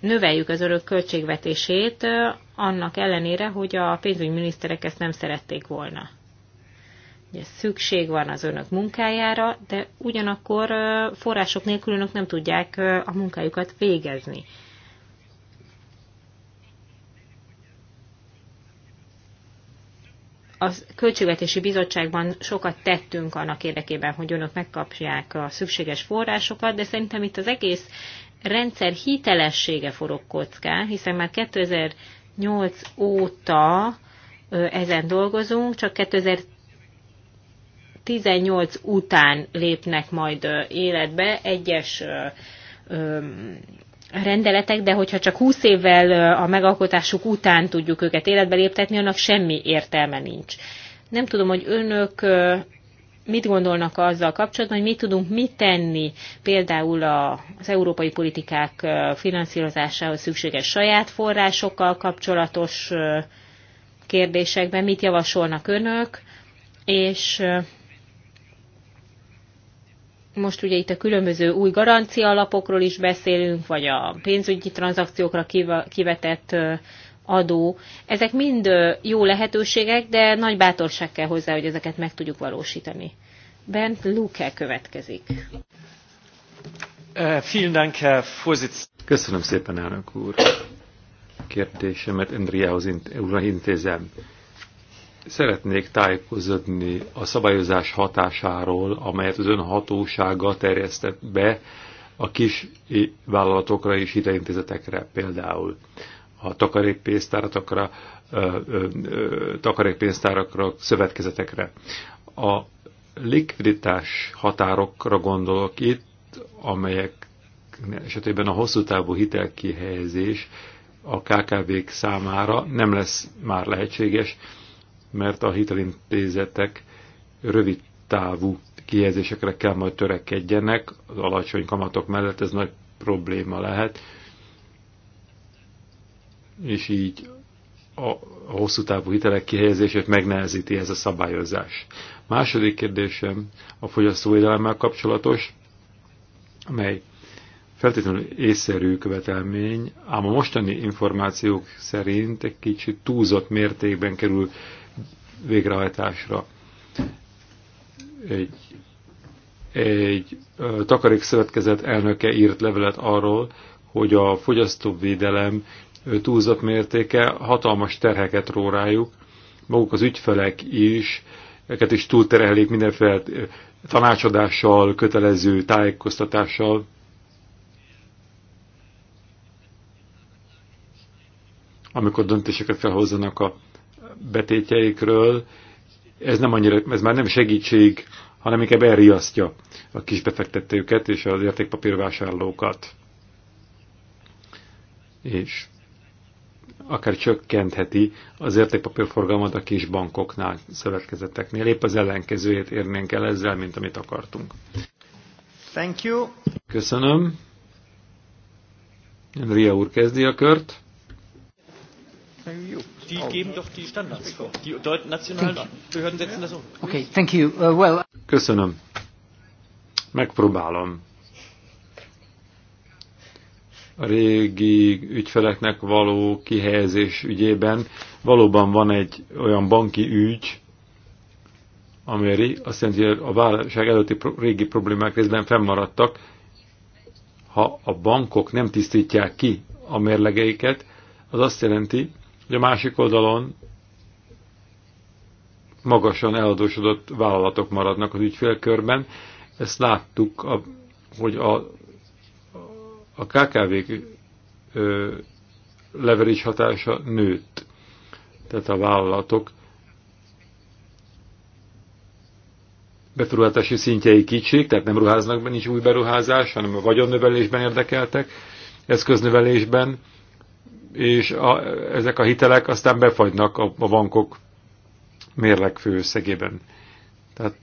növeljük az örök költségvetését, annak ellenére, hogy a pénzügyminiszterek ezt nem szerették volna. Ugye szükség van az önök munkájára, de ugyanakkor források nélkül önök nem tudják a munkájukat végezni. a Költségvetési Bizottságban sokat tettünk annak érdekében, hogy önök megkapják a szükséges forrásokat, de szerintem itt az egész rendszer hitelessége forog kockán, hiszen már 2008 óta ezen dolgozunk, csak 2018 után lépnek majd életbe egyes rendeletek, de hogyha csak 20 évvel a megalkotásuk után tudjuk őket életbe léptetni, annak semmi értelme nincs. Nem tudom, hogy önök mit gondolnak azzal kapcsolatban, hogy mit tudunk mit tenni például az európai politikák finanszírozásához szükséges saját forrásokkal kapcsolatos kérdésekben, mit javasolnak önök, és most ugye itt a különböző új garancia alapokról is beszélünk, vagy a pénzügyi tranzakciókra kivetett adó. Ezek mind jó lehetőségek, de nagy bátorság kell hozzá, hogy ezeket meg tudjuk valósítani. Bent Luke következik. Köszönöm szépen, elnök úr. Kérdésemet Andriához úrra intézem. Szeretnék tájékozódni a szabályozás hatásáról, amelyet az ön hatósága terjesztett be a kis vállalatokra és hitelintézetekre, például a takarékpénztárakra, takarékpénztárakra, szövetkezetekre. A likviditás határokra gondolok itt, amelyek esetében a hosszú távú hitelkihelyezés a KKV-k számára nem lesz már lehetséges, mert a hitelintézetek rövid távú kihelyezésekre kell majd törekedjenek, az alacsony kamatok mellett ez nagy probléma lehet és így a, hosszú távú hitelek kihelyezését megnehezíti ez a szabályozás. Második kérdésem a fogyasztóvédelemmel kapcsolatos, amely feltétlenül észszerű követelmény, ám a mostani információk szerint egy kicsit túlzott mértékben kerül végrehajtásra. Egy, egy takarékszövetkezet elnöke írt levelet arról, hogy a fogyasztóvédelem túlzott mértéke hatalmas terheket ró rájuk, maguk az ügyfelek is, őket is túlterhelik mindenféle eh, tanácsadással, kötelező tájékoztatással. Amikor döntéseket hozzanak a betétjeikről, ez, nem annyira, ez már nem segítség, hanem inkább elriasztja a kisbefektetőket és az értékpapírvásárlókat. És akár csökkentheti az értékpapírforgalmat a kis bankoknál, szövetkezeteknél. Épp az ellenkezőjét érnénk el ezzel, mint amit akartunk. Thank you. Köszönöm. Ria úr kezdi a kört. Oh. Um. Uh, Köszönöm. Megpróbálom a régi ügyfeleknek való kihelyezés ügyében valóban van egy olyan banki ügy, ami azt jelenti, hogy a válság előtti régi problémák részben fennmaradtak. Ha a bankok nem tisztítják ki a mérlegeiket, az azt jelenti, hogy a másik oldalon magasan eladósodott vállalatok maradnak az ügyfélkörben. Ezt láttuk, a, hogy a a KKV leverage hatása nőtt. Tehát a vállalatok beruházási szintjei kicsik, tehát nem ruháznak be, nincs új beruházás, hanem a vagyonnövelésben érdekeltek, eszköznövelésben, és a, ezek a hitelek aztán befagynak a, a bankok mérleg főszegében. Tehát,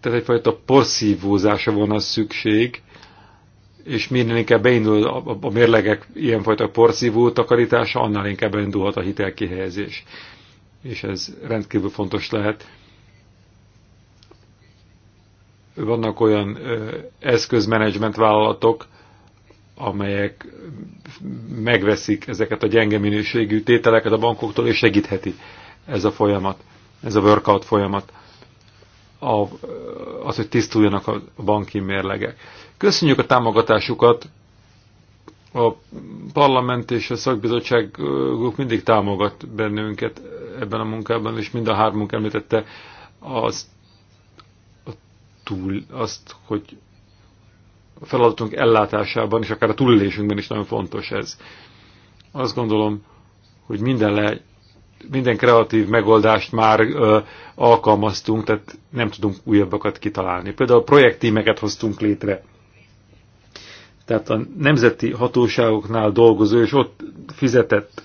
tehát egyfajta porszívózása van a szükség, és minél inkább beindul a, a mérlegek ilyenfajta porcívó takarítása, annál inkább beindulhat a hitelkihelyezés. És ez rendkívül fontos lehet. Vannak olyan eszközmenedzsment vállalatok, amelyek megveszik ezeket a gyenge minőségű tételeket a bankoktól, és segítheti ez a folyamat, ez a workout folyamat a, az, hogy tisztuljanak a banki mérlegek. Köszönjük a támogatásukat, a parlament és a szakbizottság mindig támogat bennünket ebben a munkában, és mind a hármunk említette az, a túl, azt, hogy a feladatunk ellátásában, és akár a túlélésünkben is nagyon fontos ez. Azt gondolom, hogy minden le, minden kreatív megoldást már ö, alkalmaztunk, tehát nem tudunk újabbakat kitalálni. Például projektímeket hoztunk létre. Tehát a nemzeti hatóságoknál dolgozó és ott fizetett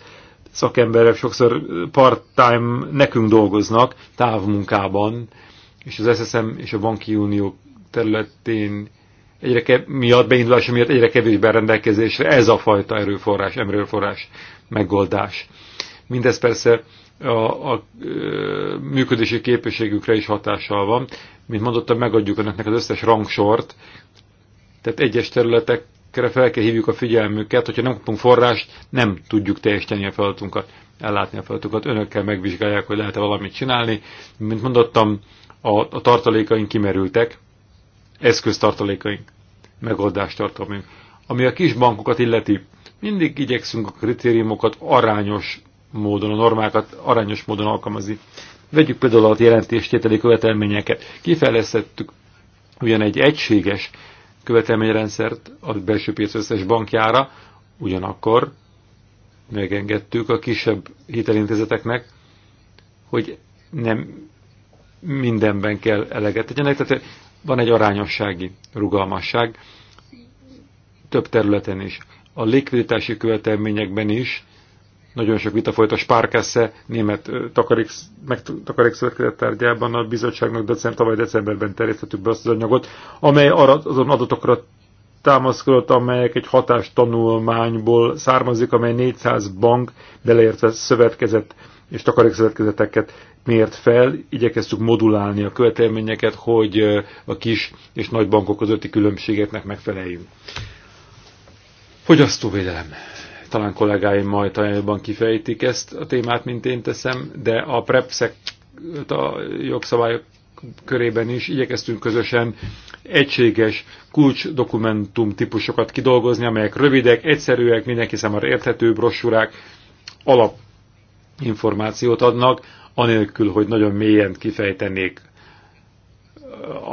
szakemberek sokszor part-time nekünk dolgoznak távmunkában, és az SSM és a Banki Unió területén egyre kev- miatt, beindulása miatt egyre kevésbé rendelkezésre ez a fajta erőforrás, emberőforrás megoldás. Mindez persze a, a, működési képességükre is hatással van. Mint mondottam, megadjuk önöknek az összes rangsort, tehát egyes területekre fel kell hívjuk a figyelmüket, hogyha nem kapunk forrást, nem tudjuk teljesíteni a feladatunkat, ellátni a feladatunkat. Önökkel megvizsgálják, hogy lehet-e valamit csinálni. Mint mondottam, a, a tartalékaink kimerültek, eszköztartalékaink, megoldástartalmaink. Ami a kis bankokat illeti, mindig igyekszünk a kritériumokat arányos módon, a normákat arányos módon alkalmazni. Vegyük például a jelentéstételi követelményeket. Kifejlesztettük ugyan egy egységes követelményrendszert a belső piac összes bankjára, ugyanakkor megengedtük a kisebb hitelintézeteknek, hogy nem mindenben kell eleget tegyenek, tehát van egy arányossági rugalmasság több területen is. A likviditási követelményekben is nagyon sok vita folyt a Spárkesze német takarék, takarékszövetkezet tárgyában a bizottságnak december, tavaly decemberben terjesztettük be azt az anyagot, amely arra, azon adatokra támaszkodott, amelyek egy hatástanulmányból származik, amely 400 bank, beleértve szövetkezett és takarékszövetkezeteket mért fel. Igyekeztük modulálni a követelményeket, hogy a kis és nagy bankok közötti különbségeknek megfeleljünk. Fogyasztóvédelem. Talán kollégáim majd jobban kifejtik ezt a témát, mint én teszem, de a prepszek a jogszabályok körében is igyekeztünk közösen egységes kulcs dokumentum típusokat kidolgozni, amelyek rövidek, egyszerűek, mindenki számára érthető brossurák, alapinformációt adnak, anélkül, hogy nagyon mélyen kifejtenék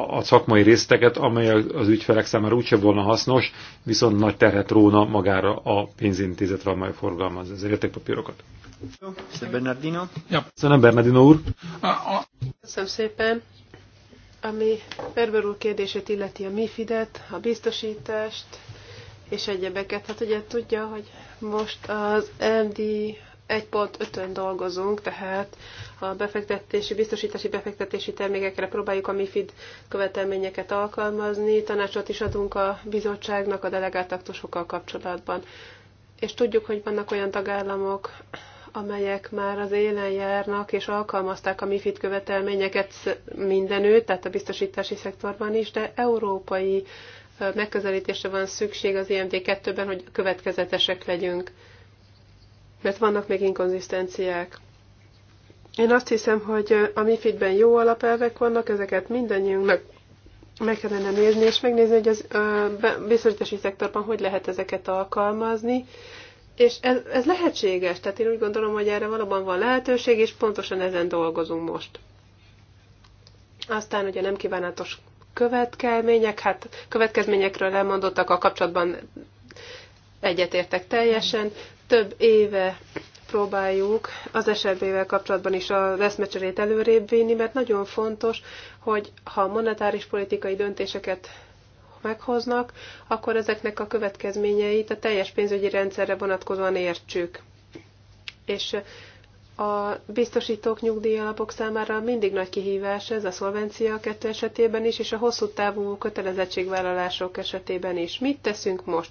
a szakmai részteket, amely az ügyfelek számára úgyse volna hasznos, viszont nagy terhet róna magára a pénzintézetre, amely forgalmaz az értékpapírokat. Bernardino. Ja. Köszönöm, Bernardino úr. Köszönöm szépen. Ami Ferber úr kérdését illeti a MIFID-et, a biztosítást és egyebeket, hát ugye tudja, hogy most az MD 1.5-ön dolgozunk, tehát a befektetési, biztosítási befektetési termékekre próbáljuk a MIFID követelményeket alkalmazni, tanácsot is adunk a bizottságnak a delegáltak aktusokkal kapcsolatban. És tudjuk, hogy vannak olyan tagállamok, amelyek már az élen járnak, és alkalmazták a MIFID követelményeket mindenütt, tehát a biztosítási szektorban is, de európai megközelítésre van szükség az IMD2-ben, hogy következetesek legyünk mert vannak még inkonzisztenciák. Én azt hiszem, hogy a MIFID-ben jó alapelvek vannak, ezeket mindannyiunknak meg kellene nézni, és megnézni, hogy az biztosítási szektorban hogy lehet ezeket alkalmazni. És ez, ez lehetséges, tehát én úgy gondolom, hogy erre valóban van lehetőség, és pontosan ezen dolgozunk most. Aztán ugye nem kívánatos következmények, hát következményekről elmondottak a kapcsolatban egyetértek teljesen több éve próbáljuk az srb kapcsolatban is a eszmecserét előrébb vinni, mert nagyon fontos, hogy ha monetáris politikai döntéseket meghoznak, akkor ezeknek a következményeit a teljes pénzügyi rendszerre vonatkozóan értsük. És a biztosítók nyugdíjalapok számára mindig nagy kihívás ez a szolvencia kettő esetében is, és a hosszú távú kötelezettségvállalások esetében is. Mit teszünk most?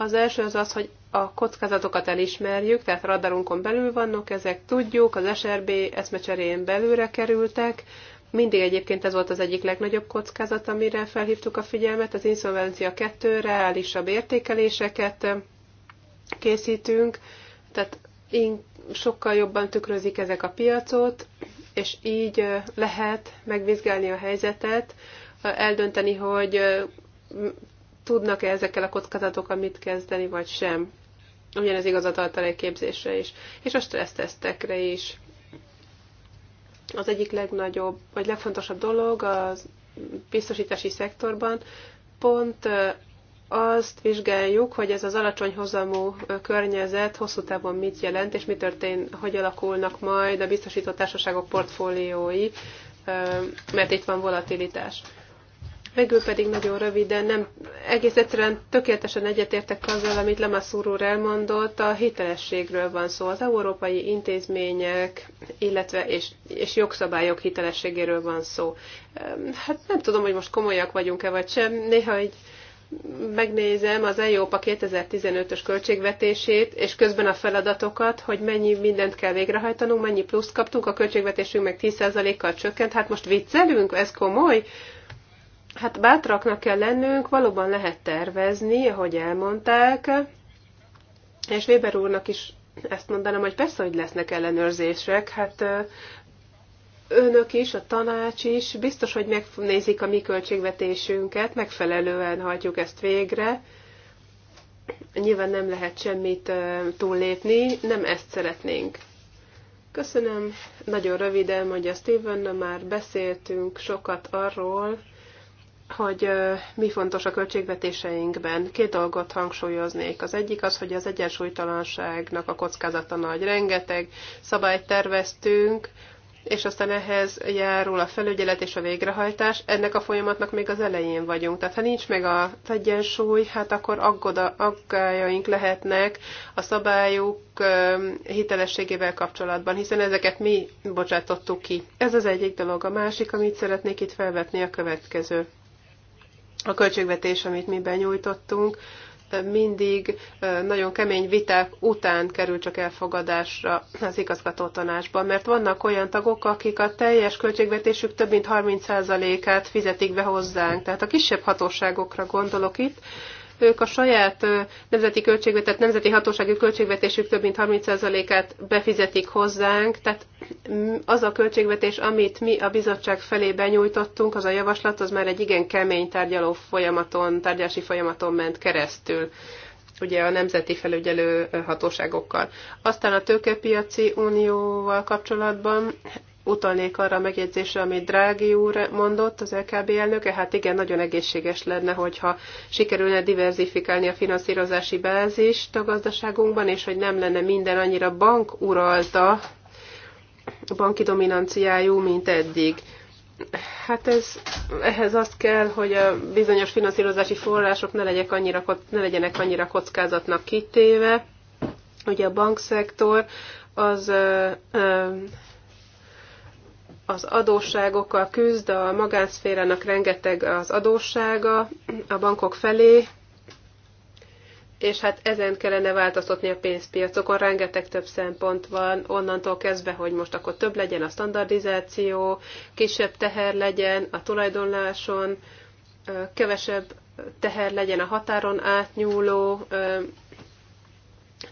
Az első az az, hogy a kockázatokat elismerjük, tehát radarunkon belül vannak, ezek tudjuk, az SRB eszmecserén belőre kerültek, mindig egyébként ez volt az egyik legnagyobb kockázat, amire felhívtuk a figyelmet, az inszolvencia 2 reálisabb értékeléseket készítünk, tehát sokkal jobban tükrözik ezek a piacot, és így lehet megvizsgálni a helyzetet, eldönteni, hogy tudnak-e ezekkel a kockázatokkal mit kezdeni, vagy sem. Ugyanez igaz a képzésre is, és a stressztesztekre is. Az egyik legnagyobb, vagy legfontosabb dolog a biztosítási szektorban pont azt vizsgáljuk, hogy ez az alacsony hozamú környezet hosszú távon mit jelent, és mi történ, hogy alakulnak majd a biztosított társaságok portfóliói, mert itt van volatilitás meg ő pedig nagyon röviden, nem, egész egyszerűen tökéletesen egyetértek azzal, amit Lamassur úr elmondott, a hitelességről van szó, az európai intézmények, illetve és, és jogszabályok hitelességéről van szó. Hát nem tudom, hogy most komolyak vagyunk-e vagy sem, néha egy megnézem az EIOPA 2015-ös költségvetését, és közben a feladatokat, hogy mennyi mindent kell végrehajtanunk, mennyi pluszt kaptunk, a költségvetésünk meg 10%-kal csökkent. Hát most viccelünk? Ez komoly? Hát bátraknak kell lennünk, valóban lehet tervezni, ahogy elmondták, és Weber úrnak is ezt mondanám, hogy persze, hogy lesznek ellenőrzések, hát önök is, a tanács is, biztos, hogy megnézik a mi költségvetésünket, megfelelően hagyjuk ezt végre. Nyilván nem lehet semmit túllépni, nem ezt szeretnénk. Köszönöm, nagyon röviden, a Steven, már beszéltünk sokat arról, hogy mi fontos a költségvetéseinkben. Két dolgot hangsúlyoznék. Az egyik az, hogy az egyensúlytalanságnak a kockázata nagy. Rengeteg szabályt terveztünk, és aztán ehhez járul a felügyelet és a végrehajtás. Ennek a folyamatnak még az elején vagyunk. Tehát ha nincs meg az egyensúly, hát akkor aggoda, aggájaink lehetnek a szabályok hitelességével kapcsolatban, hiszen ezeket mi bocsátottuk ki. Ez az egyik dolog. A másik, amit szeretnék itt felvetni, a következő a költségvetés, amit mi benyújtottunk, mindig nagyon kemény viták után kerül csak elfogadásra az igazgató tanácsban, mert vannak olyan tagok, akik a teljes költségvetésük több mint 30%-át fizetik be hozzánk. Tehát a kisebb hatóságokra gondolok itt, ők a saját nemzeti költségvetet, nemzeti hatósági költségvetésük több mint 30%-át befizetik hozzánk, tehát mm, az a költségvetés, amit mi a bizottság felé benyújtottunk, az a javaslat, az már egy igen kemény tárgyaló folyamaton, tárgyási folyamaton ment keresztül ugye a nemzeti felügyelő hatóságokkal. Aztán a tőkepiaci unióval kapcsolatban utalnék arra a megjegyzésre, amit Drági úr mondott, az LKB elnöke. Hát igen, nagyon egészséges lenne, hogyha sikerülne diversifikálni a finanszírozási bázist a gazdaságunkban, és hogy nem lenne minden annyira bank uralta, banki dominanciájú, mint eddig. Hát ez, ehhez azt kell, hogy a bizonyos finanszírozási források ne, legyek annyira, ne legyenek annyira kockázatnak kitéve. Ugye a bankszektor az ö, ö, az adósságokkal küzd, a magánszférának rengeteg az adóssága a bankok felé, és hát ezen kellene változtatni a pénzpiacokon, rengeteg több szempont van, onnantól kezdve, hogy most akkor több legyen a standardizáció, kisebb teher legyen a tulajdonláson, kevesebb teher legyen a határon átnyúló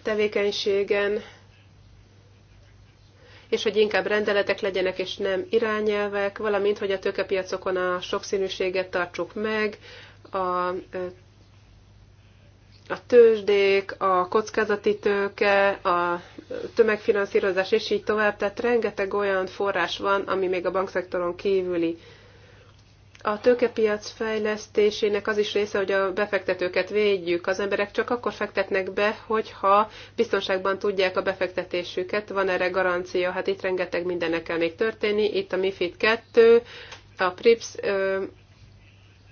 tevékenységen, és hogy inkább rendeletek legyenek, és nem irányelvek, valamint, hogy a tőkepiacokon a sokszínűséget tartsuk meg, a a tőzsdék, a kockázati tőke, a tömegfinanszírozás, és így tovább. Tehát rengeteg olyan forrás van, ami még a bankszektoron kívüli a tőkepiac fejlesztésének az is része, hogy a befektetőket védjük. Az emberek csak akkor fektetnek be, hogyha biztonságban tudják a befektetésüket, van erre garancia. Hát itt rengeteg mindennek kell még történni. Itt a MIFID 2, a PRIPS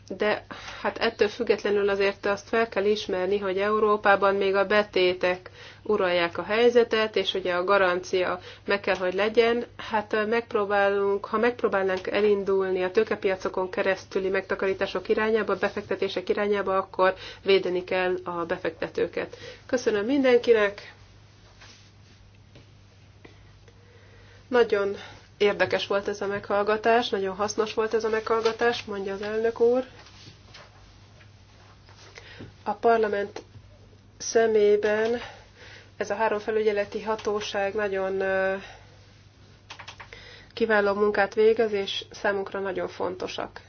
de hát ettől függetlenül azért azt fel kell ismerni, hogy Európában még a betétek uralják a helyzetet, és ugye a garancia meg kell, hogy legyen. Hát megpróbálunk, ha megpróbálnánk elindulni a tőkepiacokon keresztüli megtakarítások irányába, befektetések irányába, akkor védeni kell a befektetőket. Köszönöm mindenkinek! Nagyon Érdekes volt ez a meghallgatás, nagyon hasznos volt ez a meghallgatás, mondja az elnök úr. A parlament szemében ez a három felügyeleti hatóság nagyon kiváló munkát végez, és számunkra nagyon fontosak.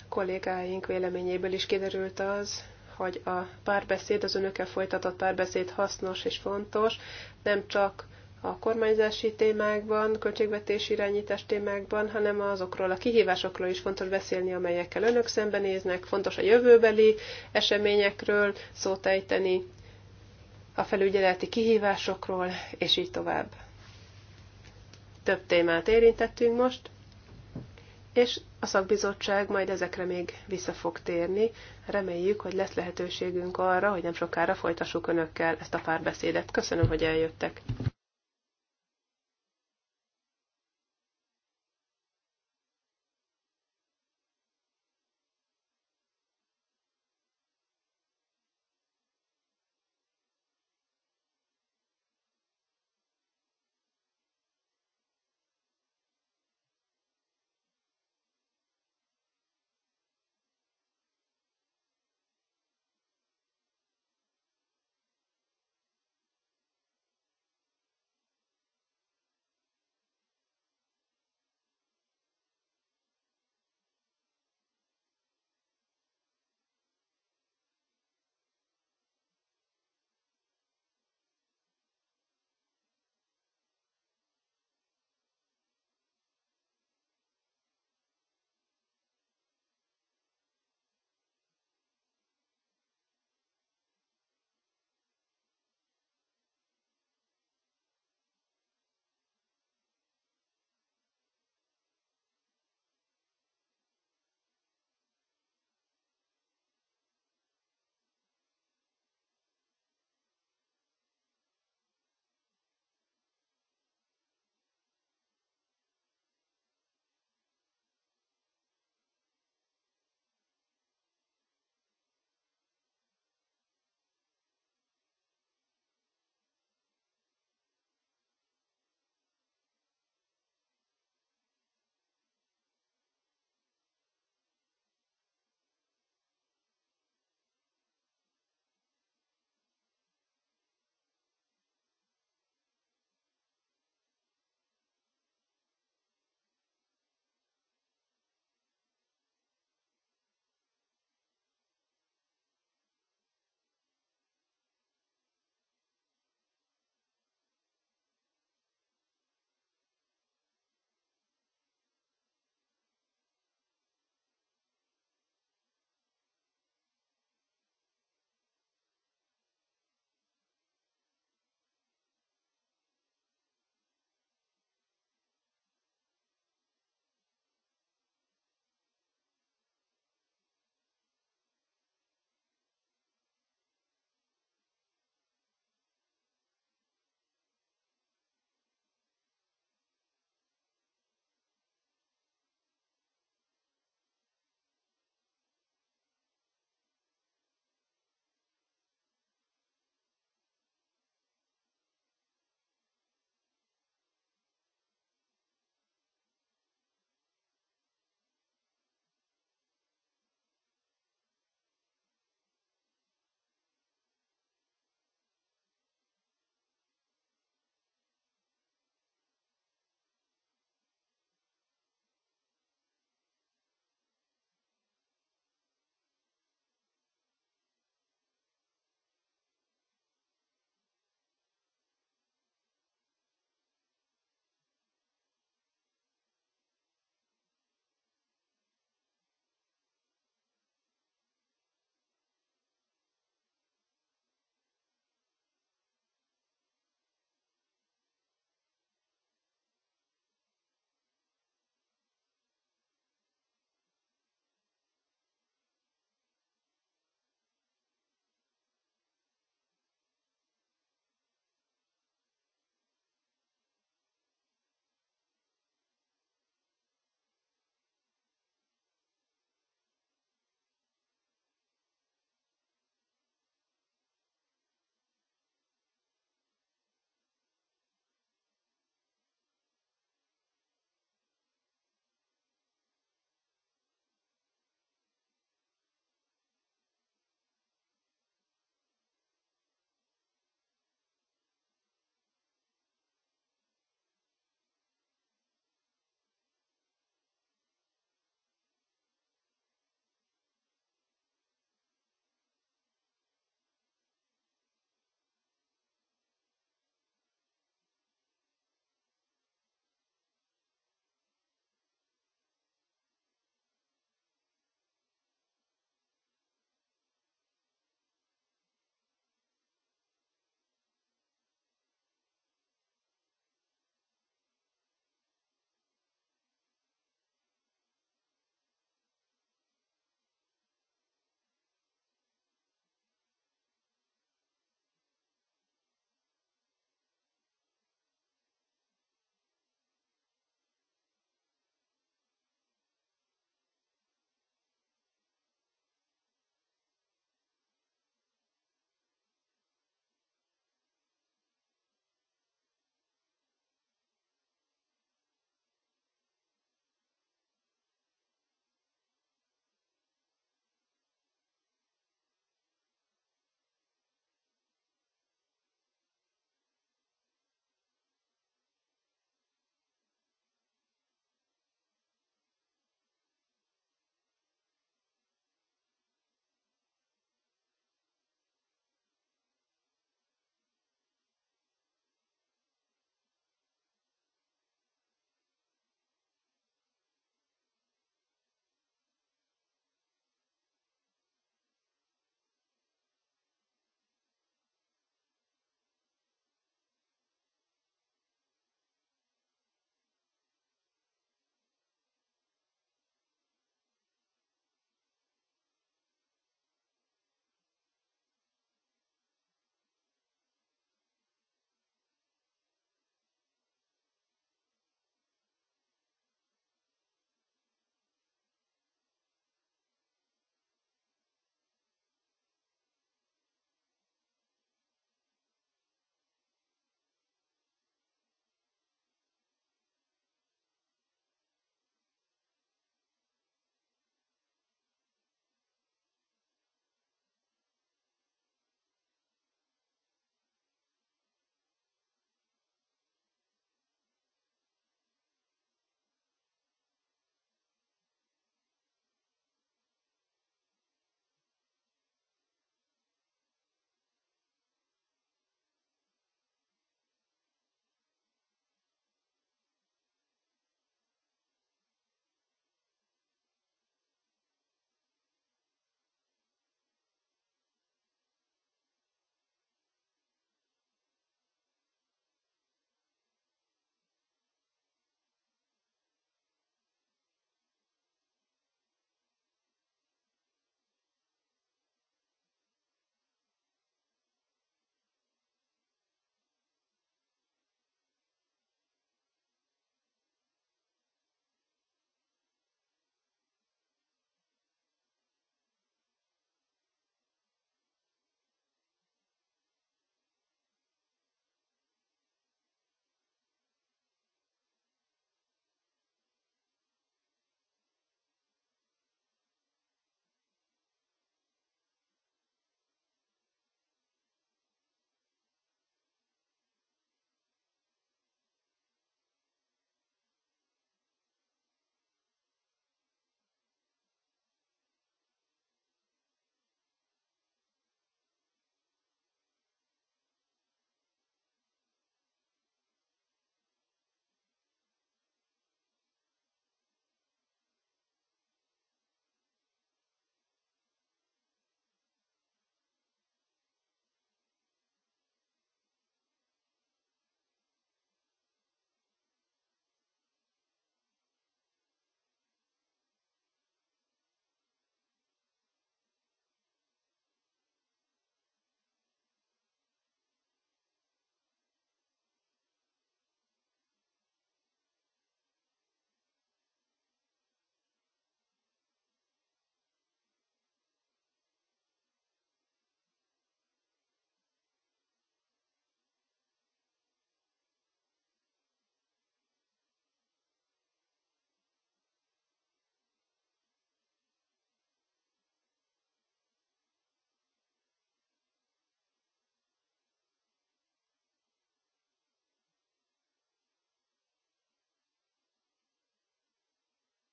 A kollégáink véleményéből is kiderült az, hogy a párbeszéd, az önökkel folytatott párbeszéd hasznos és fontos, nem csak a kormányzási témákban, költségvetési irányítás témákban, hanem azokról a kihívásokról is fontos beszélni, amelyekkel önök szembenéznek, fontos a jövőbeli eseményekről szót ejteni, a felügyeleti kihívásokról, és így tovább. Több témát érintettünk most, és a szakbizottság majd ezekre még vissza fog térni. Reméljük, hogy lesz lehetőségünk arra, hogy nem sokára folytassuk önökkel ezt a párbeszédet. Köszönöm, hogy eljöttek.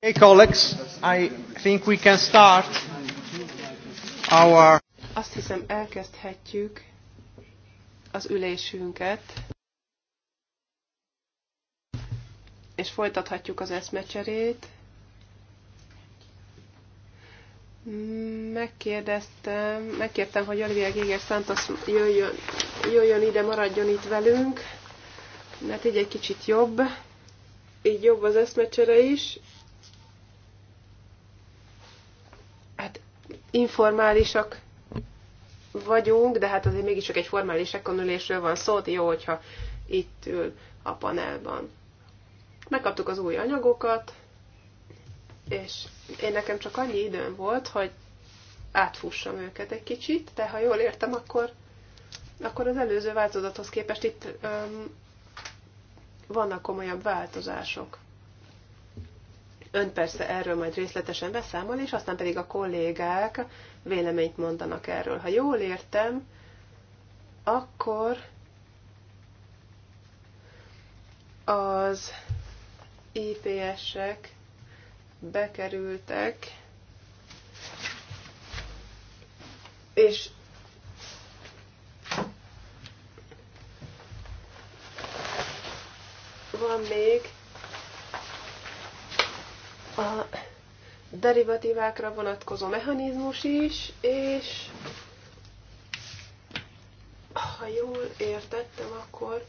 Hey colleagues, I think we can start our... Azt hiszem elkezdhetjük az ülésünket, és folytathatjuk az eszmecserét. Megkérdeztem, megkértem, hogy Olivia Géger Santos jöjjön, jöjjön ide, maradjon itt velünk, mert így egy kicsit jobb, így jobb az eszmecsere is, informálisak vagyunk, de hát azért mégiscsak egy formális ekonülésről van szó, jó, hogyha itt ül a panelban. Megkaptuk az új anyagokat, és én nekem csak annyi időm volt, hogy átfussam őket egy kicsit, de ha jól értem, akkor, akkor az előző változathoz képest itt um, vannak komolyabb változások. Ön persze erről majd részletesen beszámol, és aztán pedig a kollégák véleményt mondanak erről. Ha jól értem, akkor az IPS-ek bekerültek, és van még a derivatívákra vonatkozó mechanizmus is, és ha jól értettem, akkor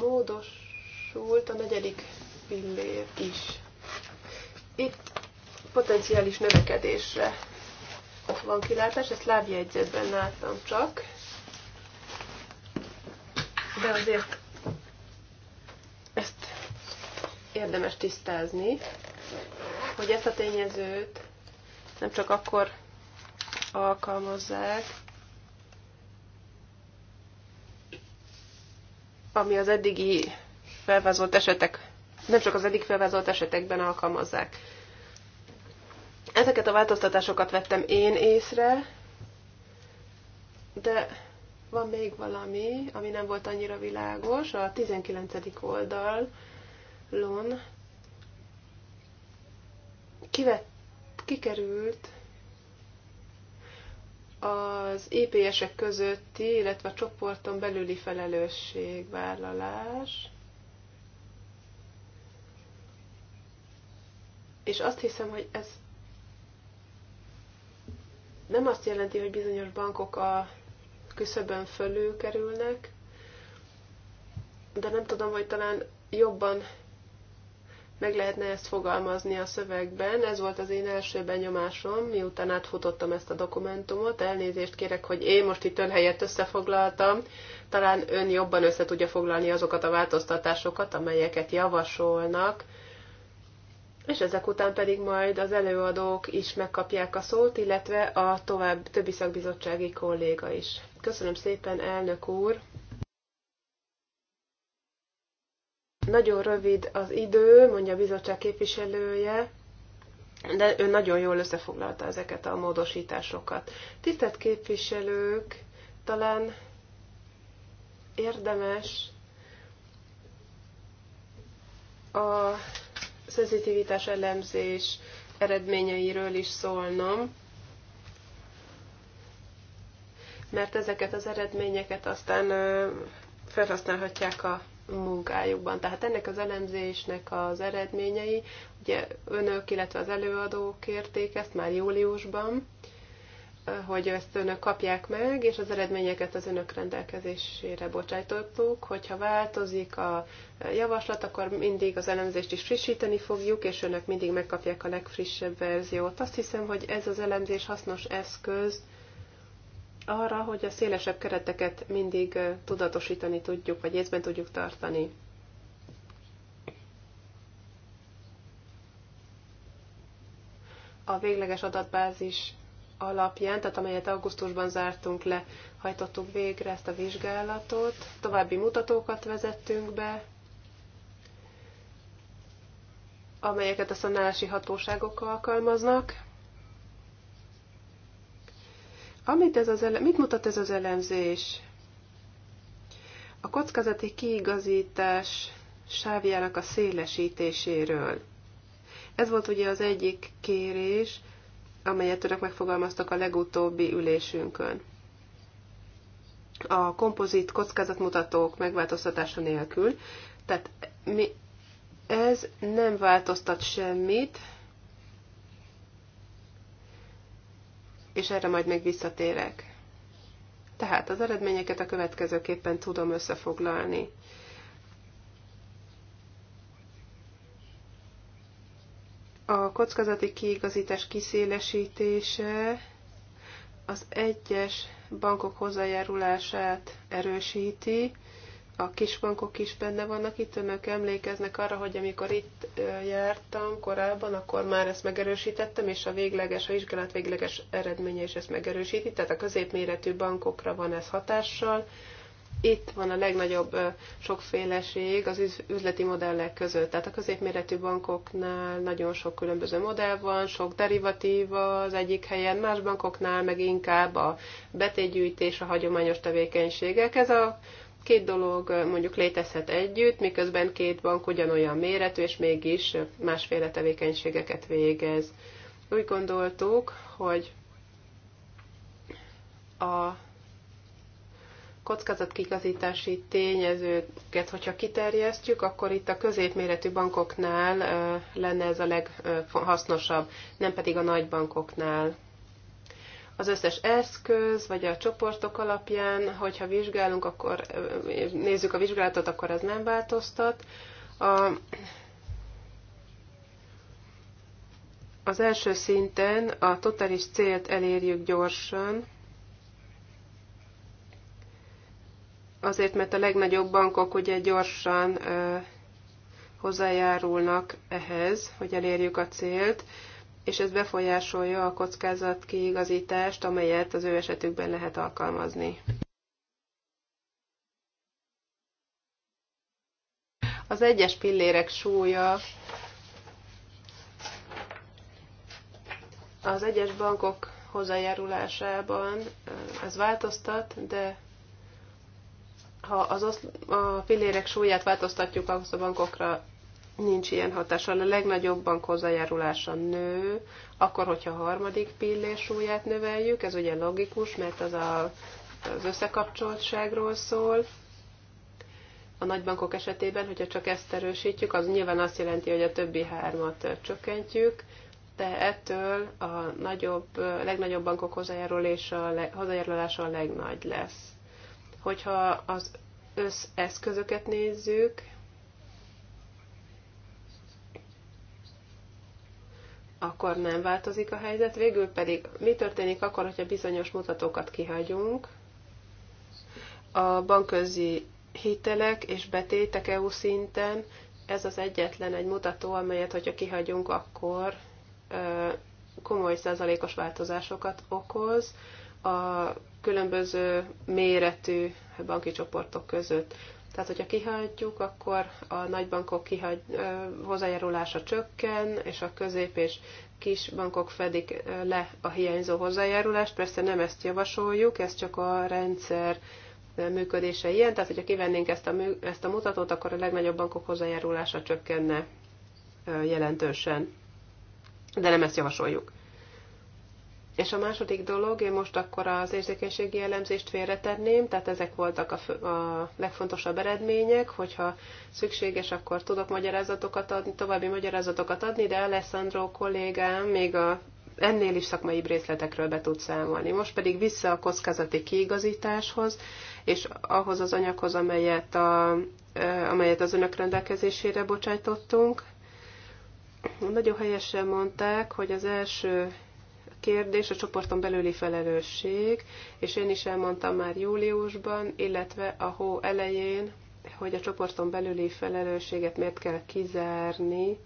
módosult a negyedik pillér is. Itt potenciális növekedésre van kilátás, ezt lábjegyzetben láttam csak, de azért ezt érdemes tisztázni hogy ezt a tényezőt nem csak akkor alkalmazzák, ami az eddigi felvázolt esetek, nem csak az eddig felvázolt esetekben alkalmazzák. Ezeket a változtatásokat vettem én észre, de van még valami, ami nem volt annyira világos, a 19. oldalon kivett, kikerült az IPS-ek e közötti, illetve a csoporton belüli felelősségvállalás. És azt hiszem, hogy ez nem azt jelenti, hogy bizonyos bankok a küszöbön fölül kerülnek, de nem tudom, hogy talán jobban meg lehetne ezt fogalmazni a szövegben. Ez volt az én első benyomásom, miután átfutottam ezt a dokumentumot. Elnézést kérek, hogy én most itt ön helyett összefoglaltam. Talán ön jobban össze tudja foglalni azokat a változtatásokat, amelyeket javasolnak. És ezek után pedig majd az előadók is megkapják a szót, illetve a tovább többi szakbizottsági kolléga is. Köszönöm szépen, elnök úr! Nagyon rövid az idő, mondja a bizottság képviselője, de ő nagyon jól összefoglalta ezeket a módosításokat. Tisztelt képviselők, talán érdemes a szenzitivitás elemzés eredményeiről is szólnom, mert ezeket az eredményeket aztán felhasználhatják a munkájukban. Tehát ennek az elemzésnek az eredményei, ugye önök, illetve az előadók kérték ezt már júliusban, hogy ezt önök kapják meg, és az eredményeket az önök rendelkezésére bocsájtottuk. Hogyha változik a javaslat, akkor mindig az elemzést is frissíteni fogjuk, és önök mindig megkapják a legfrissebb verziót. Azt hiszem, hogy ez az elemzés hasznos eszköz arra, hogy a szélesebb kereteket mindig tudatosítani tudjuk, vagy észben tudjuk tartani. A végleges adatbázis alapján, tehát amelyet augusztusban zártunk le, hajtottuk végre ezt a vizsgálatot, további mutatókat vezettünk be, amelyeket a szanálási hatóságok alkalmaznak, amit ez az ele- mit mutat ez az elemzés? A kockázati kiigazítás sávjának a szélesítéséről. Ez volt ugye az egyik kérés, amelyet önök megfogalmaztak a legutóbbi ülésünkön. A kompozit kockázatmutatók megváltoztatása nélkül, tehát mi, ez nem változtat semmit, és erre majd még visszatérek. Tehát az eredményeket a következőképpen tudom összefoglalni. A kockázati kiigazítás kiszélesítése az egyes bankok hozzájárulását erősíti, a kisbankok is benne vannak itt, önök emlékeznek arra, hogy amikor itt jártam korábban, akkor már ezt megerősítettem, és a végleges, a vizsgálat végleges eredménye is ezt megerősíti, tehát a középméretű bankokra van ez hatással. Itt van a legnagyobb sokféleség az üzleti modellek között. Tehát a középméretű bankoknál nagyon sok különböző modell van, sok derivatíva az egyik helyen, más bankoknál meg inkább a betétgyűjtés, a hagyományos tevékenységek. Ez a két dolog mondjuk létezhet együtt, miközben két bank ugyanolyan méretű, és mégis másféle tevékenységeket végez. Úgy gondoltuk, hogy a kockázatkigazítási tényezőket, hogyha kiterjesztjük, akkor itt a középméretű bankoknál lenne ez a leghasznosabb, nem pedig a nagy bankoknál az összes eszköz, vagy a csoportok alapján, hogyha vizsgálunk, akkor nézzük a vizsgálatot, akkor ez nem változtat. A, az első szinten a totális célt elérjük gyorsan, azért, mert a legnagyobb bankok ugye gyorsan ö, hozzájárulnak ehhez, hogy elérjük a célt. Ö, és ez befolyásolja a kockázat kiigazítást, amelyet az ő esetükben lehet alkalmazni. Az egyes pillérek súlya az egyes bankok hozzájárulásában ez változtat, de ha az a pillérek súlyát változtatjuk, akkor a bankokra nincs ilyen hatása. A legnagyobb bank a nő, akkor, hogyha a harmadik pillér súlyát növeljük, ez ugye logikus, mert az a, az összekapcsoltságról szól. A nagybankok esetében, hogyha csak ezt erősítjük, az nyilván azt jelenti, hogy a többi hármat csökkentjük, de ettől a nagyobb, legnagyobb bankok hozzájárulása, hozzájárulása a legnagy lesz. Hogyha az összeszközöket nézzük, akkor nem változik a helyzet. Végül pedig mi történik akkor, hogyha bizonyos mutatókat kihagyunk? A bankközi hitelek és betétek EU szinten, ez az egyetlen egy mutató, amelyet, hogyha kihagyunk, akkor komoly százalékos változásokat okoz a különböző méretű banki csoportok között. Tehát, hogyha kihagyjuk, akkor a nagybankok kihagy, hozzájárulása csökken, és a közép és kis bankok fedik le a hiányzó hozzájárulást. Persze nem ezt javasoljuk, ez csak a rendszer működése ilyen, tehát hogyha kivennénk ezt a, ezt a mutatót, akkor a legnagyobb bankok hozzájárulása csökkenne jelentősen. De nem ezt javasoljuk. És a második dolog, én most akkor az érzékenységi elemzést félretenném, tehát ezek voltak a, a legfontosabb eredmények, hogyha szükséges, akkor tudok magyarázatokat adni, további magyarázatokat adni, de Alessandro kollégám még a ennél is szakmai részletekről be tud számolni. Most pedig vissza a kockázati kiigazításhoz, és ahhoz az anyaghoz, amelyet, a, eh, amelyet az önök rendelkezésére bocsájtottunk. Nagyon helyesen mondták, hogy az első kérdés a csoporton belüli felelősség, és én is elmondtam már júliusban, illetve a hó elején, hogy a csoporton belüli felelősséget miért kell kizárni,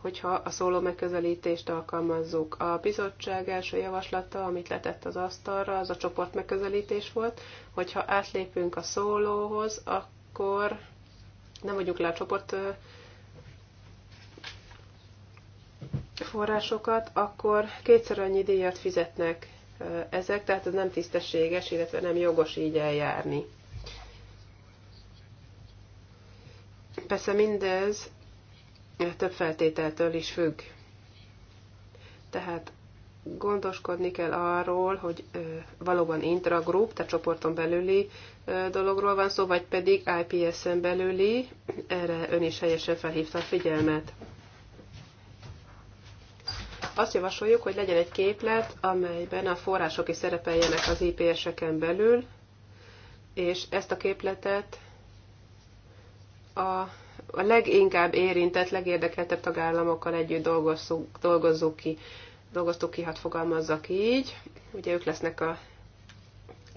hogyha a szóló megközelítést alkalmazzuk. A bizottság első javaslata, amit letett az asztalra, az a csoport megközelítés volt, hogyha átlépünk a szólóhoz, akkor nem vagyunk le a csoport forrásokat, akkor kétszer annyi díjat fizetnek ezek, tehát ez nem tisztességes, illetve nem jogos így eljárni. Persze mindez több feltételtől is függ. Tehát gondoskodni kell arról, hogy ö, valóban intragroup, tehát csoporton belüli ö, dologról van szó, vagy pedig IPS-en belüli, erre ön is helyesen felhívta a figyelmet. Azt javasoljuk, hogy legyen egy képlet, amelyben a források is szerepeljenek az IPS-eken belül, és ezt a képletet a, a leginkább érintett, legérdekeltebb tagállamokkal együtt dolgozzuk, dolgozzuk ki. Dolgoztuk ki, hát fogalmazzak így. Ugye ők lesznek a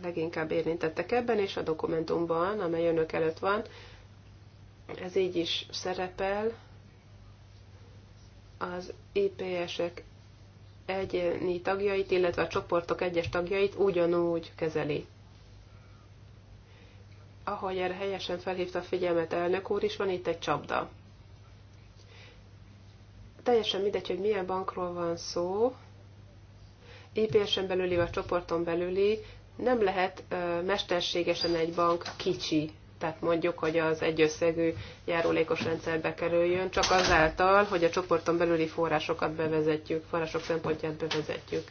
leginkább érintettek ebben, és a dokumentumban, amely önök előtt van, ez így is szerepel, az IPS-ek egyéni tagjait, illetve a csoportok egyes tagjait ugyanúgy kezeli. Ahogy erre helyesen felhívta a figyelmet elnök úr is, van itt egy csapda. Teljesen mindegy, hogy milyen bankról van szó, IPS-en belüli vagy csoporton belüli, nem lehet mesterségesen egy bank kicsi tehát mondjuk, hogy az egyösszegű járulékos rendszerbe kerüljön, csak azáltal, hogy a csoporton belüli forrásokat bevezetjük, források szempontját bevezetjük.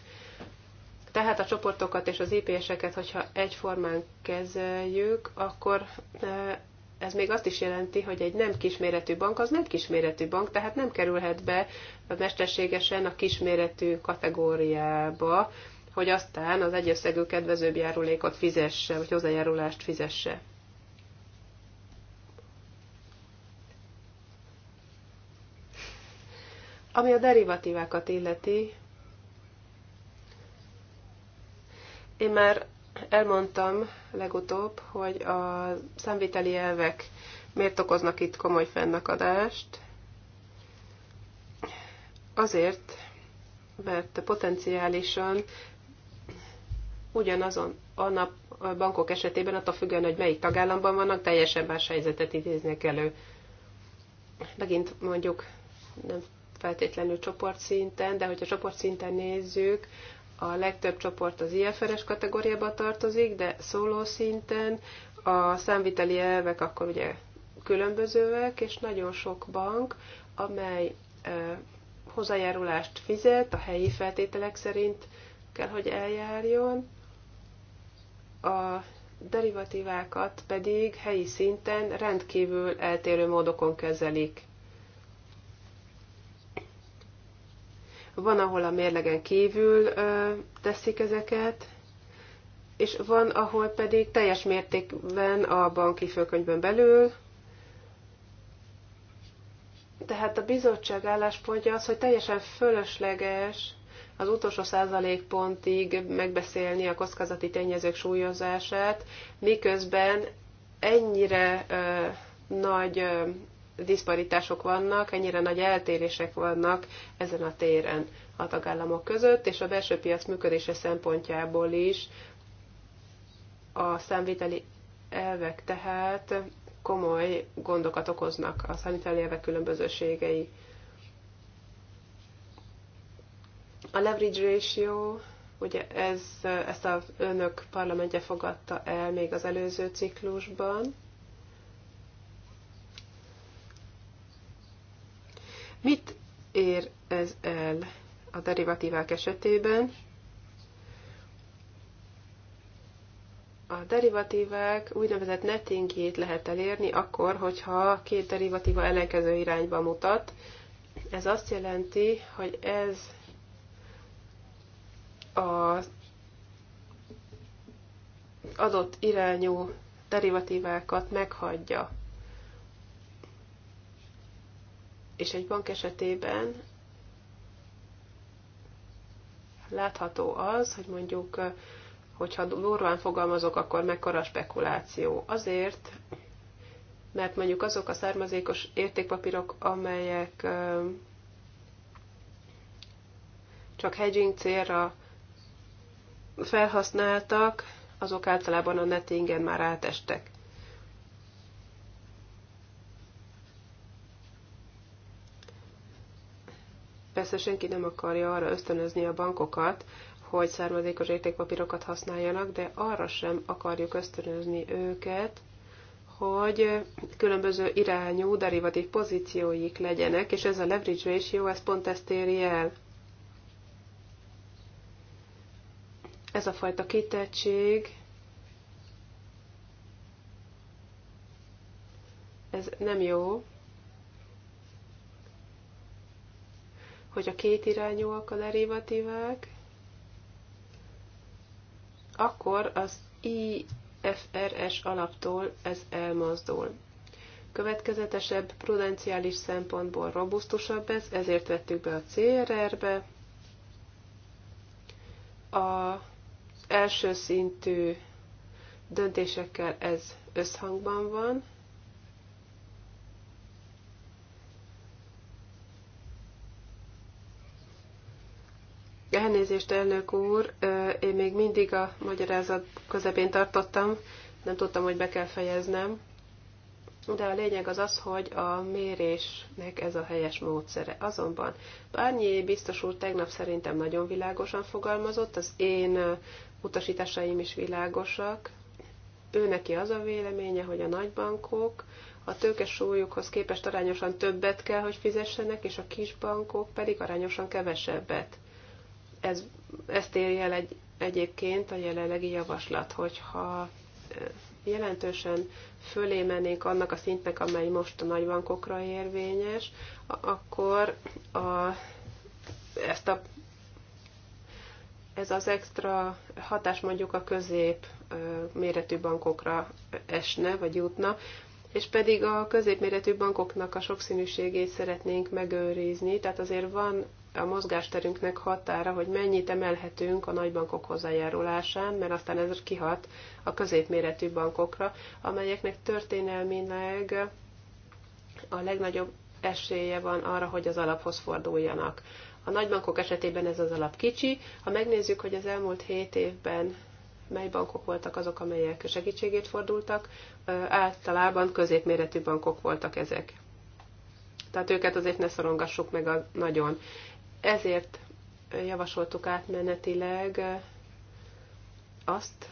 Tehát a csoportokat és az IPS-eket, hogyha egyformán kezeljük, akkor e, ez még azt is jelenti, hogy egy nem kisméretű bank az nem kisméretű bank, tehát nem kerülhet be mesterségesen a kisméretű kategóriába, hogy aztán az egyösszegű kedvezőbb járulékot fizesse, vagy hozzájárulást fizesse. Ami a derivatívákat illeti, én már elmondtam legutóbb, hogy a számviteli elvek miért okoznak itt komoly fennakadást. Azért, mert potenciálisan ugyanazon a nap a bankok esetében, attól függően, hogy melyik tagállamban vannak, teljesen más helyzetet idéznek elő. Megint mondjuk nem feltétlenül csoportszinten, de hogyha csoportszinten nézzük, a legtöbb csoport az IFRS kategóriába tartozik, de szóló szinten a számviteli elvek akkor ugye különbözőek, és nagyon sok bank, amely hozzájárulást fizet, a helyi feltételek szerint kell, hogy eljárjon, a derivatívákat pedig helyi szinten rendkívül eltérő módokon kezelik. van, ahol a mérlegen kívül ö, teszik ezeket, és van, ahol pedig teljes mértékben a banki főkönyvben belül. Tehát a bizottság álláspontja az, hogy teljesen fölösleges az utolsó százalékpontig megbeszélni a kockázati tényezők súlyozását, miközben ennyire ö, nagy ö, diszparitások vannak, ennyire nagy eltérések vannak ezen a téren a tagállamok között, és a belső piac működése szempontjából is a számviteli elvek tehát komoly gondokat okoznak a számviteli elvek különbözőségei. A leverage ratio, ugye ez, ezt az önök parlamentje fogadta el még az előző ciklusban, Mit ér ez el a derivatívák esetében? A derivatívák úgynevezett nettingjét lehet elérni akkor, hogyha két derivatíva ellenkező irányba mutat. Ez azt jelenti, hogy ez az adott irányú derivatívákat meghagyja. És egy bank esetében látható az, hogy mondjuk, hogyha durván fogalmazok, akkor mekkora spekuláció. Azért, mert mondjuk azok a származékos értékpapírok, amelyek csak hedging célra felhasználtak, azok általában a nettingen már átestek. persze senki nem akarja arra ösztönözni a bankokat, hogy származékos értékpapírokat használjanak, de arra sem akarjuk ösztönözni őket, hogy különböző irányú derivatív pozícióik legyenek, és ez a leverage ratio, ez pont ezt éri el. Ez a fajta kitettség, ez nem jó, hogy a két irányúak a derivatívák, akkor az IFRS alaptól ez elmozdul. Következetesebb, prudenciális szempontból robusztusabb ez, ezért vettük be a CRR-be. A első szintű döntésekkel ez összhangban van, Elnézést, elnök úr, én még mindig a magyarázat közepén tartottam, nem tudtam, hogy be kell fejeznem. De a lényeg az az, hogy a mérésnek ez a helyes módszere. Azonban Bárnyi biztos úr tegnap szerintem nagyon világosan fogalmazott, az én utasításaim is világosak. Ő neki az a véleménye, hogy a nagybankok a súlyukhoz képest arányosan többet kell, hogy fizessenek, és a kisbankok pedig arányosan kevesebbet ez, ezt érje el egy, egyébként a jelenlegi javaslat, hogyha jelentősen fölé mennénk annak a szintnek, amely most a nagybankokra érvényes, akkor a, ezt a, ez az extra hatás mondjuk a közép méretű bankokra esne, vagy jutna, és pedig a középméretű bankoknak a sokszínűségét szeretnénk megőrizni, tehát azért van a mozgásterünknek határa, hogy mennyit emelhetünk a nagybankok hozzájárulásán, mert aztán ez kihat a középméretű bankokra, amelyeknek történelmileg a legnagyobb esélye van arra, hogy az alaphoz forduljanak. A nagybankok esetében ez az alap kicsi. Ha megnézzük, hogy az elmúlt 7 évben mely bankok voltak azok, amelyek segítségét fordultak, általában középméretű bankok voltak ezek. Tehát őket azért ne szorongassuk meg a nagyon. Ezért javasoltuk átmenetileg azt,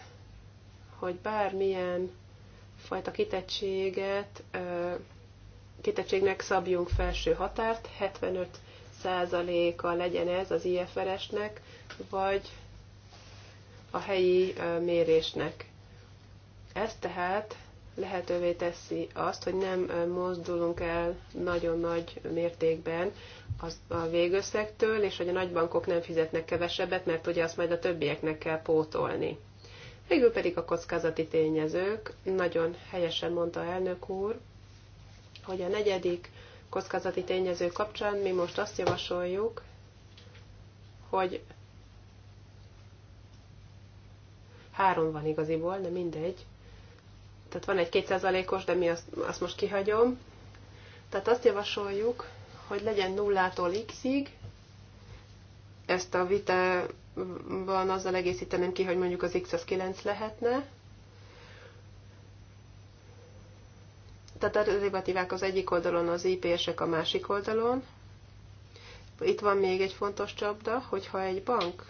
hogy bármilyen fajta kitettséget, kitettségnek szabjunk felső határt, 75 százaléka legyen ez az IFRS-nek, vagy a helyi mérésnek. Ez tehát lehetővé teszi azt, hogy nem mozdulunk el nagyon nagy mértékben a végösszegtől, és hogy a nagybankok nem fizetnek kevesebbet, mert ugye azt majd a többieknek kell pótolni. Végül pedig a kockázati tényezők. Nagyon helyesen mondta elnök úr, hogy a negyedik kockázati tényező kapcsán mi most azt javasoljuk, hogy három van igaziból, de mindegy, tehát van egy kétszázalékos, de mi azt, azt most kihagyom. Tehát azt javasoljuk, hogy legyen nullától x-ig, ezt a vitában azzal egészíteném ki, hogy mondjuk az x az 9 lehetne. Tehát a derivatívák az egyik oldalon, az ip a másik oldalon. Itt van még egy fontos csapda, hogyha egy bank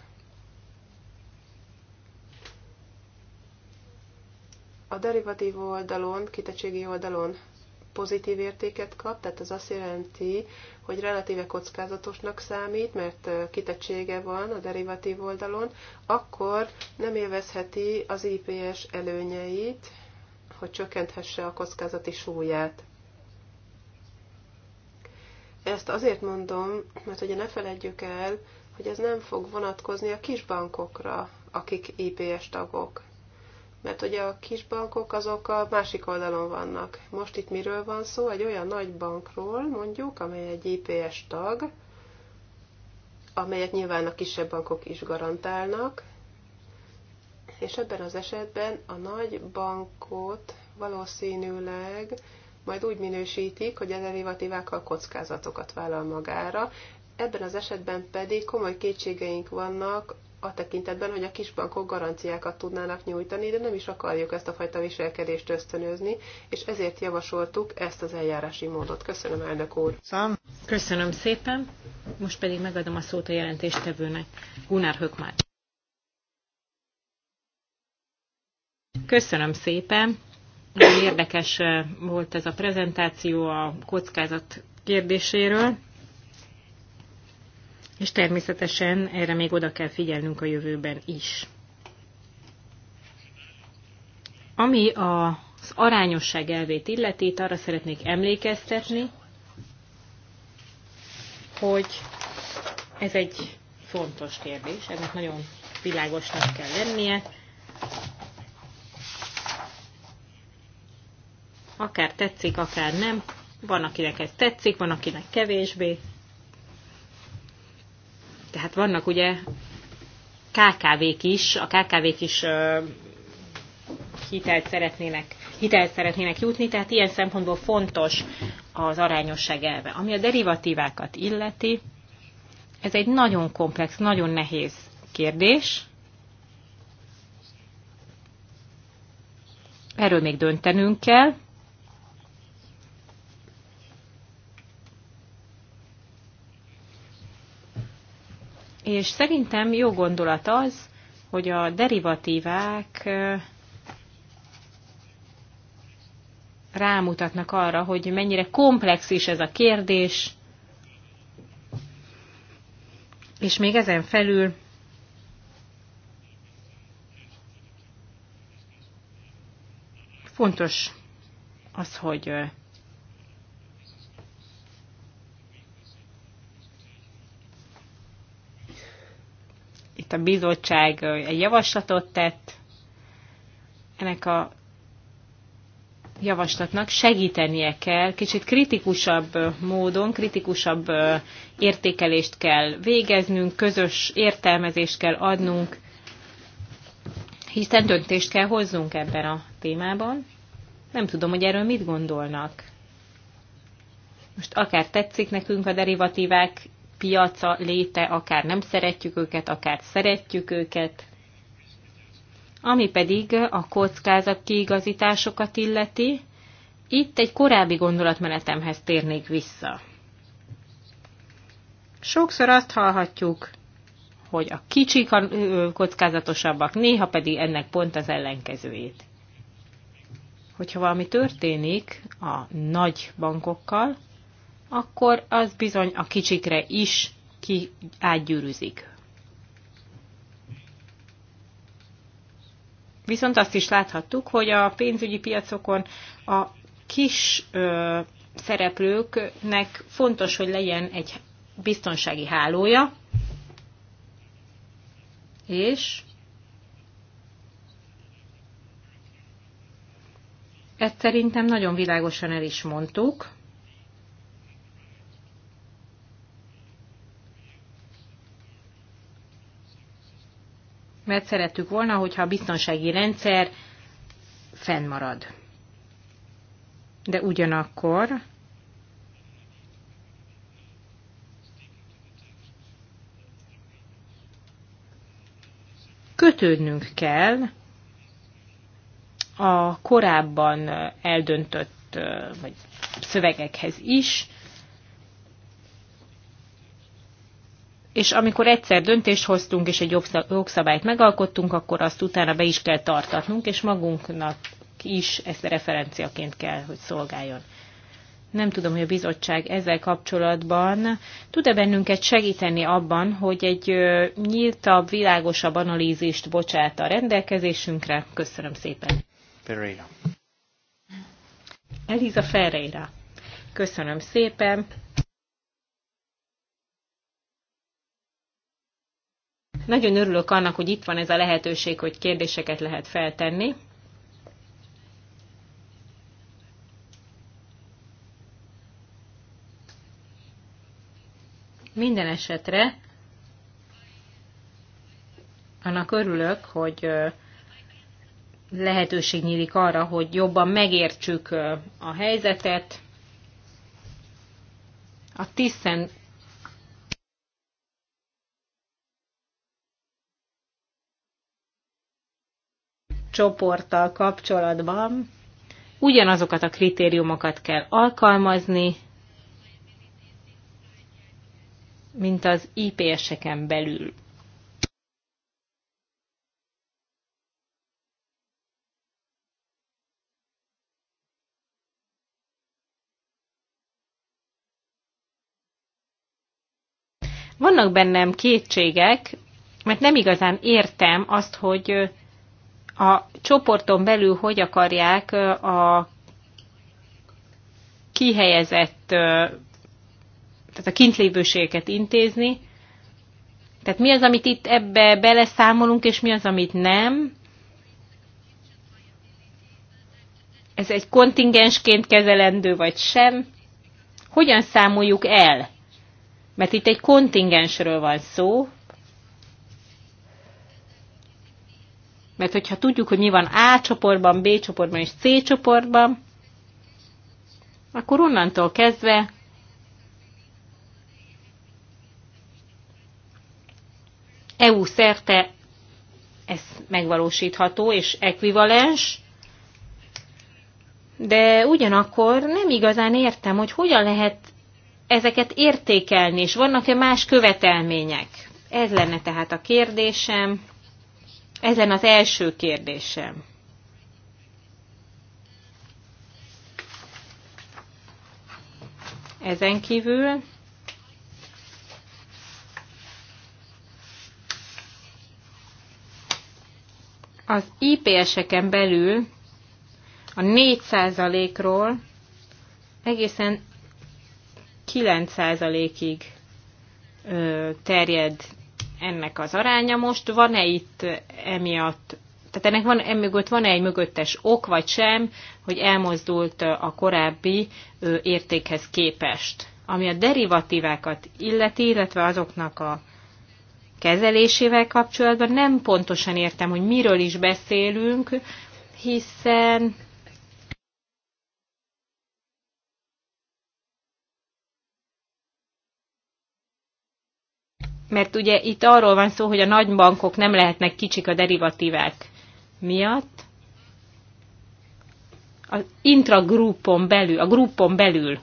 a derivatív oldalon, kitettségi oldalon pozitív értéket kap, tehát az azt jelenti, hogy relatíve kockázatosnak számít, mert kitettsége van a derivatív oldalon, akkor nem élvezheti az IPS előnyeit, hogy csökkenthesse a kockázati súlyát. Ezt azért mondom, mert ugye ne feledjük el, hogy ez nem fog vonatkozni a kisbankokra, akik IPS tagok mert ugye a kis bankok azok a másik oldalon vannak. Most itt miről van szó? Egy olyan nagy bankról mondjuk, amely egy IPS tag, amelyet nyilván a kisebb bankok is garantálnak, és ebben az esetben a nagy bankot valószínűleg majd úgy minősítik, hogy a derivatívákkal kockázatokat vállal magára, ebben az esetben pedig komoly kétségeink vannak a tekintetben, hogy a kisbankok garanciákat tudnának nyújtani, de nem is akarjuk ezt a fajta viselkedést ösztönözni, és ezért javasoltuk ezt az eljárási módot. Köszönöm, elnök úr! Szám. Köszönöm szépen! Most pedig megadom a szót a jelentéstevőnek, Gunnar Hökmár. Köszönöm szépen! Nagyon érdekes eh, volt ez a prezentáció a kockázat kérdéséről és természetesen erre még oda kell figyelnünk a jövőben is. Ami az arányosság elvét illeti, itt arra szeretnék emlékeztetni, hogy ez egy fontos kérdés, ennek nagyon világosnak kell lennie. Akár tetszik, akár nem. Van, akinek ez tetszik, van, akinek kevésbé. Tehát vannak ugye KKV-k is, a KKV-k is hitelt szeretnének, hitelt szeretnének jutni, tehát ilyen szempontból fontos az arányosság elve. Ami a derivatívákat illeti, ez egy nagyon komplex, nagyon nehéz kérdés. Erről még döntenünk kell. és szerintem jó gondolat az, hogy a derivatívák rámutatnak arra, hogy mennyire komplex is ez a kérdés, és még ezen felül fontos az, hogy itt a bizottság egy javaslatot tett, ennek a javaslatnak segítenie kell, kicsit kritikusabb módon, kritikusabb értékelést kell végeznünk, közös értelmezést kell adnunk, hiszen döntést kell hozzunk ebben a témában. Nem tudom, hogy erről mit gondolnak. Most akár tetszik nekünk a derivatívák piaca léte, akár nem szeretjük őket, akár szeretjük őket. Ami pedig a kockázat kiigazításokat illeti, itt egy korábbi gondolatmenetemhez térnék vissza. Sokszor azt hallhatjuk, hogy a kicsik a kockázatosabbak, néha pedig ennek pont az ellenkezőjét. Hogyha valami történik a nagy bankokkal, akkor az bizony a kicsikre is ki átgyűrűzik. Viszont azt is láthattuk, hogy a pénzügyi piacokon a kis ö, szereplőknek fontos, hogy legyen egy biztonsági hálója, és ezt szerintem nagyon világosan el is mondtuk, mert szerettük volna, hogyha a biztonsági rendszer fennmarad. De ugyanakkor kötődnünk kell a korábban eldöntött vagy szövegekhez is, és amikor egyszer döntést hoztunk és egy jogszabályt megalkottunk, akkor azt utána be is kell tartatnunk, és magunknak is ezt referenciaként kell, hogy szolgáljon. Nem tudom, hogy a bizottság ezzel kapcsolatban tud-e bennünket segíteni abban, hogy egy nyíltabb, világosabb analízist bocsát a rendelkezésünkre. Köszönöm szépen. Ferreira. Eliza Ferreira. Köszönöm szépen. Nagyon örülök annak, hogy itt van ez a lehetőség, hogy kérdéseket lehet feltenni. Minden esetre annak örülök, hogy lehetőség nyílik arra, hogy jobban megértsük a helyzetet. A Tiszen csoporttal kapcsolatban ugyanazokat a kritériumokat kell alkalmazni, mint az IPS-eken belül. Vannak bennem kétségek, mert nem igazán értem azt, hogy a csoporton belül hogy akarják a kihelyezett, tehát a kintlévőségeket intézni. Tehát mi az, amit itt ebbe beleszámolunk, és mi az, amit nem. Ez egy kontingensként kezelendő, vagy sem. Hogyan számoljuk el? Mert itt egy kontingensről van szó, Mert hogyha tudjuk, hogy mi van A csoportban, B csoportban és C csoportban, akkor onnantól kezdve EU szerte ez megvalósítható és ekvivalens, de ugyanakkor nem igazán értem, hogy hogyan lehet ezeket értékelni, és vannak-e más követelmények. Ez lenne tehát a kérdésem. Ezen az első kérdésem. Ezen kívül az IPS-eken belül a 4%-ról egészen 9%-ig terjed ennek az aránya most, van-e itt emiatt, tehát ennek van, emögött van-e egy mögöttes ok, vagy sem, hogy elmozdult a korábbi értékhez képest. Ami a derivatívákat illeti, illetve azoknak a kezelésével kapcsolatban nem pontosan értem, hogy miről is beszélünk, hiszen mert ugye itt arról van szó, hogy a nagy bankok nem lehetnek kicsik a derivatívák miatt. Az intragrupon belül, a grupon belül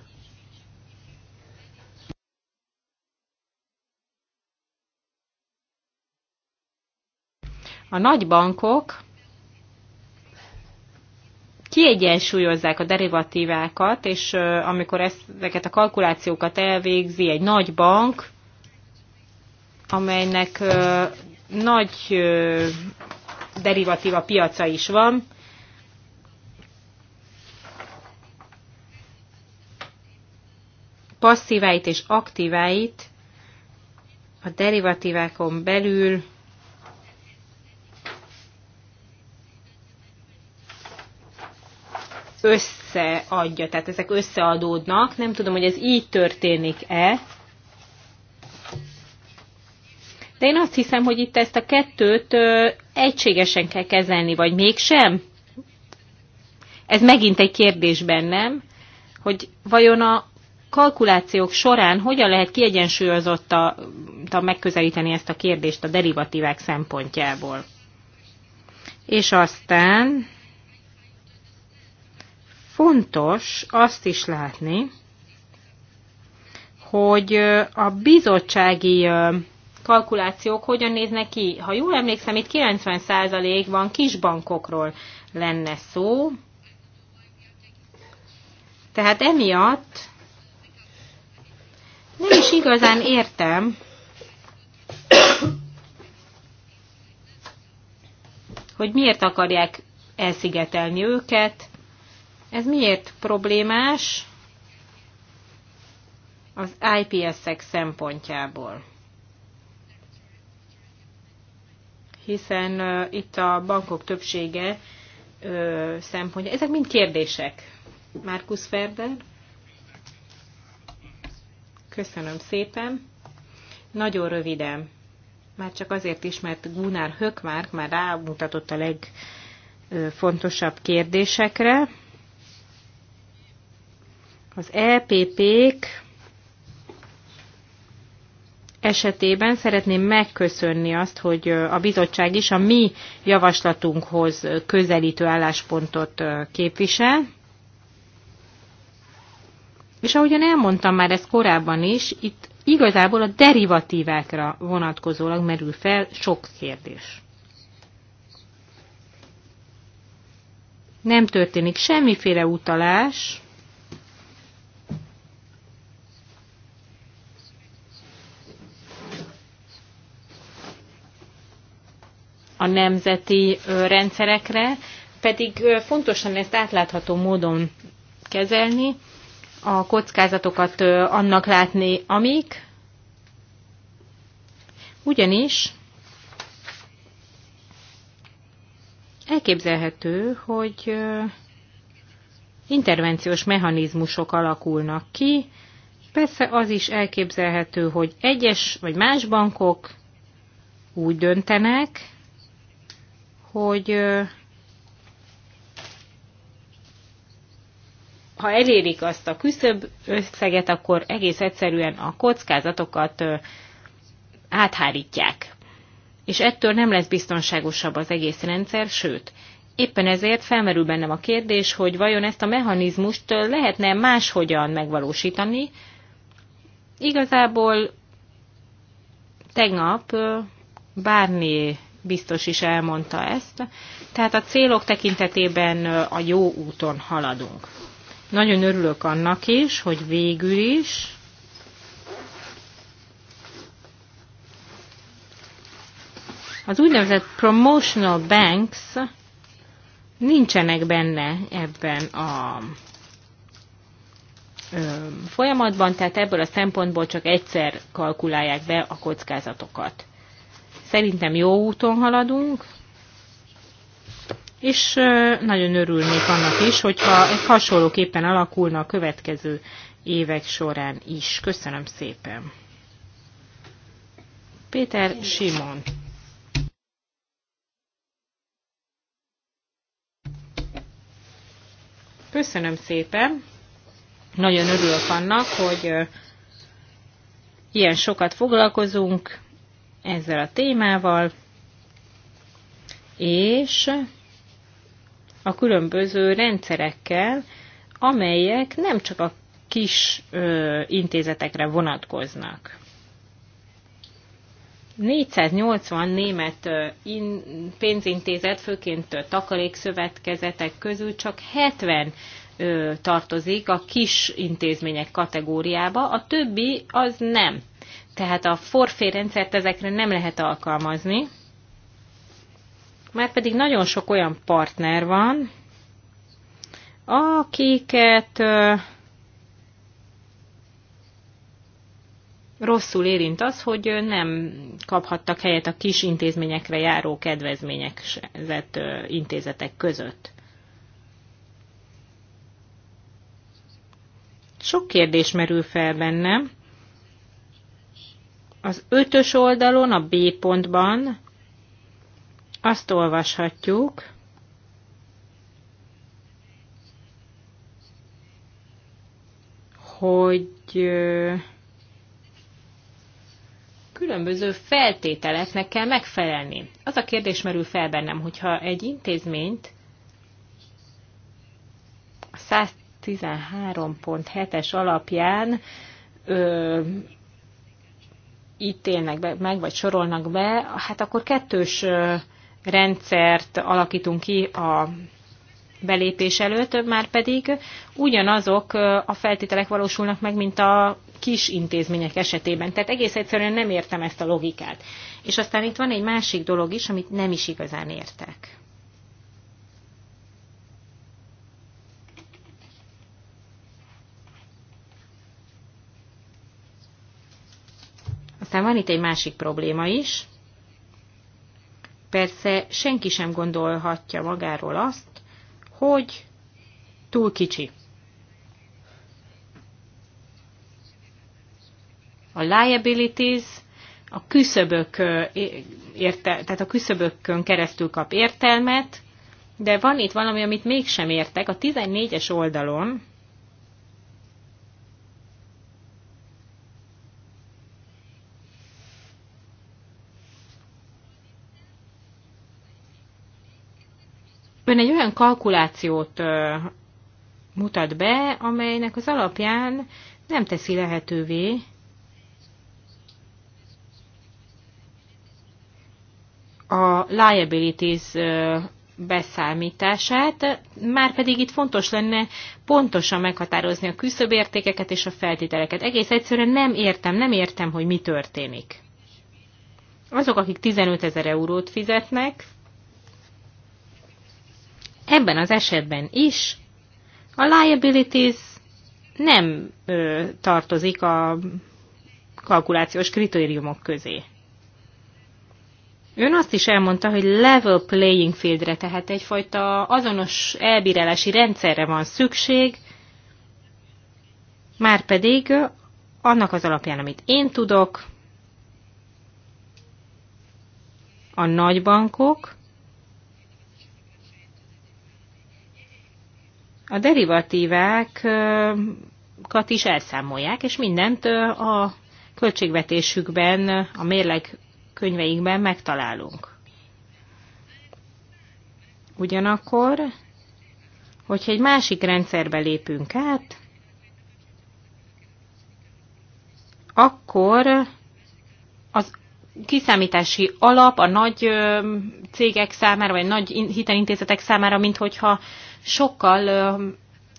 a nagy bankok kiegyensúlyozzák a derivatívákat, és amikor ezeket a kalkulációkat elvégzi egy nagy bank, amelynek nagy derivatíva piaca is van. Passzíváit és aktíváit a derivatívákon belül összeadja, tehát ezek összeadódnak. Nem tudom, hogy ez így történik-e, de én azt hiszem, hogy itt ezt a kettőt egységesen kell kezelni, vagy mégsem. Ez megint egy kérdés bennem, hogy vajon a kalkulációk során hogyan lehet kiegyensúlyozottan megközelíteni ezt a kérdést a derivatívák szempontjából. És aztán fontos azt is látni, hogy a bizottsági kalkulációk hogyan néznek ki. Ha jól emlékszem, itt 90%-ban kisbankokról lenne szó. Tehát emiatt nem is igazán értem, hogy miért akarják elszigetelni őket, ez miért problémás az IPS-ek szempontjából. hiszen itt a bankok többsége szempontja. Ezek mind kérdések. Markus Ferder. Köszönöm szépen. Nagyon röviden. Már csak azért is, mert Gunnar Hökmárk már rámutatott a legfontosabb kérdésekre. Az EPP-k esetében szeretném megköszönni azt, hogy a bizottság is a mi javaslatunkhoz közelítő álláspontot képvisel. És ahogyan elmondtam már ezt korábban is, itt igazából a derivatívákra vonatkozólag merül fel sok kérdés. Nem történik semmiféle utalás a nemzeti rendszerekre, pedig fontosan ezt átlátható módon kezelni, a kockázatokat annak látni, amik, ugyanis elképzelhető, hogy intervenciós mechanizmusok alakulnak ki, persze az is elképzelhető, hogy egyes vagy más bankok úgy döntenek, hogy ha elérik azt a küszöbb összeget, akkor egész egyszerűen a kockázatokat áthárítják. És ettől nem lesz biztonságosabb az egész rendszer, sőt, éppen ezért felmerül bennem a kérdés, hogy vajon ezt a mechanizmust lehetne máshogyan megvalósítani. Igazából tegnap Bárni biztos is elmondta ezt. Tehát a célok tekintetében a jó úton haladunk. Nagyon örülök annak is, hogy végül is az úgynevezett promotional banks nincsenek benne ebben a folyamatban, tehát ebből a szempontból csak egyszer kalkulálják be a kockázatokat. Szerintem jó úton haladunk, és nagyon örülnék annak is, hogyha ez hasonlóképpen alakulna a következő évek során is. Köszönöm szépen. Péter Simon. Köszönöm szépen. Nagyon örülök annak, hogy ilyen sokat foglalkozunk ezzel a témával, és a különböző rendszerekkel, amelyek nem csak a kis ö, intézetekre vonatkoznak. 480 német pénzintézet, főként takarékszövetkezetek közül csak 70 tartozik a kis intézmények kategóriába, a többi az nem tehát a forfé rendszert ezekre nem lehet alkalmazni, mert pedig nagyon sok olyan partner van, akiket rosszul érint az, hogy nem kaphattak helyet a kis intézményekre járó kedvezményezett intézetek között. Sok kérdés merül fel bennem, az ötös oldalon, a B pontban azt olvashatjuk, hogy különböző feltételeknek kell megfelelni. Az a kérdés merül fel bennem, hogyha egy intézményt a 113.7-es alapján ö, ítélnek be, meg, vagy sorolnak be, hát akkor kettős rendszert alakítunk ki a belépés előtt, már pedig ugyanazok a feltételek valósulnak meg, mint a kis intézmények esetében. Tehát egész egyszerűen nem értem ezt a logikát. És aztán itt van egy másik dolog is, amit nem is igazán értek. Aztán van itt egy másik probléma is. Persze senki sem gondolhatja magáról azt, hogy túl kicsi. A liabilities a küszöbök, érte, tehát a küszöbökön keresztül kap értelmet, de van itt valami, amit mégsem értek. A 14-es oldalon ön egy olyan kalkulációt mutat be, amelynek az alapján nem teszi lehetővé a liabilities beszámítását, már pedig itt fontos lenne pontosan meghatározni a küszöbértékeket és a feltételeket. Egész egyszerűen nem értem, nem értem, hogy mi történik. Azok, akik 15 ezer eurót fizetnek, ebben az esetben is a liabilities nem ö, tartozik a kalkulációs kritériumok közé. Ön azt is elmondta, hogy level playing fieldre, tehát egyfajta azonos elbírálási rendszerre van szükség, márpedig annak az alapján, amit én tudok, a nagybankok a derivatívákat is elszámolják, és mindent a költségvetésükben, a mérleg könyveikben megtalálunk. Ugyanakkor, hogyha egy másik rendszerbe lépünk át, akkor az kiszámítási alap a nagy cégek számára, vagy nagy hitelintézetek számára, mint hogyha sokkal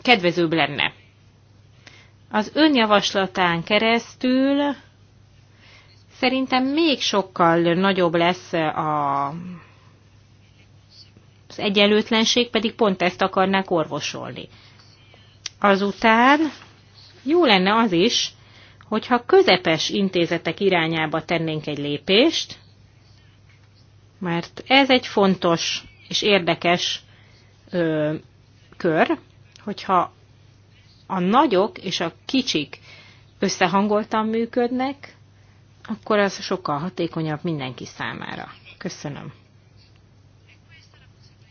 kedvezőbb lenne. Az önjavaslatán keresztül szerintem még sokkal nagyobb lesz a, az egyenlőtlenség, pedig pont ezt akarnák orvosolni. Azután jó lenne az is, hogyha közepes intézetek irányába tennénk egy lépést, mert ez egy fontos és érdekes ö, kör, hogyha a nagyok és a kicsik összehangoltan működnek, akkor az sokkal hatékonyabb mindenki számára. Köszönöm.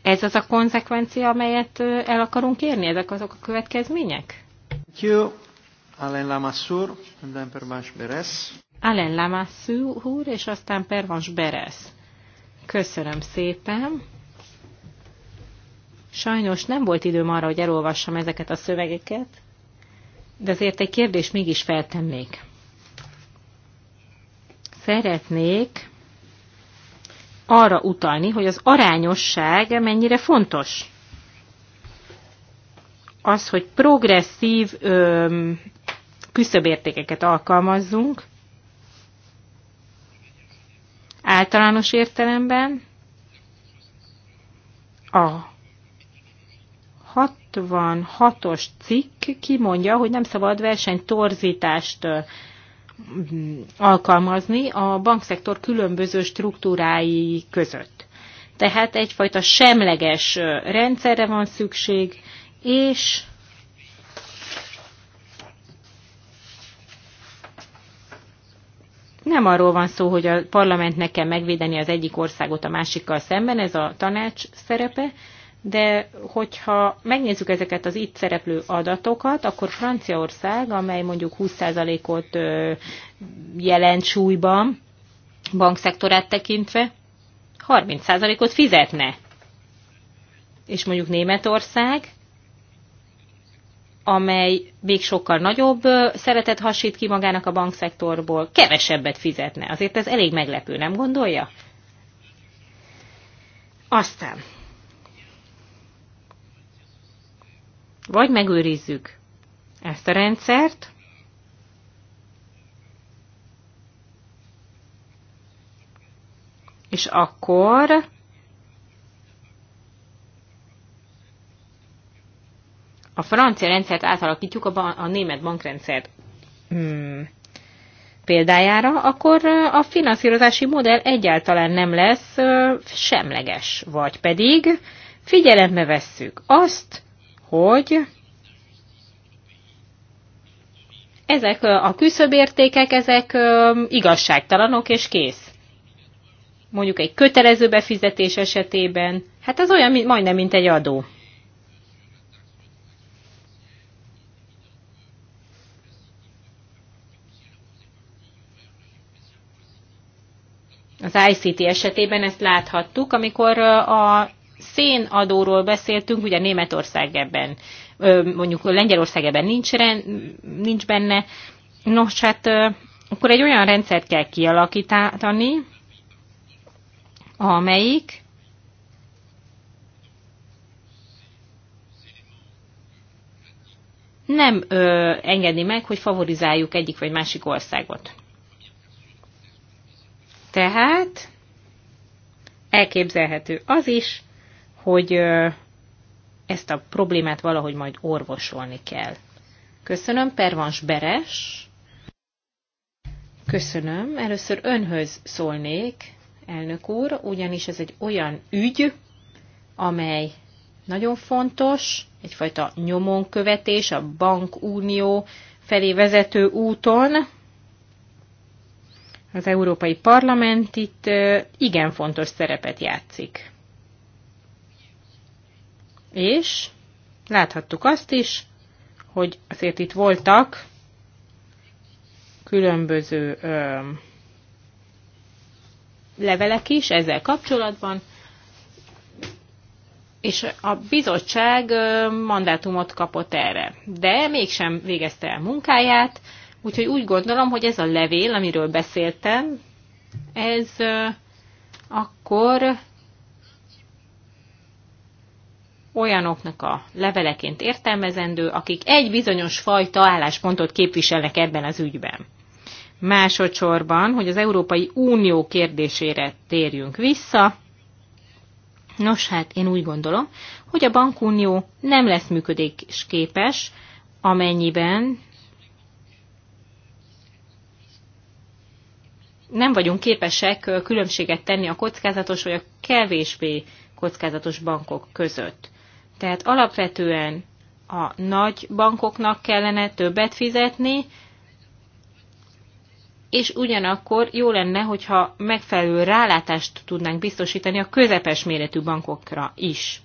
Ez az a konzekvencia, amelyet el akarunk érni? Ezek azok a következmények? Thank you. Alain Lamassur, and Pervans Beres. Alain Lamassur, és aztán Pervans Beres. Köszönöm szépen. Sajnos nem volt időm arra, hogy elolvassam ezeket a szövegeket, de azért egy kérdést mégis feltennék. Szeretnék arra utalni, hogy az arányosság mennyire fontos. Az, hogy progresszív küszöbértékeket alkalmazzunk általános értelemben a 66-os cikk kimondja, hogy nem szabad versenytorzítást alkalmazni a bankszektor különböző struktúrái között. Tehát egyfajta semleges rendszerre van szükség, és nem arról van szó, hogy a parlamentnek kell megvédeni az egyik országot a másikkal szemben, ez a tanács szerepe, de hogyha megnézzük ezeket az itt szereplő adatokat, akkor Franciaország, amely mondjuk 20%-ot jelent súlyban, bankszektorát tekintve, 30%-ot fizetne. És mondjuk Németország, amely még sokkal nagyobb szeretet hasít ki magának a bankszektorból, kevesebbet fizetne. Azért ez elég meglepő, nem gondolja? Aztán Vagy megőrizzük ezt a rendszert, és akkor a francia rendszert átalakítjuk a, ban- a német bankrendszer hmm, példájára, akkor a finanszírozási modell egyáltalán nem lesz semleges, vagy pedig figyelembe vesszük azt, hogy ezek a küszöbértékek, ezek igazságtalanok és kész. Mondjuk egy kötelező befizetés esetében, hát az olyan mint, majdnem, mint egy adó. Az ICT esetében ezt láthattuk, amikor a szénadóról beszéltünk, ugye Németország ebben, mondjuk Lengyelország ebben nincs, nincs benne. Nos, hát akkor egy olyan rendszert kell kialakítani, amelyik nem ö, engedi meg, hogy favorizáljuk egyik vagy másik országot. Tehát elképzelhető az is, hogy ezt a problémát valahogy majd orvosolni kell. Köszönöm, Pervans Beres. Köszönöm. Először önhöz szólnék, elnök úr, ugyanis ez egy olyan ügy, amely nagyon fontos, egyfajta nyomonkövetés a bankunió felé vezető úton. Az Európai Parlament itt igen fontos szerepet játszik. És láthattuk azt is, hogy azért itt voltak különböző ö, levelek is ezzel kapcsolatban, és a bizottság mandátumot kapott erre, de mégsem végezte el munkáját, úgyhogy úgy gondolom, hogy ez a levél, amiről beszéltem, ez akkor olyanoknak a leveleként értelmezendő, akik egy bizonyos fajta álláspontot képviselnek ebben az ügyben. Másodszorban, hogy az Európai Unió kérdésére térjünk vissza, Nos hát, én úgy gondolom, hogy a bankunió nem lesz működésképes, amennyiben nem vagyunk képesek különbséget tenni a kockázatos vagy a kevésbé kockázatos bankok között. Tehát alapvetően a nagy bankoknak kellene többet fizetni, és ugyanakkor jó lenne, hogyha megfelelő rálátást tudnánk biztosítani a közepes méretű bankokra is.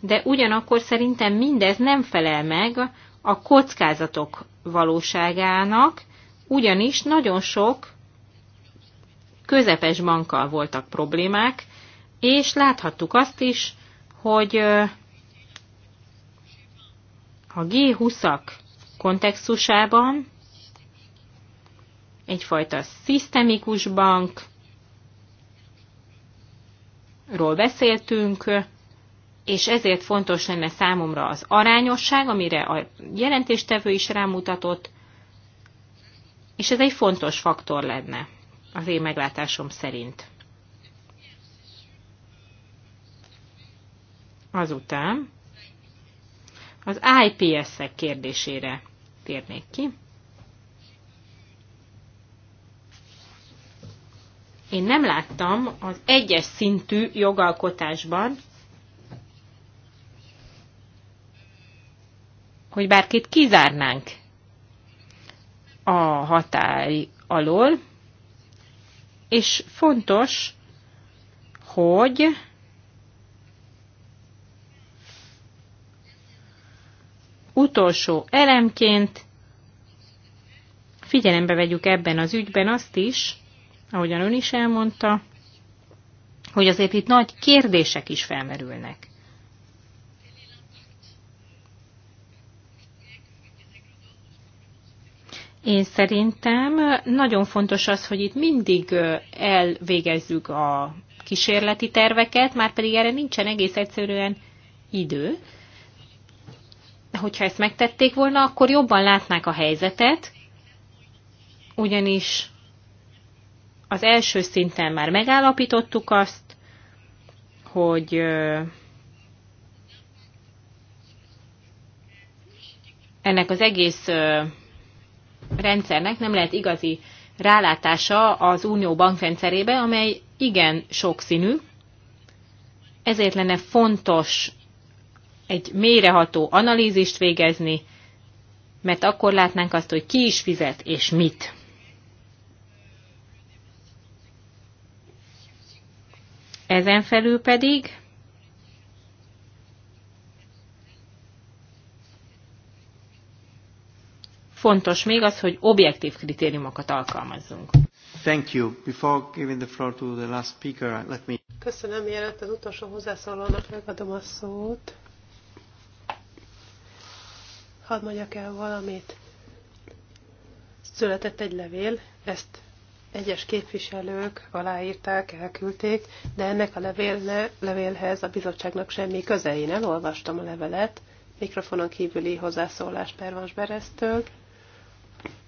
De ugyanakkor szerintem mindez nem felel meg a kockázatok valóságának, ugyanis nagyon sok közepes bankkal voltak problémák, és láthattuk azt is, hogy a G20-ak kontextusában egyfajta szisztemikus bank, ról beszéltünk, és ezért fontos lenne számomra az arányosság, amire a jelentéstevő is rámutatott, és ez egy fontos faktor lenne az én meglátásom szerint. Azután az IPS-ek kérdésére térnék ki. Én nem láttam az egyes szintű jogalkotásban, hogy bárkit kizárnánk a hatály alól, és fontos, hogy utolsó elemként figyelembe vegyük ebben az ügyben azt is, ahogyan ön is elmondta, hogy azért itt nagy kérdések is felmerülnek. Én szerintem nagyon fontos az, hogy itt mindig elvégezzük a kísérleti terveket, már pedig erre nincsen egész egyszerűen idő, hogyha ezt megtették volna, akkor jobban látnák a helyzetet, ugyanis az első szinten már megállapítottuk azt, hogy ennek az egész rendszernek nem lehet igazi rálátása az unió bankrendszerébe, amely igen sokszínű, ezért lenne fontos egy méreható analízist végezni, mert akkor látnánk azt, hogy ki is fizet és mit. Ezen felül pedig fontos még az, hogy objektív kritériumokat alkalmazzunk. Thank you. Before giving the floor to the last speaker, let me... Köszönöm, mielőtt az utolsó hozzászólónak megadom a szót. Hadd mondjak el valamit. Született egy levél, ezt egyes képviselők aláírták, elküldték, de ennek a levélne, levélhez a bizottságnak semmi köze. Én elolvastam a levelet, mikrofonon kívüli hozzászólás Pervans Bereztől.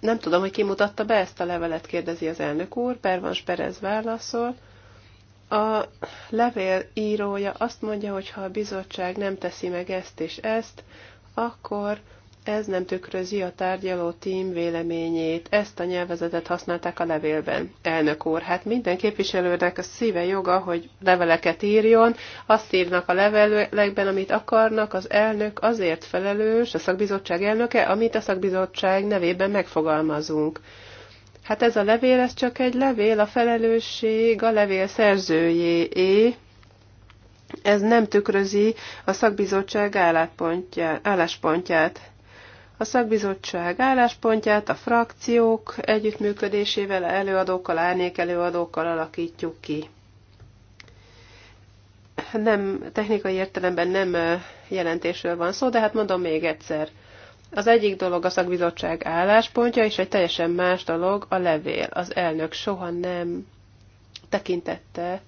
Nem tudom, hogy kimutatta be ezt a levelet, kérdezi az elnök úr. Pervans Berez válaszol. A levél írója azt mondja, hogy ha a bizottság nem teszi meg ezt és ezt, akkor ez nem tükrözi a tárgyaló tím véleményét. Ezt a nyelvezetet használták a levélben. Elnök úr, hát minden képviselőnek a szíve joga, hogy leveleket írjon. Azt írnak a levelekben, amit akarnak, az elnök azért felelős, a szakbizottság elnöke, amit a szakbizottság nevében megfogalmazunk. Hát ez a levél, ez csak egy levél, a felelősség a levél szerzőjé. ez nem tükrözi a szakbizottság álláspontját a szakbizottság álláspontját a frakciók együttműködésével, előadókkal, árnyék előadókkal alakítjuk ki. Nem, technikai értelemben nem jelentésről van szó, de hát mondom még egyszer. Az egyik dolog a szakbizottság álláspontja, és egy teljesen más dolog a levél. Az elnök soha nem tekintette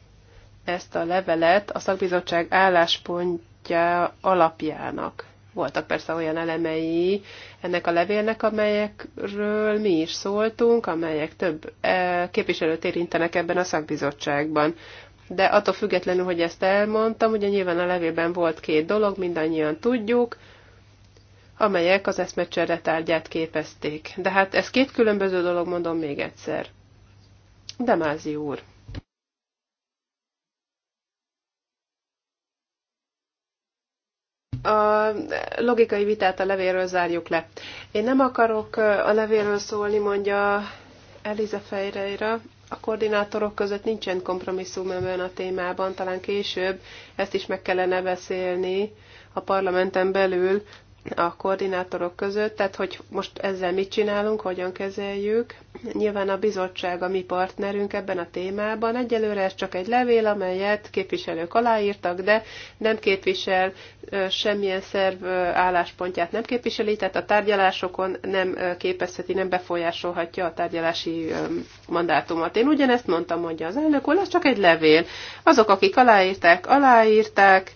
ezt a levelet a szakbizottság álláspontja alapjának. Voltak persze olyan elemei ennek a levélnek, amelyekről mi is szóltunk, amelyek több eh, képviselőt érintenek ebben a szakbizottságban. De attól függetlenül, hogy ezt elmondtam, ugye nyilván a levélben volt két dolog, mindannyian tudjuk, amelyek az eszmecsere tárgyát képezték. De hát ez két különböző dolog, mondom még egyszer. Demázi úr. a logikai vitát a levéről zárjuk le. Én nem akarok a levéről szólni, mondja Eliza Fejreira. A koordinátorok között nincsen kompromisszum ebben a témában, talán később ezt is meg kellene beszélni a parlamenten belül, a koordinátorok között, tehát hogy most ezzel mit csinálunk, hogyan kezeljük. Nyilván a bizottság a mi partnerünk ebben a témában. Egyelőre ez csak egy levél, amelyet képviselők aláírtak, de nem képvisel semmilyen szerv álláspontját nem képviseli, tehát a tárgyalásokon nem képezheti, nem befolyásolhatja a tárgyalási mandátumot. Én ugyanezt mondtam, mondja az elnök úr, ez csak egy levél. Azok, akik aláírták, aláírták,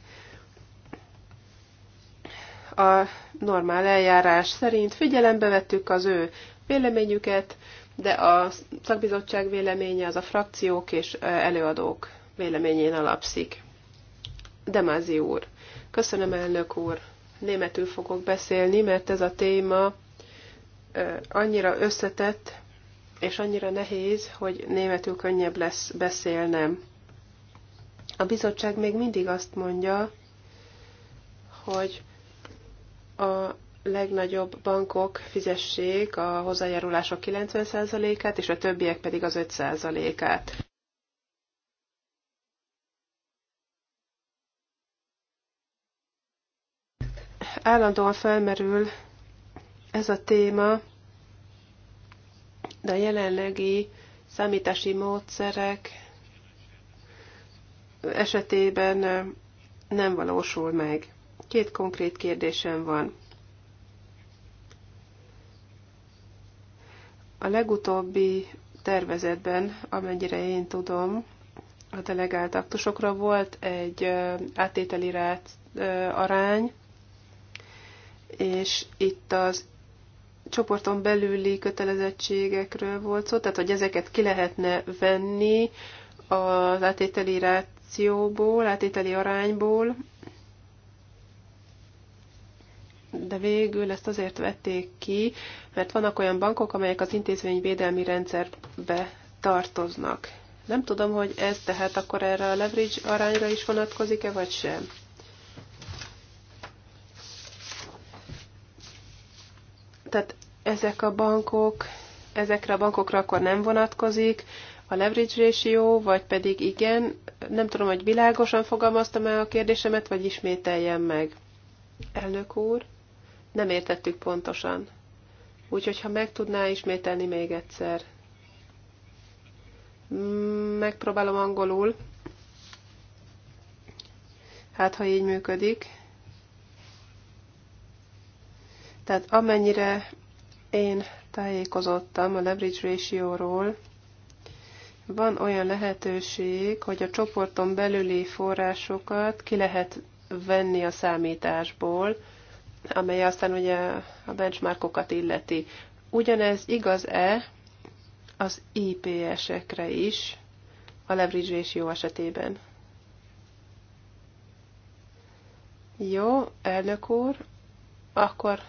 a normál eljárás szerint figyelembe vettük az ő véleményüket, de a szakbizottság véleménye az a frakciók és előadók véleményén alapszik. Demázi úr. Köszönöm, elnök úr. Németül fogok beszélni, mert ez a téma annyira összetett, és annyira nehéz, hogy németül könnyebb lesz beszélnem. A bizottság még mindig azt mondja, hogy a legnagyobb bankok fizessék a hozzájárulások 90%-át, és a többiek pedig az 5%-át. Állandóan felmerül ez a téma, de a jelenlegi számítási módszerek esetében nem valósul meg. Két konkrét kérdésem van. A legutóbbi tervezetben, amennyire én tudom, a delegált aktusokra volt egy átételi rát arány, és itt az csoporton belüli kötelezettségekről volt szó, tehát hogy ezeket ki lehetne venni az átételi rációból, átételi arányból, de végül ezt azért vették ki, mert vannak olyan bankok, amelyek az intézményvédelmi rendszerbe tartoznak. Nem tudom, hogy ez tehát akkor erre a leverage arányra is vonatkozik-e, vagy sem. Tehát ezek a bankok, ezekre a bankokra akkor nem vonatkozik a leverage ratio, vagy pedig igen. Nem tudom, hogy világosan fogalmaztam el a kérdésemet, vagy ismételjem meg. Elnök úr nem értettük pontosan. Úgyhogy, ha meg tudná ismételni még egyszer. Mm, megpróbálom angolul. Hát, ha így működik. Tehát amennyire én tájékozottam a leverage ratio-ról, van olyan lehetőség, hogy a csoporton belüli forrásokat ki lehet venni a számításból, amely aztán ugye a benchmarkokat illeti. Ugyanez igaz-e az IPS-ekre is, a leverage jó esetében? Jó, elnök úr, akkor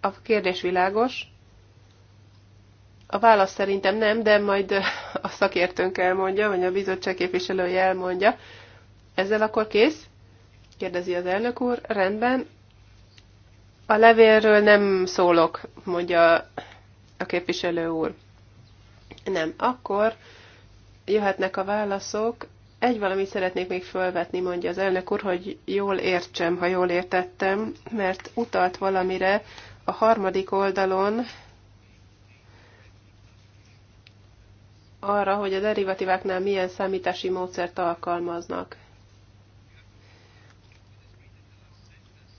a kérdés világos. A válasz szerintem nem, de majd a szakértőnk elmondja, vagy a bizottság képviselője elmondja. Ezzel akkor kész? Kérdezi az elnök úr. Rendben, a levélről nem szólok, mondja a képviselő úr. Nem. Akkor jöhetnek a válaszok. Egy valamit szeretnék még fölvetni, mondja az elnök úr, hogy jól értsem, ha jól értettem, mert utalt valamire a harmadik oldalon arra, hogy a derivatíváknál milyen számítási módszert alkalmaznak.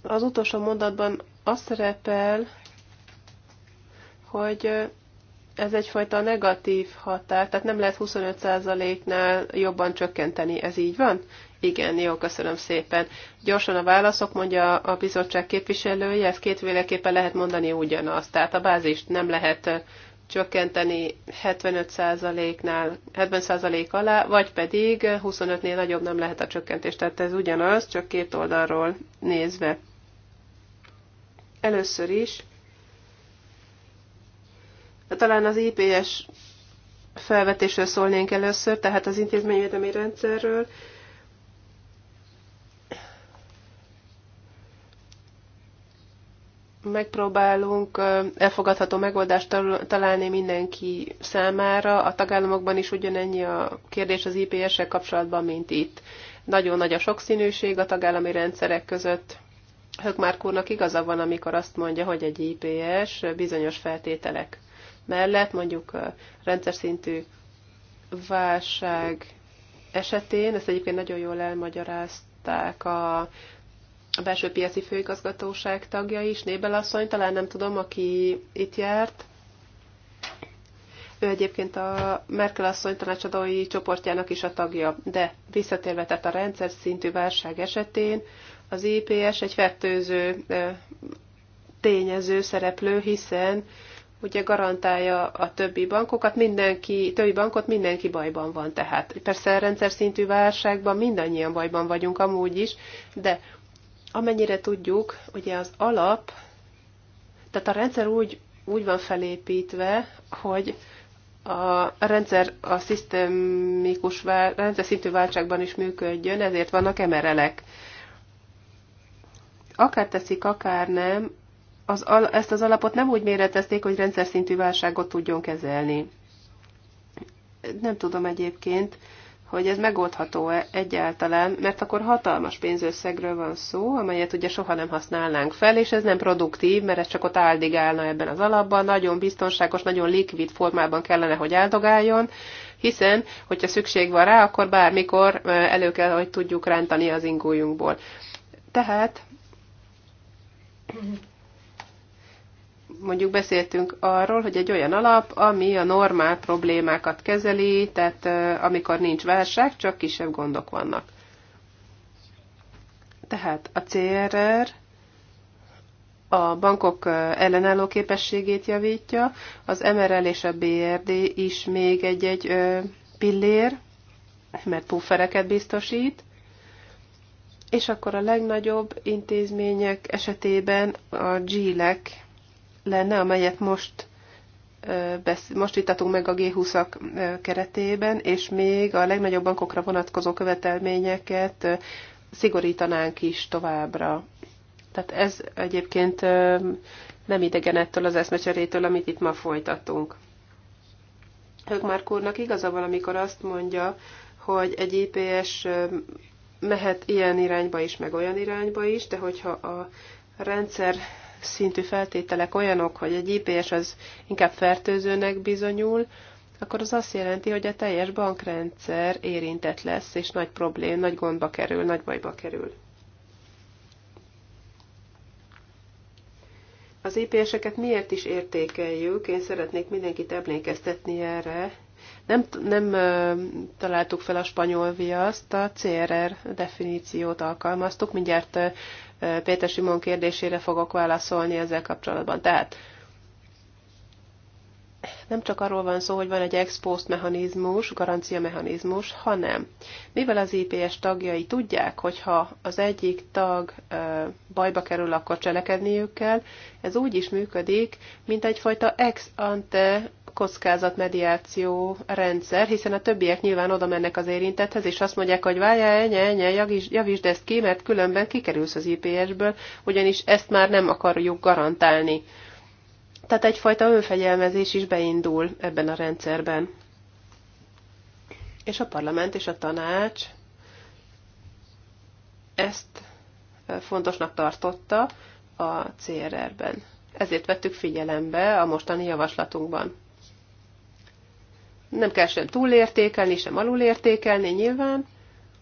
Az utolsó mondatban az szerepel, hogy ez egyfajta negatív határ, tehát nem lehet 25%-nál jobban csökkenteni, ez így van? Igen, jó, köszönöm szépen. Gyorsan a válaszok, mondja a bizottság képviselője, ezt két véleképpen lehet mondani ugyanazt. Tehát a bázist nem lehet csökkenteni 75%-nál, 70% alá, vagy pedig 25-nél nagyobb nem lehet a csökkentés. Tehát ez ugyanaz, csak két oldalról nézve. Először is, de talán az IPS felvetésről szólnénk először, tehát az intézményvédelmi rendszerről. Megpróbálunk elfogadható megoldást találni mindenki számára. A tagállamokban is ugyanennyi a kérdés az IPS-sel kapcsolatban, mint itt. Nagyon nagy a sokszínűség a tagállami rendszerek között. Hökmárk úrnak igaza van, amikor azt mondja, hogy egy IPS bizonyos feltételek mellett, mondjuk rendszer szintű válság esetén, ezt egyébként nagyon jól elmagyarázták a a belső piaci főigazgatóság tagja is, Nébel asszony, talán nem tudom, aki itt járt. Ő egyébként a Merkel asszony tanácsadói csoportjának is a tagja, de visszatérve, tehát a rendszer szintű válság esetén az IPS e egy fertőző tényező, szereplő, hiszen ugye garantálja a többi bankokat, mindenki, többi bankot mindenki bajban van. Tehát persze a rendszer szintű válságban mindannyian bajban vagyunk amúgy is, de amennyire tudjuk, ugye az alap, tehát a rendszer úgy, úgy van felépítve, hogy a rendszer a szisztemikus rendszer szintű váltságban is működjön, ezért vannak emerelek akár teszik, akár nem, az, ezt az alapot nem úgy méretezték, hogy rendszer szintű válságot tudjon kezelni. Nem tudom egyébként, hogy ez megoldható-e egyáltalán, mert akkor hatalmas pénzösszegről van szó, amelyet ugye soha nem használnánk fel, és ez nem produktív, mert ez csak ott áldigálna ebben az alapban, nagyon biztonságos, nagyon likvid formában kellene, hogy áldogáljon, hiszen, hogyha szükség van rá, akkor bármikor elő kell, hogy tudjuk rántani az ingójunkból. Tehát mondjuk beszéltünk arról, hogy egy olyan alap, ami a normál problémákat kezeli, tehát amikor nincs válság, csak kisebb gondok vannak. Tehát a CRR a bankok ellenálló képességét javítja, az MRL és a BRD is még egy-egy pillér, mert puffereket biztosít, és akkor a legnagyobb intézmények esetében a GILEK lenne, amelyet most most vitatunk meg a G20-ak keretében, és még a legnagyobb bankokra vonatkozó követelményeket szigorítanánk is továbbra. Tehát ez egyébként nem idegen ettől az eszmecserétől, amit itt ma folytatunk. Högmárk úrnak igaza van, amikor azt mondja, hogy egy IPS mehet ilyen irányba is, meg olyan irányba is, de hogyha a rendszer szintű feltételek olyanok, hogy egy IPS az inkább fertőzőnek bizonyul, akkor az azt jelenti, hogy a teljes bankrendszer érintett lesz, és nagy problém, nagy gondba kerül, nagy bajba kerül. Az IPS-eket miért is értékeljük? Én szeretnék mindenkit emlékeztetni erre, nem, nem találtuk fel a spanyol viaszt, a CRR definíciót alkalmaztuk. Mindjárt Péter Simon kérdésére fogok válaszolni ezzel kapcsolatban. Tehát nem csak arról van szó, hogy van egy ex post mechanizmus, garancia mechanizmus, hanem mivel az IPS tagjai tudják, hogy ha az egyik tag bajba kerül, akkor cselekedniük kell, ez úgy is működik, mint egyfajta ex ante kockázatmediáció rendszer, hiszen a többiek nyilván oda mennek az érintethez, és azt mondják, hogy várjál, enye, enye, javítsd, javítsd ezt ki, mert különben kikerülsz az IPS-ből, ugyanis ezt már nem akarjuk garantálni. Tehát egyfajta önfegyelmezés is beindul ebben a rendszerben. És a parlament és a tanács ezt fontosnak tartotta a CRR-ben. Ezért vettük figyelembe a mostani javaslatunkban. Nem kell sem túlértékelni, sem alulértékelni nyilván,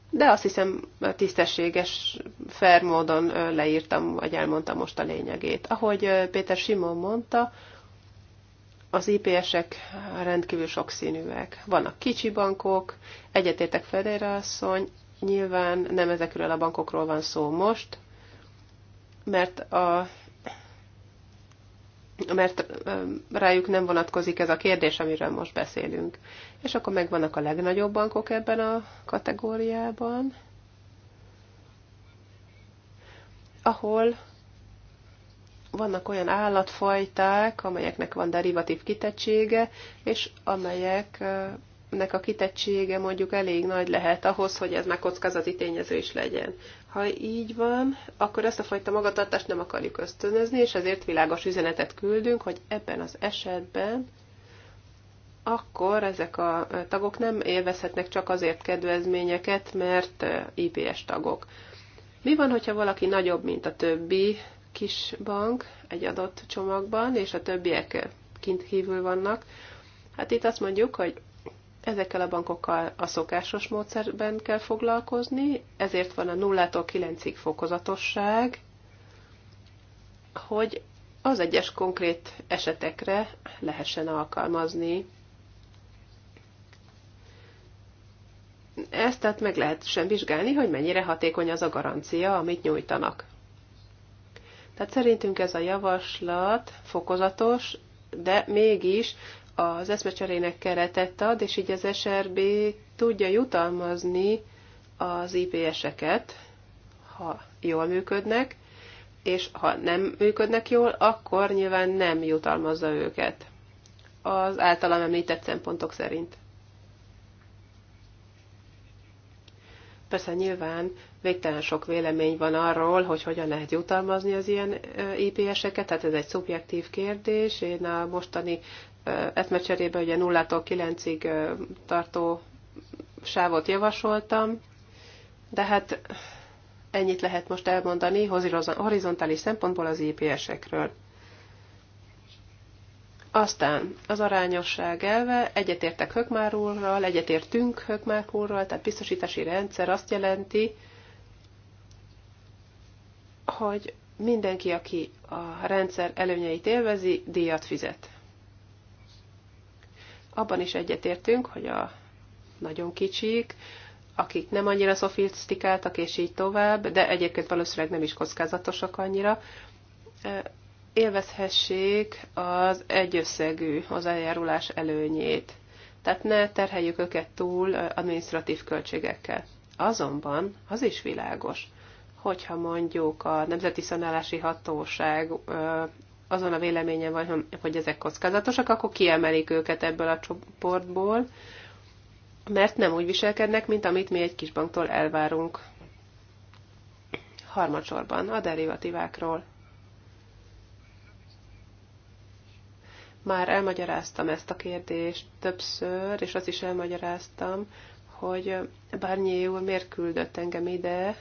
de azt hiszem tisztességes, fair módon leírtam, vagy elmondtam most a lényegét. Ahogy Péter Simon mondta, az IPS-ek rendkívül sokszínűek. Vannak kicsi bankok, egyetétek Federa asszony, nyilván nem ezekről a bankokról van szó most, mert a mert rájuk nem vonatkozik ez a kérdés, amiről most beszélünk. És akkor megvannak a legnagyobb bankok ebben a kategóriában, ahol vannak olyan állatfajták, amelyeknek van derivatív kitettsége, és amelyek nek a kitettsége mondjuk elég nagy lehet ahhoz, hogy ez már kockázati tényező is legyen. Ha így van, akkor ezt a fajta magatartást nem akarjuk ösztönözni, és ezért világos üzenetet küldünk, hogy ebben az esetben akkor ezek a tagok nem élvezhetnek csak azért kedvezményeket, mert IPS tagok. Mi van, hogyha valaki nagyobb, mint a többi kis bank egy adott csomagban, és a többiek kint kívül vannak? Hát itt azt mondjuk, hogy Ezekkel a bankokkal a szokásos módszerben kell foglalkozni, ezért van a 0-tól 9-ig fokozatosság, hogy az egyes konkrét esetekre lehessen alkalmazni. Ezt tehát meg lehet sem vizsgálni, hogy mennyire hatékony az a garancia, amit nyújtanak. Tehát szerintünk ez a javaslat fokozatos, de mégis az eszmecserének keretet ad, és így az SRB tudja jutalmazni az IPS-eket, ha jól működnek, és ha nem működnek jól, akkor nyilván nem jutalmazza őket az általam említett szempontok szerint. Persze nyilván végtelen sok vélemény van arról, hogy hogyan lehet jutalmazni az ilyen IPS-eket, tehát ez egy szubjektív kérdés. Én a mostani eszmecserébe ugye 0-tól 9-ig tartó sávot javasoltam, de hát ennyit lehet most elmondani horizontális szempontból az IPS-ekről. Aztán az arányosság elve, egyetértek Hökmárúrral, egyetértünk Hökmárúrral, tehát biztosítási rendszer azt jelenti, hogy mindenki, aki a rendszer előnyeit élvezi, díjat fizet abban is egyetértünk, hogy a nagyon kicsik, akik nem annyira szofisztikáltak, és így tovább, de egyébként valószínűleg nem is kockázatosak annyira, élvezhessék az egyösszegű hozzájárulás előnyét. Tehát ne terheljük őket túl administratív költségekkel. Azonban az is világos, hogyha mondjuk a Nemzeti Szanálási Hatóság azon a véleményen van, hogy ezek kockázatosak, akkor kiemelik őket ebből a csoportból, mert nem úgy viselkednek, mint amit mi egy kis banktól elvárunk. Harmadsorban a derivatívákról. Már elmagyaráztam ezt a kérdést többször, és azt is elmagyaráztam, hogy Barnier úr miért küldött engem ide,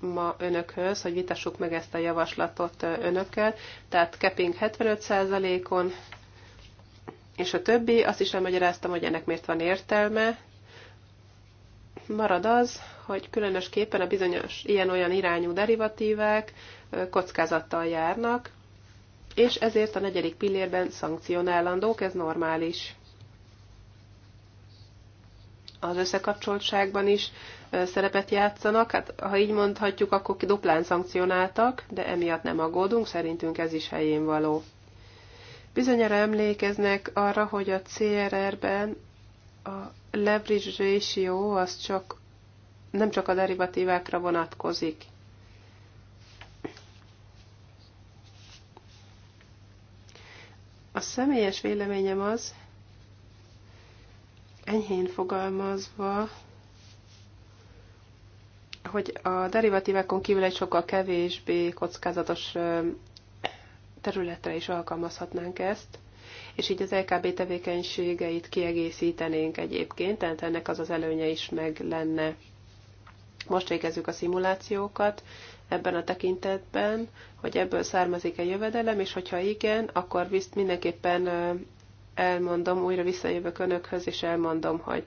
ma önökhöz, hogy vitassuk meg ezt a javaslatot önökkel. Tehát Keping 75%-on, és a többi, azt is elmagyaráztam, hogy ennek miért van értelme. Marad az, hogy különösképpen a bizonyos ilyen-olyan irányú derivatívák kockázattal járnak, és ezért a negyedik pillérben szankcionálandók, ez normális az összekapcsoltságban is szerepet játszanak. Hát, ha így mondhatjuk, akkor duplán szankcionáltak, de emiatt nem aggódunk, szerintünk ez is helyén való. Bizonyára emlékeznek arra, hogy a CRR-ben a leverage ratio az csak, nem csak a derivatívákra vonatkozik. A személyes véleményem az, enyhén fogalmazva, hogy a derivatívákon kívül egy sokkal kevésbé kockázatos területre is alkalmazhatnánk ezt, és így az LKB tevékenységeit kiegészítenénk egyébként, tehát ennek az az előnye is meg lenne. Most végezzük a szimulációkat ebben a tekintetben, hogy ebből származik-e jövedelem, és hogyha igen, akkor visz mindenképpen elmondom, újra visszajövök önökhöz, és elmondom, hogy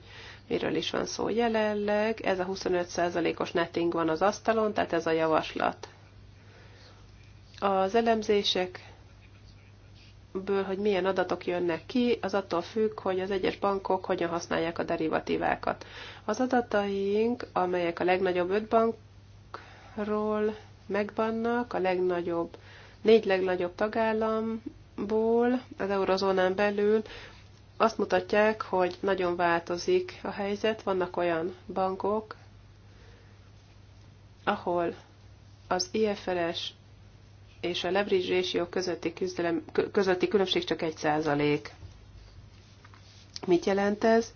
miről is van szó jelenleg. Ez a 25%-os netting van az asztalon, tehát ez a javaslat. Az elemzések ből, hogy milyen adatok jönnek ki, az attól függ, hogy az egyes bankok hogyan használják a derivatívákat. Az adataink, amelyek a legnagyobb öt bankról megvannak, a legnagyobb, négy legnagyobb tagállam ból az eurozónán belül azt mutatják, hogy nagyon változik a helyzet. Vannak olyan bankok, ahol az IFRS és a leverage ratio közötti, küzdelem, közötti különbség csak egy százalék. Mit jelent ez?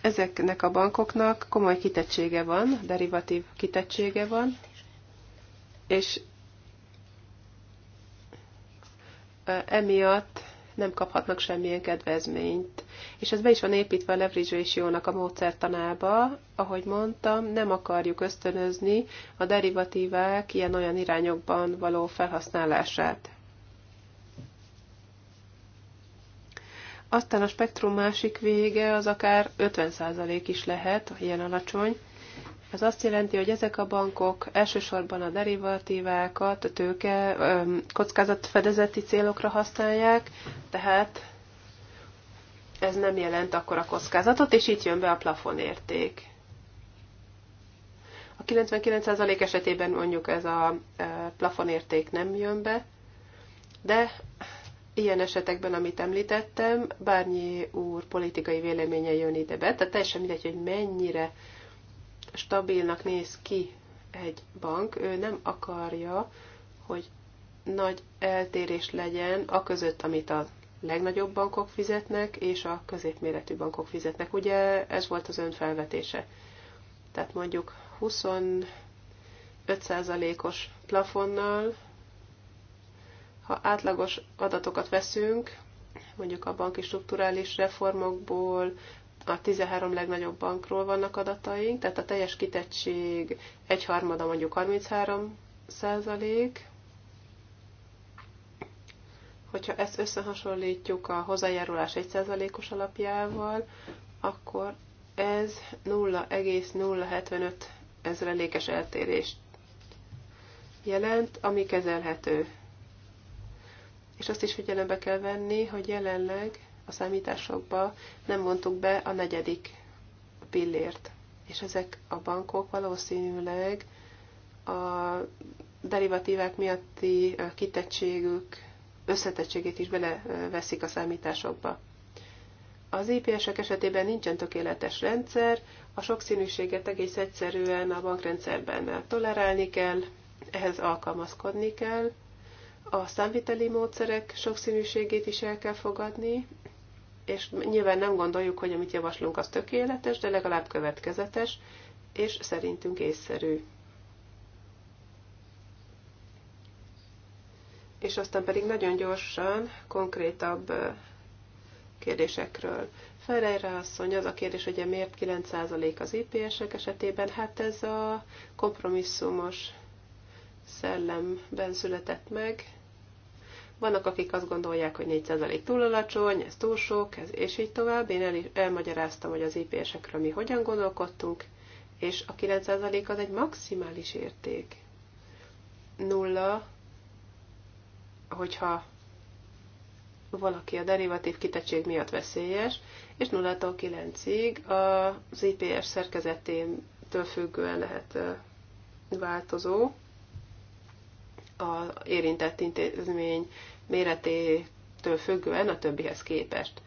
Ezeknek a bankoknak komoly kitettsége van, derivatív kitettsége van, és emiatt nem kaphatnak semmilyen kedvezményt. És ez be is van építve a leverage ratio a módszertanába, ahogy mondtam, nem akarjuk ösztönözni a derivatívák ilyen-olyan irányokban való felhasználását. Aztán a spektrum másik vége az akár 50% is lehet, ilyen alacsony. Ez azt jelenti, hogy ezek a bankok elsősorban a derivatívákat, a tőke kockázatfedezeti célokra használják, tehát ez nem jelent akkor a kockázatot, és itt jön be a plafonérték. A 99% esetében mondjuk ez a plafonérték nem jön be, de ilyen esetekben, amit említettem, Bárnyi úr politikai véleménye jön ide be, tehát teljesen mindegy, hogy mennyire stabilnak néz ki egy bank, ő nem akarja, hogy nagy eltérés legyen a között, amit a legnagyobb bankok fizetnek, és a középméretű bankok fizetnek. Ugye ez volt az ön felvetése. Tehát mondjuk 25%-os plafonnal, ha átlagos adatokat veszünk, mondjuk a banki strukturális reformokból, a 13 legnagyobb bankról vannak adataink, tehát a teljes kitettség egyharmada mondjuk 33 százalék. Hogyha ezt összehasonlítjuk a hozzájárulás 1 százalékos alapjával, akkor ez 0,075 ezrelékes eltérést jelent, ami kezelhető. És azt is figyelembe kell venni, hogy jelenleg a számításokba nem vontuk be a negyedik pillért. És ezek a bankok valószínűleg a derivatívák miatti kitettségük összetettségét is beleveszik a számításokba. Az IPS-ek esetében nincsen tökéletes rendszer, a sokszínűséget egész egyszerűen a bankrendszerben tolerálni kell, ehhez alkalmazkodni kell, a számviteli módszerek sokszínűségét is el kell fogadni, és nyilván nem gondoljuk, hogy amit javaslunk, az tökéletes, de legalább következetes, és szerintünk észszerű. És aztán pedig nagyon gyorsan, konkrétabb kérdésekről. Ferreira asszony, az a kérdés, hogy miért 9% az IPS-ek esetében? Hát ez a kompromisszumos szellemben született meg, vannak, akik azt gondolják, hogy 4% túl alacsony, ez túl sok, ez és így tovább. Én el, elmagyaráztam, hogy az IPS-ekről mi hogyan gondolkodtunk, és a 9% az egy maximális érték. Nulla, hogyha valaki a derivatív kitettség miatt veszélyes, és 0-tól 9-ig az IPS szerkezetétől függően lehet változó az érintett intézmény méretétől függően a többihez képest.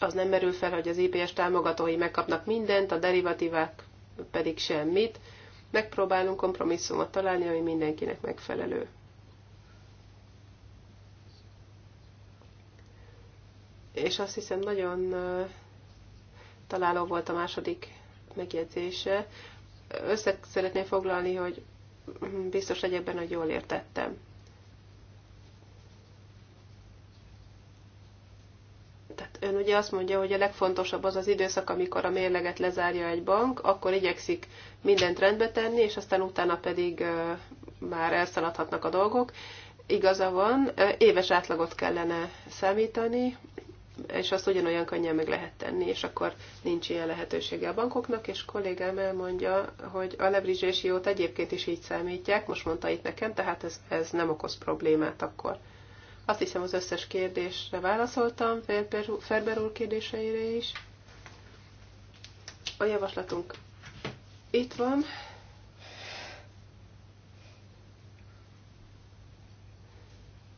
Az nem merül fel, hogy az IPS támogatói megkapnak mindent, a derivatívák pedig semmit. Megpróbálunk kompromisszumot találni, ami mindenkinek megfelelő. És azt hiszem nagyon találó volt a második megjegyzése. Össze szeretném foglalni, hogy biztos legyek benne, hogy jól értettem. Tehát ön ugye azt mondja, hogy a legfontosabb az az időszak, amikor a mérleget lezárja egy bank, akkor igyekszik mindent rendbe tenni, és aztán utána pedig már elszaladhatnak a dolgok. Igaza van, éves átlagot kellene számítani, és azt ugyanolyan könnyen meg lehet tenni, és akkor nincs ilyen lehetősége a bankoknak, és kollégám elmondja, hogy a leverage jót egyébként is így számítják, most mondta itt nekem, tehát ez, ez nem okoz problémát akkor. Azt hiszem az összes kérdésre válaszoltam, Ferber, Ferber úr kérdéseire is. A javaslatunk itt van.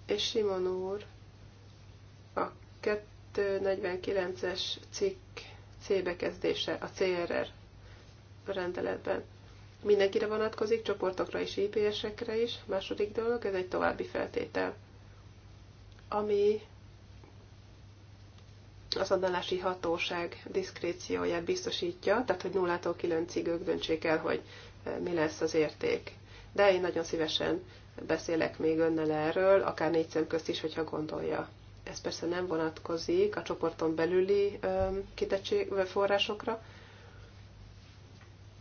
És Simon úr a kettő 249-es cikk C bekezdése a CRR rendeletben. Mindenkire vonatkozik, csoportokra és IPS-ekre is. Második dolog, ez egy további feltétel, ami az adalási hatóság diszkrécióját biztosítja, tehát hogy nullától kilencig ők döntsék el, hogy e, mi lesz az érték. De én nagyon szívesen beszélek még önnel erről, akár négy szem közt is, hogyha gondolja ez persze nem vonatkozik a csoporton belüli kitettség forrásokra,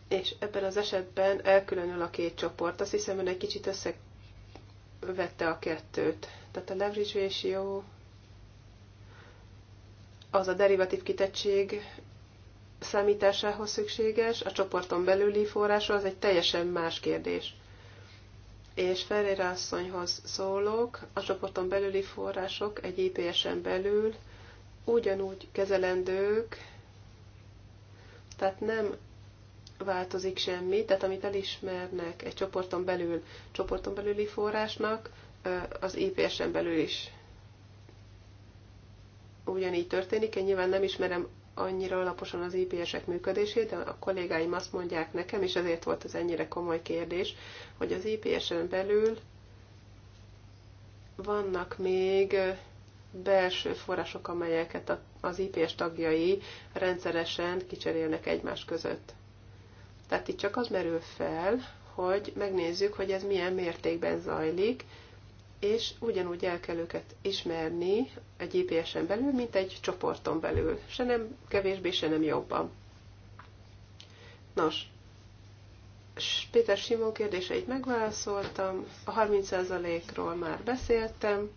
és ebben az esetben elkülönül a két csoport. Azt hiszem, hogy egy kicsit összevette a kettőt. Tehát a leverage ratio az a derivatív kitettség számításához szükséges, a csoporton belüli forrása az egy teljesen más kérdés és Ferreira asszonyhoz szólok, a csoporton belüli források egy IPS-en belül ugyanúgy kezelendők, tehát nem változik semmi, tehát amit elismernek egy csoporton belül, csoporton belüli forrásnak, az IPS-en belül is ugyanígy történik. Én nyilván nem ismerem annyira alaposan az IPS-ek működését, de a kollégáim azt mondják nekem, és ezért volt az ennyire komoly kérdés, hogy az IPS-en belül vannak még belső források, amelyeket az IPS tagjai rendszeresen kicserélnek egymás között. Tehát itt csak az merül fel, hogy megnézzük, hogy ez milyen mértékben zajlik, és ugyanúgy el kell őket ismerni egy IPS-en belül, mint egy csoporton belül. Se nem kevésbé, se nem jobban. Nos, Péter Simon kérdéseit megválaszoltam, a 30%-ról már beszéltem,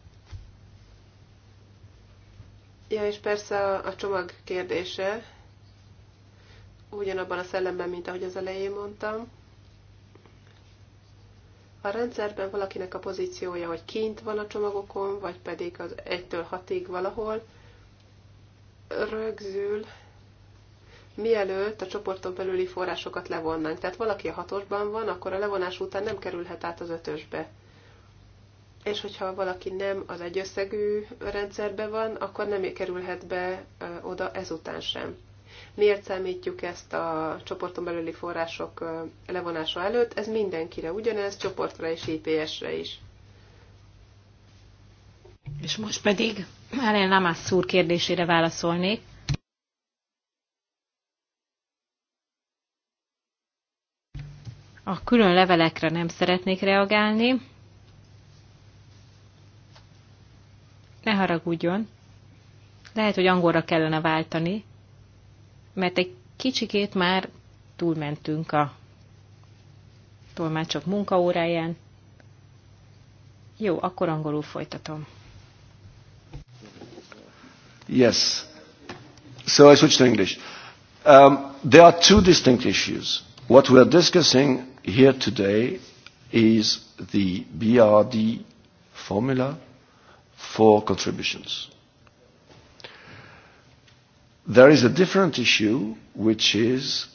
Ja, és persze a, a csomag kérdése ugyanabban a szellemben, mint ahogy az elején mondtam a rendszerben valakinek a pozíciója, hogy kint van a csomagokon, vagy pedig az 1-től 6-ig valahol rögzül, mielőtt a csoporton belüli forrásokat levonnánk. Tehát valaki a hatosban van, akkor a levonás után nem kerülhet át az ötösbe. És hogyha valaki nem az egyösszegű rendszerbe van, akkor nem kerülhet be oda ezután sem. Miért számítjuk ezt a csoporton belüli források levonása előtt? Ez mindenkire ugyanez, csoportra és IPS-re is. És most pedig nem az szúr kérdésére válaszolnék. A külön levelekre nem szeretnék reagálni. Ne haragudjon. Lehet, hogy angolra kellene váltani mert egy kicsikét már túlmentünk a tolmácsok munkaóráján. Jó, akkor angolul folytatom. Yes. So I switched to English. Um, there are two distinct issues. What we are discussing here today is the BRD formula for contributions. There is a different issue, which is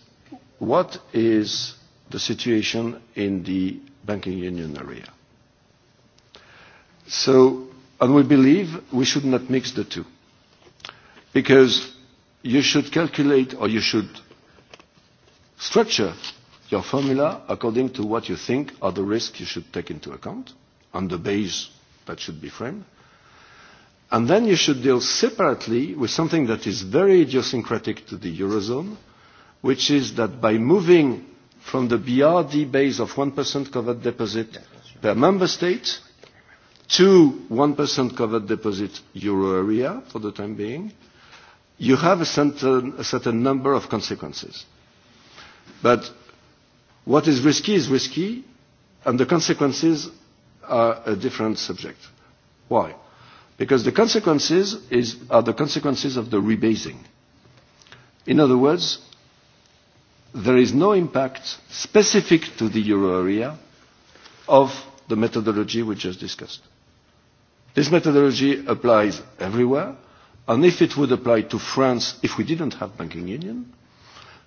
what is the situation in the banking union area. So, and we believe we should not mix the two, because you should calculate or you should structure your formula according to what you think are the risks you should take into account and the base that should be framed. And then you should deal separately with something that is very idiosyncratic to the Eurozone, which is that by moving from the BRD base of 1% covered deposit per member state to 1% covered deposit euro area for the time being, you have a certain, a certain number of consequences. But what is risky is risky, and the consequences are a different subject. Why? Because the consequences is, are the consequences of the rebasing. In other words, there is no impact specific to the euro area of the methodology we just discussed. This methodology applies everywhere, and if it would apply to France, if we didn't have banking union,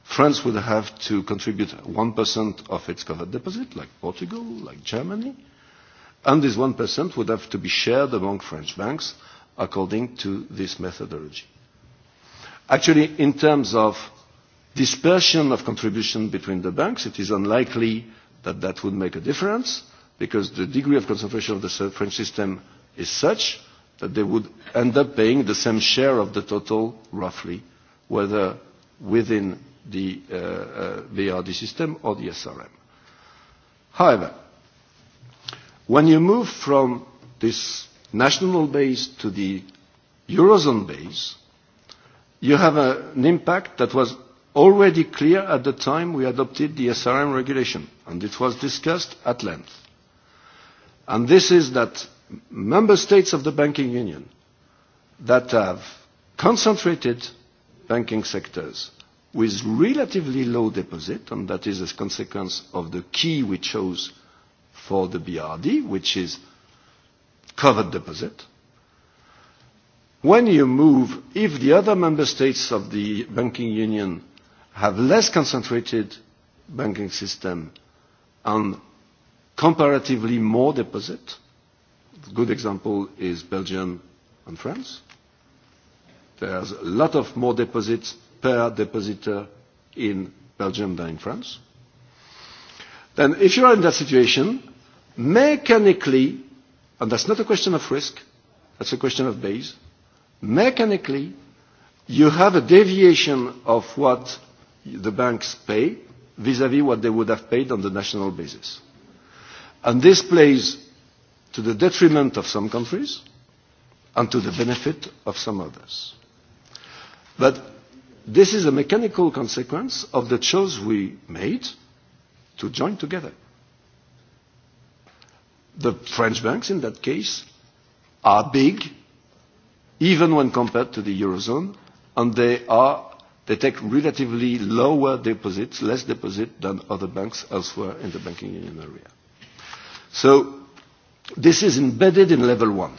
France would have to contribute 1% of its covered deposit, like Portugal, like Germany, And this 1% would have to be shared among French banks according to this methodology. Actually, in terms of dispersion of contribution between the banks, it is unlikely that that would make a difference because the degree of concentration of the French system is such that they would end up paying the same share of the total, roughly, whether within the uh, uh, BRD system or the SRM. However, When you move from this national base to the Eurozone base, you have a, an impact that was already clear at the time we adopted the SRM regulation, and it was discussed at length. And this is that member states of the banking union that have concentrated banking sectors with relatively low deposit, and that is a consequence of the key we chose for the BRD, which is covered deposit. When you move, if the other member states of the banking union have less concentrated banking system and comparatively more deposit, a good example is Belgium and France, there's a lot of more deposits per depositor in Belgium than in France. Then if you are in that situation, mechanically, and that's not a question of risk, that's a question of base, mechanically, you have a deviation of what the banks pay vis-à-vis -vis what they would have paid on the national basis. And this plays to the detriment of some countries and to the benefit of some others. But this is a mechanical consequence of the choice we made to join together the French banks in that case are big, even when compared to the Eurozone, and they, are, they take relatively lower deposits, less deposit than other banks elsewhere in the banking union area. So this is embedded in level one.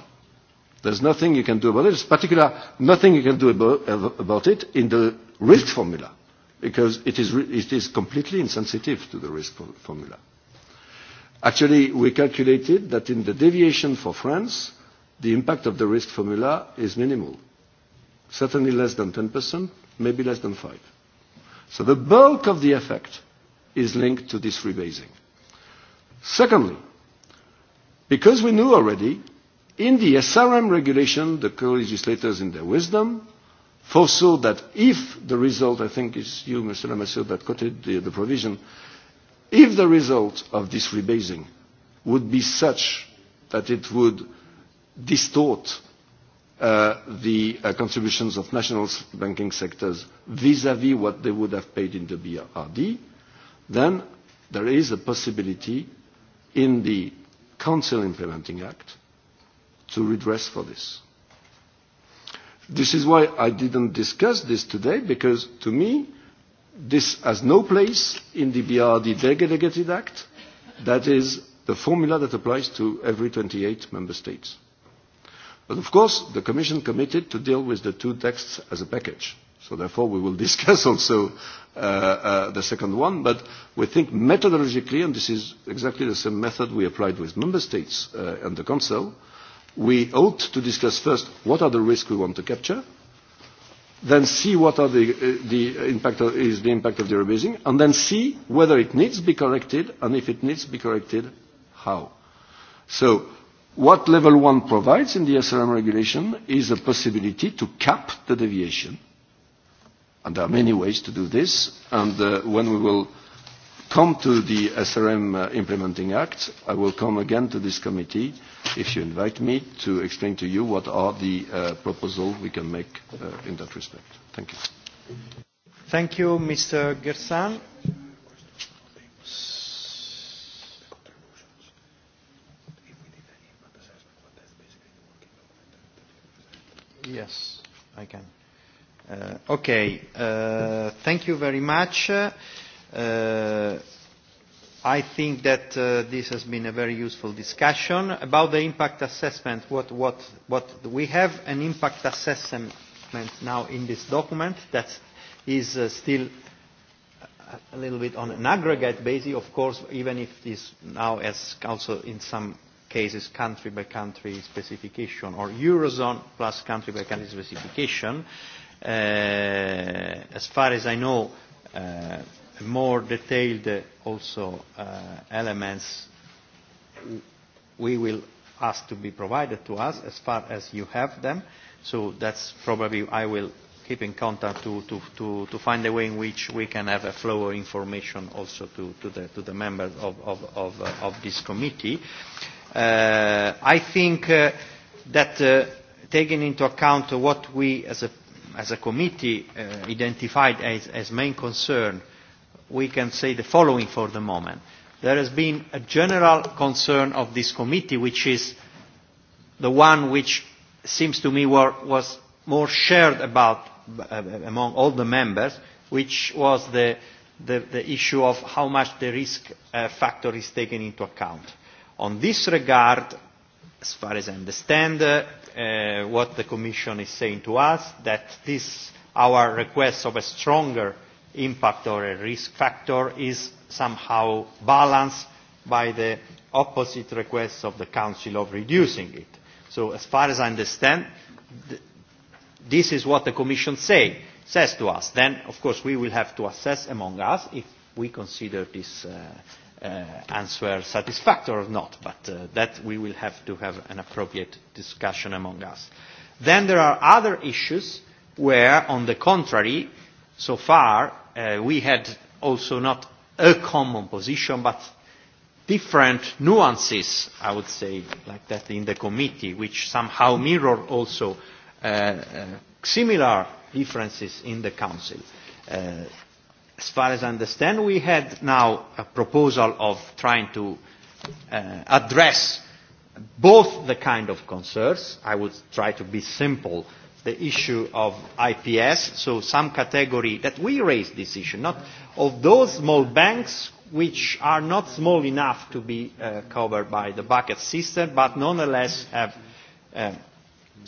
There's nothing you can do about it. It's particular, nothing you can do about, about it in the risk formula, because it is, it is completely insensitive to the risk formula. Actually, we calculated that in the deviation for France, the impact of the risk formula is minimal, certainly less than 10%, maybe less than 5%. So the bulk of the effect is linked to this rebasing. Secondly, because we knew already, in the SRM regulation, the co-legislators in their wisdom foresaw that if the result, I think it's you, Mr. Lamassoure, that quoted the, the provision, If the result of this rebasing would be such that it would distort uh, the uh, contributions of national banking sectors vis-à-vis -vis what they would have paid in the BRD, then there is a possibility in the Council Implementing Act to redress for this. This is why I didn't discuss this today, because to me, this has no place in the BRD Delegated Act. That is the formula that applies to every 28 member states. But of course, the Commission committed to deal with the two texts as a package. So therefore, we will discuss also uh, uh, the second one. But we think methodologically, and this is exactly the same method we applied with member states uh, and the Council, we ought to discuss first what are the risks we want to capture, then see what are the, uh, the impact of, is the impact of the rebasing, and then see whether it needs to be corrected, and if it needs to be corrected, how. So what level one provides in the SRM regulation is a possibility to cap the deviation. And there are many ways to do this, and uh, when we will come to the SRM uh, Implementing Act. I will come again to this committee if you invite me to explain to you what are the uh, proposals we can make uh, in that respect. Thank you. Thank you, Mr. Gersan. Yes, I can. Uh, okay, uh, thank you very much. Uh, Uh, I think that uh, this has been a very useful discussion. About the impact assessment, what, what, what we have an impact assessment now in this document that is uh, still a little bit on an aggregate basis, of course, even if this now as also in some cases country by country specification or Eurozone plus country by country specification. Uh, as far as I know, uh, more detailed also uh, elements we will ask to be provided to us as far as you have them. So that's probably I will keep in contact to, to, to, to find a way in which we can have a flow of information also to, to, the, to the members of, of, of, uh, of this committee. Uh, I think uh, that uh, taking into account what we as a, as a committee uh, identified as, as main concern we can say the following for the moment. There has been a general concern of this committee, which is the one which seems to me were, was more shared about uh, among all the members, which was the, the, the issue of how much the risk uh, factor is taken into account. On this regard, as far as I understand uh, uh, what the Commission is saying to us, that this, our request of a stronger uh, impact or a risk factor is somehow balanced by the opposite request of the Council of reducing it. So as far as I understand, this is what the Commission say, says to us. Then, of course, we will have to assess among us if we consider this uh, uh, answer satisfactory or not, but uh, that we will have to have an appropriate discussion among us. Then there are other issues where, on the contrary, so far uh, we had also not a common position, but different nuances, I would say, like that in the committee, which somehow mirror also uh, uh, similar differences in the Council. Uh, as far as I understand, we had now a proposal of trying to uh, address both the kind of concerns. I would try to be simple the issue of IPS, so some category that we raised this issue, not of those small banks which are not small enough to be uh, covered by the bucket system, but nonetheless have uh,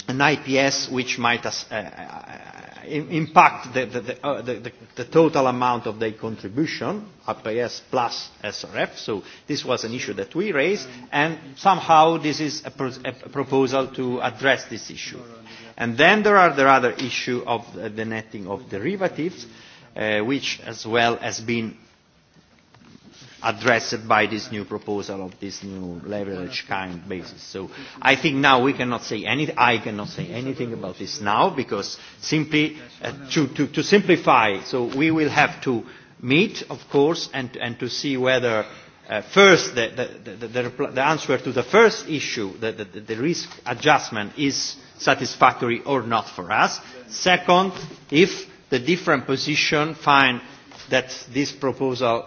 an IPS which might as, uh, uh, impact the, the, the, uh, the, the, the total amount of their contribution, IPS plus SRF. So this was an issue that we raised, and somehow this is a, pro a proposal to address this issue. And then there are the other issue of the netting of derivatives, uh, which as well has been addressed by this new proposal of this new leverage kind basis. So I think now we cannot say anything, I cannot say anything about this now because simply uh, to, to, to simplify, so we will have to meet, of course, and, and to see whether Uh, first, the, the, the, the, the answer to the first issue, the, the, the risk adjustment is satisfactory or not for us. Second, if the different position find that this proposal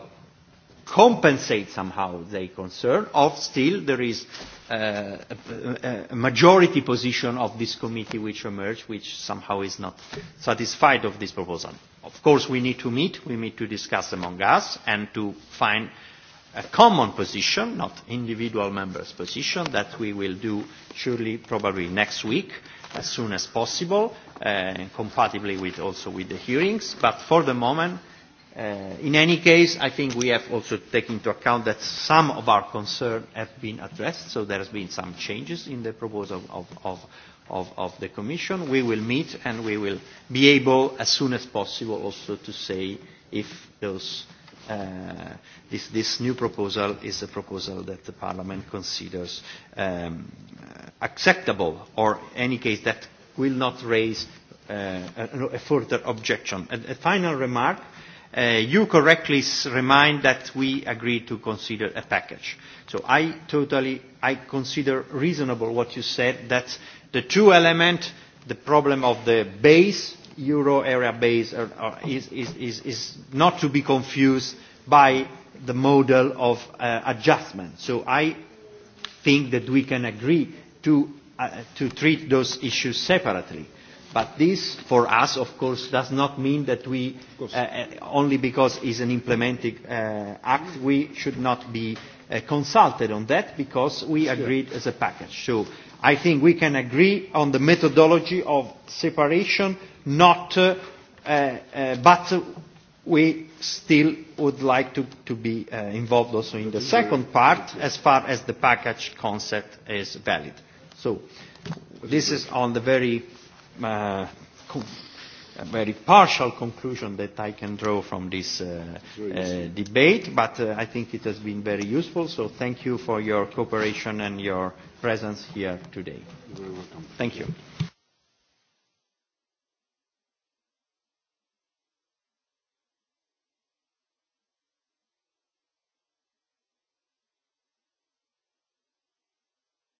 compensate somehow their concern, or still there is uh, a, a majority position of this committee which emerged, which somehow is not satisfied of this proposal. Of course, we need to meet, we need to discuss among us and to find a common position, not individual members' position, that we will do surely probably next week as soon as possible, uh, compatibly with also with the hearings. But for the moment, uh, in any case, I think we have also taken into account that some of our concerns have been addressed, so there has been some changes in the proposal of, of, of, of the Commission. We will meet and we will be able, as soon as possible, also to say if those Uh, this, this new proposal is a proposal that the Parliament considers um, uh, acceptable or in any case that will not raise uh, a, a further objection. A, a final remark, uh, you correctly remind that we agreed to consider a package. So I totally, I consider reasonable what you said, that the two elements, the problem of the base euro area base is, is, is, is not to be confused by the model of uh, adjustment. So I think that we can agree to, uh, to treat those issues separately. But this, for us, of course, does not mean that we, uh, only because it's an implementing uh, act, we should not be uh, consulted on that because we agreed as a package. So I think we can agree on the methodology of separation, not, uh, uh, but we still would like to, to be uh, involved also in the second part as far as the package concept is valid. So this is on the very, uh, very partial conclusion that I can draw from this uh, uh, debate, but uh, I think it has been very useful. So thank you for your cooperation and your presence here today. Thank you.